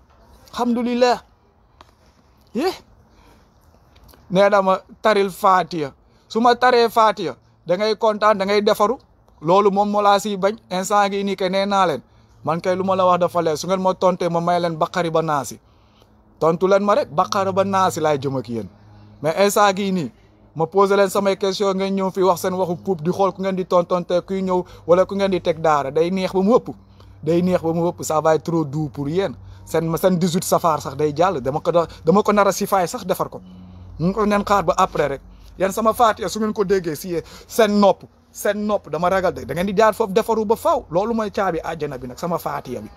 alhamdulilah yé nee na ma taril faatiya su ma taree faatiya da ngay kontaan da ngay defaru loolu moom moo laa bañ instant gi nii kay nee naa leen man kay lu ma la wax dafa leer su ngeen ma tontee ma may leen baqari ba naasi tontu leen ma rek baqara ba naasi laay jëm ak yéen mais instant ma posé len sama question ngeen ñëw fi wax sen waxu poup di xol ku ngeen di tontonté kuy ñëw wala ku ngeen di tek daara day neex ba mu ëpp day neex ba mu ëpp ça va être trop doux pour yéen seen sen 18 safar sax day jall dama ko dama ko nara sifay sax defar ko mu ko neen xaar ba après rek yeen sama fatia su ngeen ko déggé si sen nopp sen nopp dama ragal de da ngeen di jaar fofu defaru ba faaw loolu moy caabi aljana bi nak sama fatia bi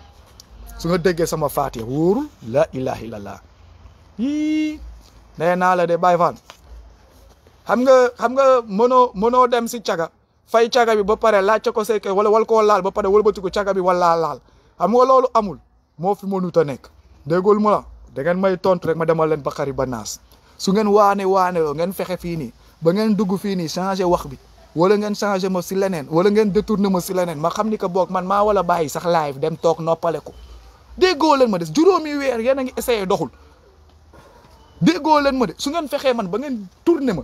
su nga déggé sama fatia wóorul la ilaha illallah yi nee la de bay fan xam nga xam nga mënoo mënoo dem si caga fay caga bi ba pare laajte ko say wala wal koo laal ba pare ba wëlbatiku caga bi wala laal xam nga loolu amul moo fi mënut a nekk déggul mu da ngeen may tontu rek ma demal leen Bakary Banaas su ngeen waane waane loo ngeen fexe fii nii ba ngeen dugg fii nii changé wax bi wala ngeen changé ma si leneen wala ngeen détourné ma si leneen ma xam ni que boog man maa wala bàyyi sax live dem toog noppale ko déggoo leen ma des juróomi weer yéen a ngi essayé doxul déggoo leen ma de su ngeen fexee man ba ngeen tourné ma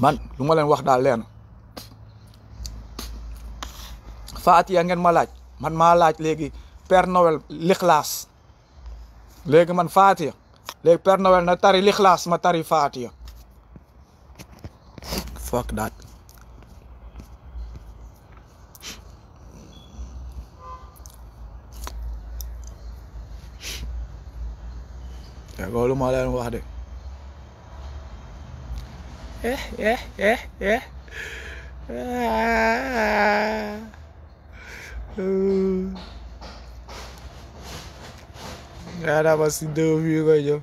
man luma len leen wax daal leen faatiya ngeen ma laaj man ma laaj léegi Père Noël l'ikhlas man fatia ya. léegi Père Noël na tari l'ikhlas ma tari ya. fuck that loolu ma leen wax de yeah, yeah, yeah, yeah. À. Ừ. Adama sindo view ko yo.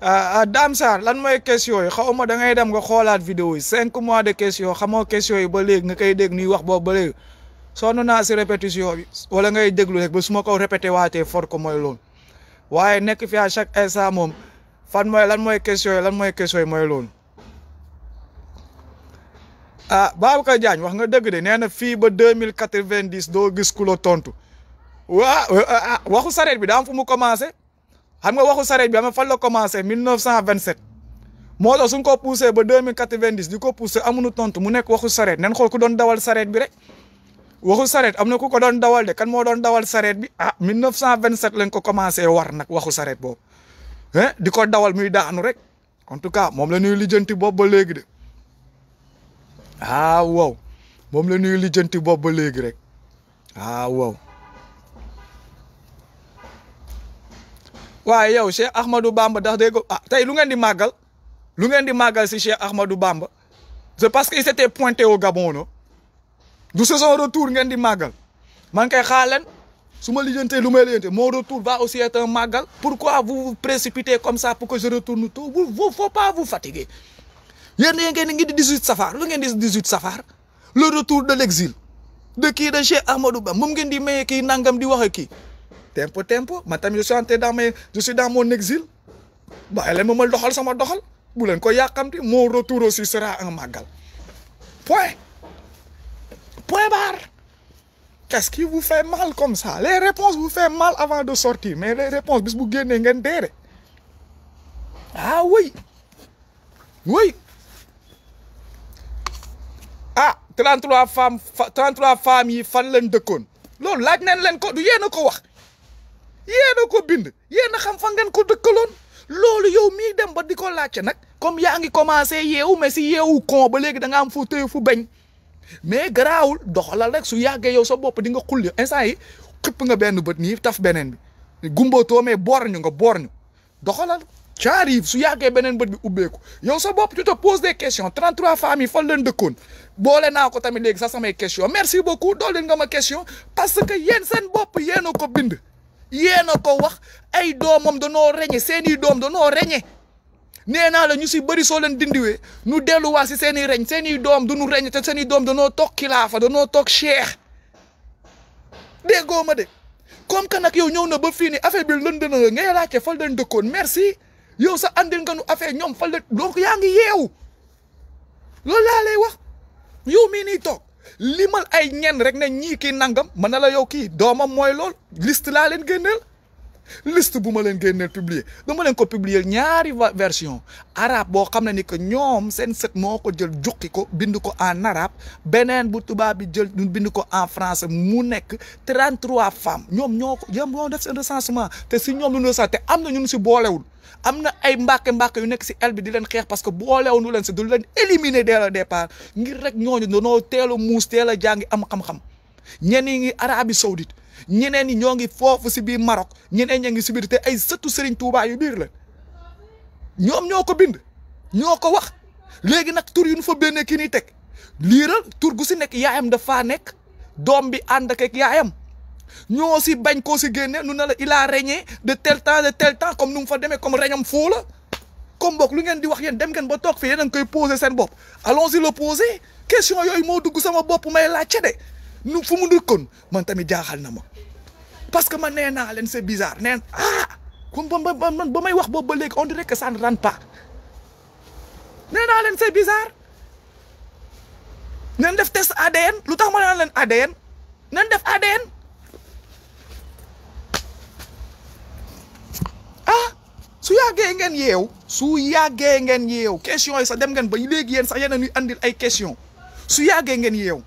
Ah, dam sa lan mooy question yi xaw ma da ngay dem nga xoolaat vidéo yi cinq mois de question xamoo question yi ba léegi nga koy dégg ñuy wax boobu ba léegi sonn naa si répétition bi wala ngay déglu rek ba su ma ko répété waatee for ko mooy loolu waaye nekk fi à chaque instant moom fan mooy lan mooy question yi lan mooy question yi mooy loolu. ah Babacar jaañ wax nga dëgg de nee na fii ba deux mille quatre vingt dix doo gis ku la tontu waa ah, ah, ah, waxu sareet bi daa am fu mu commencé xam nga waxu sareet bi am fan la commencé mille neuf vingt sept moo tax suñ ba deux mille quatre vingt ko poussé amuñu tontu mu nekk waxu sareet nen xool ku doon dawal sareet bi rek waxu sareet am na ku ko doon dawal de kan moo doon dawal sareet bi ah mille neuf cent vingt sept lañ ko commencé war nag waxu sareet boobu di ko dawal muy daanu rek en tout cas moom la ñuy lijjanti boob ba léegi de. ah waaw mom la ñuy lijjanti boobu ba léegi rek ah waaw waaye yow Cheikh Ahmadou Bamba ndax ah tey lu ngeen di magal, lu ngeen di màggal Cheikh Ahmadou Bamba c'est parce qu'il s'était pointé au Gabon non du son retour ngeen di Magal. Manque kay Khalen? su ma lijjantee lu mon retour va aussi être un magal. pourquoi vous vous précipitez comme ça pour que je retourne tout vous faut pas vous fatiguer vous yéen 18 safar 18 safar le retour de l'exil de qui de Cheikh Ahmadou Ba moom ngeen di maye nangam di tempo tempo je suis entré dans mes je suis dans mon exil Bah elle est sama doxal bu ko mon retour aussi sera un magal. point point bar. qu'est-ce qui vous fait mal comme ça les réponses vous font mal avant de sortir mais les réponses bis bu génnee ngeen ah oui oui ah 33 femmes 33 femmes yi fan leen dëkkoon loolu laaj nañ leen ko du yéen a ko wax yéen ko bind yéen a xam fa ngeen ko dëkkaloon loolu yow mii dem ba di ko laajte nag comme yaa ngi commencé yeewu mais si yeewu kon ba léegi danga am fu tëye fu bañ mais garaawul doxalal rek su yàggee yow sa bopp di nga xulli instant yi xëpp nga benn bët nii taf beneen bi gumbootoo mais boor ñu nga boor ñu doxalal tu arrives su yàggee beneen bët bi ubbeeku yow sa bopp tu te poses des questions 33 familles, yi fan leen dëkkoon boole naa ko tamit léegi sax samay question merci beaucoup dool leen nga ma question parce que yéen sen bop yéen ko bind yéen ko wax ay doomam danoo reñe seen i dom do no nee Néna la ñu ci bëri so leen dindiwee nu wa ci seen i reñ seen i doom du nu reñ te seen i doom danoo toog do no tok cheikh déggoo dé. comme que nak yow ñew na ba fini, affaire bi lënd na ngay ci fan leen dëkkoon merci yow sa andil nga nu affaire ñom fa la donc ya nga yew lo la lay wax yow mi ni tok limal ay ñen rek ne ñi ki nangam man la yow kii doomam moy lol liste la leen génneel liste buma ma leen génneel publier dama leen ko publier ñaari version arab bo xamna ni ko ñom sen sët moko jël jukki ko bind ko en arab benen bu tuba bi jël bind ko en français mu nekk 33 femmes ñom ñoko bo def sen recensement te si ñom lu no sa te am ñun si boolewul. am na ay mbàkke mbàkke yu nekk si el bi di leen xeex parce que boolewuñu leen si du leen éliminer dès le départ ngir rek ñooñu danoo teel a muus teel a jàngi am xam-xam ñenn yi ngi Arabie Saoudite ñeneen ñi ñoo ngi foofu si biir Maroc ñeneen ña ngi si biir te ay sëtu Serigne Touba yu biir la ñoom ñoo ko bind ñoo ko wax léegi nag tur yu nu fa benn kii nii teg liiral tur gu si nekk yaayam dafa nekk doom bi ànd kek yaayam. ñoo si bañ nous si génne nu ne la il a régné de tel temps de tel temps comme nu mu fa demee comme reñam fuu la comme boog lu ngeen di wax yéen dem ngeen ba toog fii yéen a koy poser seen bopp allons y le poser question yooyu moo dugg sama bopp may laajte de nu fu mu dëkkoon man tamit jaaxal na ma parce que man nee naa c'est bizarre nee ah comme ba ba man ba may wax boobu ba nous on dirait que ça ne rentre pas nee nous c'est bizarre neen def test ADN lu nous ma naan nous ADN neen def ADN ah su yàggee ngeen yeew su yàggee ngeen yeew question yi sax dem ngeen ba léegi yéen sax yéen a ñuy andil ay question su yàggee ngeen yeew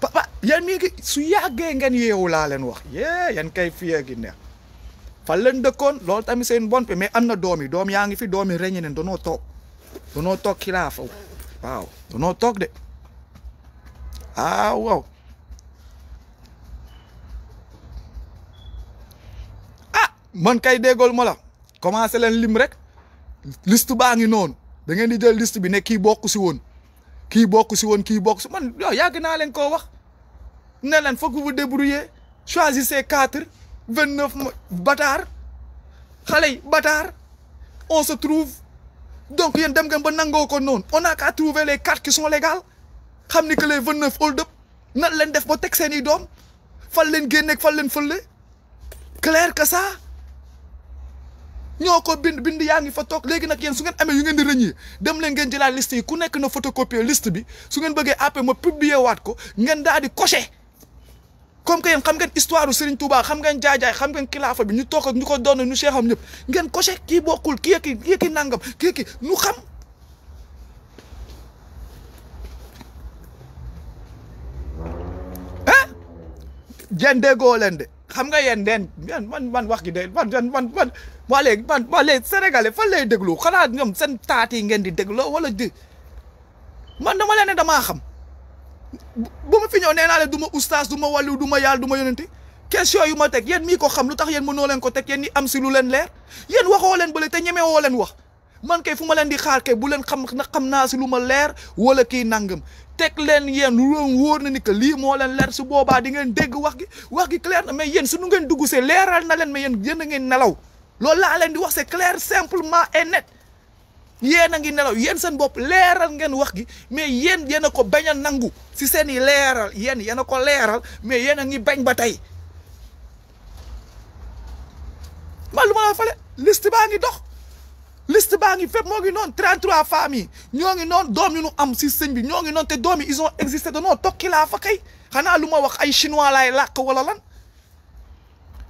papa yéen mii ngi su yàggee ngeen yeewu laa leen wax yee yan kay fiyee gi neex fan leen dëkkoon loolu tamit seen bon pe mais am na doom yi doom yaa ngi fi doom yi reñe neen danoo toog danoo toog kilaafa waaw danoo toog de ah waaw man kay dégol ma la commencé leen lim rek liste baa ngi noonu da ngeen di jël liste bi ne ki bokk ci woon ki bokk ci woon ki bokk man yow yàgg naa leen koo wax ne leen foog vous débrouiller choisissez quatre vingt neuf bataar xale yi on se trouve donc yéen dem ngeen ba nangoo ko noonu on a qu'à trouver les cartes qui sont légales xamni que les 29 neuf hold up nan leen def ba teg seen dom fal fan leen fal fan leen clair que ça ñoo ko bind bind yaa ngi fa toog léegi nag yenn su ngeen amee yu ngeen di rëññee dem leen ngeen jëlaat liste yi ku nekk na photocopier liste bi su ngeen bëggee après ma publier waat ko ngeen daal di coché comme que xam ngeen histoire u Serigne Touba xam ngeen jaajaay xam ngeen kilaafa bi ñu toog ak ñu ko doon ñu seexam ñëpp ngeen coché ki bokkul kii ki kii ki nangam kii ki ñu xam. ah. jën déggoo leen de. xam nga yéen den man man wax gi de man man man waa léegi man waa léegi sénégalais fan lay déglu xanaa ñoom seen taat yi ngeen di dégloo wala di man dama leen ne damaa xam bu ma fi ñëw nee naa leen ma ustaas du ma wàllu du ma yàlla du ma yonente question yu ma teg yéen mii ko xam lu tax yéen mënoo leen ko teg yéen ni am si lu leen leer yéen waxoo leen bële te ñemewoo leen wax man kay fu ma leen di xaar kay bu leen xam na xam naa si lu ma leer wala kii nangam tek len yéen loon wóor ni ke li mo len leer su boba di ngeen deg wax gi wax gi clair na mais yéen suñu ngeen dugg see leral na len mais yéen yéen ngeen nelaw lol la len di wax c'est clair simplement et net yéen a ngi nelaw yéen seen bopp leeral ngeen wax gi mais yéen yéen ko bañ nangu si seen leral leeral yéen ko leral mais yéen a ngi bañ ba tay man ma la fale liste ba ngi dox liste baa ngi fépp moo ngi noonu 33 familles ñoo ngi noonu doom yi nu am si sëñ bi ñoo ngi noonu te doom yi ils ont existé danoo tokki laa fa kay xanaa lu ma wax ay chinois laay làkk wala lan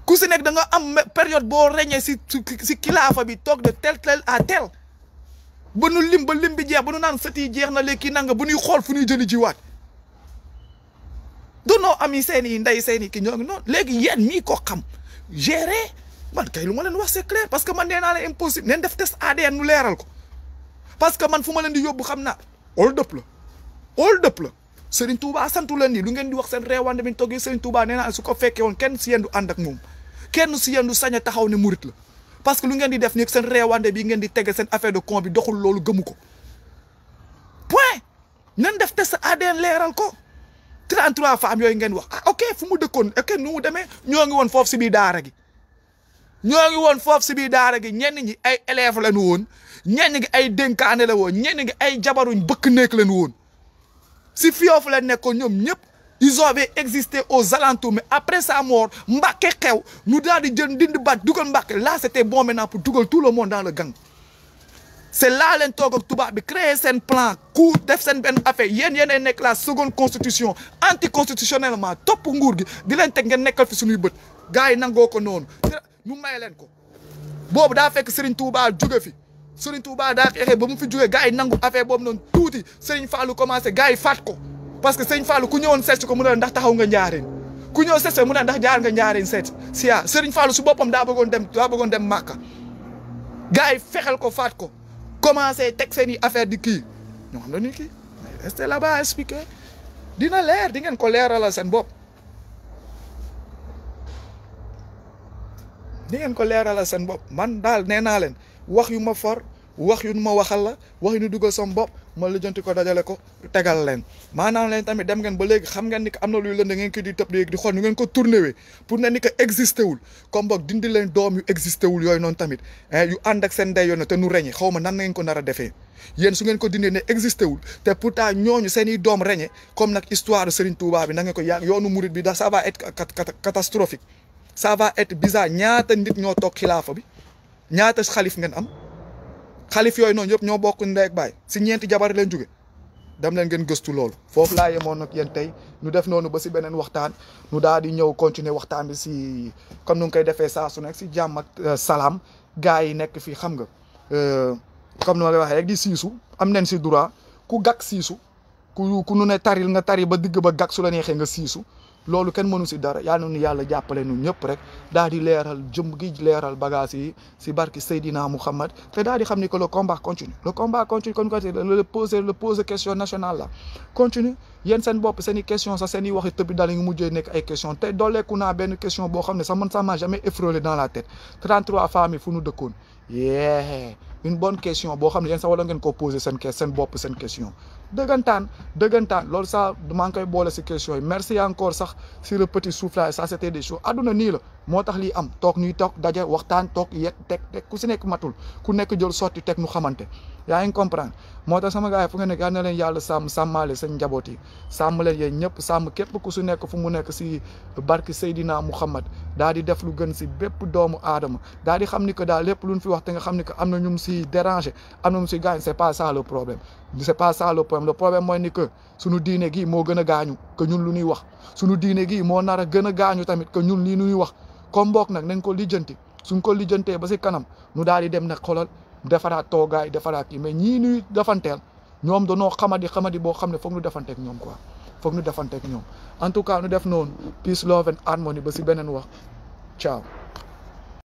ku si nekk da nga am période boo reñee si si kilaafa bi toog de tel tel à tel ba nu lim ba lim bi jeex ba naan sët jeex na léegi nanga bu ñuy xool fu ñuy jëli jiwaat doonoo am yi seen yi ndey seen yi ki ñoo ngi noonu léegi yéen mii ko xam gérer man kay lu ma wax c'est clair parce que man nee naa impossible neen def test ADN nu leeral ko parce que man fuma len di yobbu xamna naa hold up la hold up la Serigne Touba santou len ni lu ngeen di wax sen réewande bi ñu toggee Serigne Touba nee su ko fekkee won kenn si yendu du ak kenn si yendu saña taxaw ne mourid la parce que lu ngeen di def nii seen réewande bi ngeen di tege sen affaire de con bi doxul loolu gëmu ko point nan def test ADN leeral ko 33 femmes yoy ngeen wax ah ok fumu dekon ok nu mu ñoo ngi won fofu si bi daara gi ñoo won fof ci bi biir daara gi ñen ñi ay élève lañu won ñen ñi ay dénkaane la woon ñenn ngi ay jabaruñ bëkk nekk lañu won ci fiyoofu la nekkon ñom ñep ils avaient existé aux alentours mais après sa mort Mbacké xew ñu daal di jël dind bat duggal Mbacké là c'était bon maintenant pour duggal tout le monde dans le gang c'est là leen toog ak tubaab bi créer sen plan ku def sen ben affaire yéen yéenay nek la seconde constitution anticonstitutionnellement top nguur gi di leen tek ngeen nekkal fi suñuy bët gaay yi nangoo ko noonu ñu may leen ko bobu da fekk Serigne Touba jóge fi Serigne Touba da fexe ba mu fi jóge gaay yi nangu affaire bobu non touti Serigne Fallou commencé gaay fat ko parce que Serigne Fallou ku ñewon seet ko mu ne ndax taxaw nga ñaarin ku ñew seet mu ne ndax jaar nga ñaarin seet sia Serigne Fallou su bopam da bëggon dem da bëggon dem makka gaay fexel ko fat ko commencé tek seni affaire di ki ñu xam ne ni ki restez là-bas expliquer dina leer di ngeen ko leeralal sen bop di ngeen ko leeralal seen bopp man daal nee naa leen wax yu ma for wax yu nu ma waxal la wax yu ñu dugal sama bopp ma lijjanti ko dajale ko tegal leen maanaam leen tamit dem ngeen ba léegi xam ngeen ni am na luy lënd ngeen ko di tëb di xool ngeen ko tourné wee ni ko existé wul comme boog dindi leen doom yu existé wul yooyu noonu tamit eh, yu ànd ak seen ndey yoon te nu reñe xaw ma nan ngeen ko nar a defee yéen su ngeen ko dindee ne existé te te pourtant ñooñu seen doom reñe comme nag histoire de Serigne Touba bi na ngeen ko yàgg yoonu murit bi da ça va être catastrophique ça va être ñaata nit ñoo toog xilaafa bi ñaata xalif ngeen am xalif yooyu noonu yëpp ñoo bokk ndey ak baay si ñeenti jabar leen jóge dem leen ngeen gëstu loolu foofu laa yemoon nag yéen tey nu def noonu ba si beneen waxtaan nu daal di ñëw continuer waxtaan bi si comme nu ngi koy defee saa su nekk si jàmm ak euh, salaam gars yi nekk fii xam nga euh, comme nu ma waxee rek di siisu am nañ si droit ku gàkk siisu ku ku nu ne taril nga tari ba digg ba gàkk su la neexee nga siisu lolou ken mënu ci dara ya na nu yàlla jàppale nu ñëpp rek daal di léral jëm gi léral bagage yi ci barki sayidina muhammad te daal di xamni que le combat continue le combat continue kon ko le poser le poser question nationale la continue yeen seen bop seen question sax seen i waxi tëb daal nga mujjé nek ay question te dolé kuna benn question bo xamné ne man ça m'a jamais effleuré dans la tête 33 familles fu ñu dëkkoon yeah une bonne question bo xamné yeen yéen sax wala ngeen ko poser seen seen bop seen question dëggantaan tan, loolu tan, maa ngi koy boole si question merci encore sax sur le petit souffle ça c'était des choses adduna nii la moo tax am toog ñuy toog daje waxtaan toog yet teg teg ku si nekk matul ku nekk jël sotti teg nu xamante yaa ngi comprendre moo tax sama gars fu nga nekk yal na leen yàlla sàmm sàmmaale seen njaboot yi sàmm leen yéen ñëpp sàmm képp ku su nekk fu mu nekk si barki Seydina Muhammad daa di def lu gën si bépp doomu aadama daa di xam ni que daal lépp lu ñu fi wax te nga xam ni que am na ñu mu si déranger am na mu si gaañ c' est pas ça le problème c' est pas ça le problème le problème mooy ni que suñu diine gi moo gën a gaañu que ñun lu ñuy wax suñu diine gi moo nar a gën a gaañu tamit que ñun lii ñuy wax comme mbokk nag nañ ko lijjanti suñ ko lijjantee ba si kanam nu daal di dem nag xoolal defaraat toogaay defaraat kii mais ñii nuy defanteel ñoom danoo xamadi xamadi boo xam ne foog ñu defanteeg ñoom ko foog ñu defanteeg ñoom en tout cas nu def noonu peace love and harmony ba si beneen wax ciao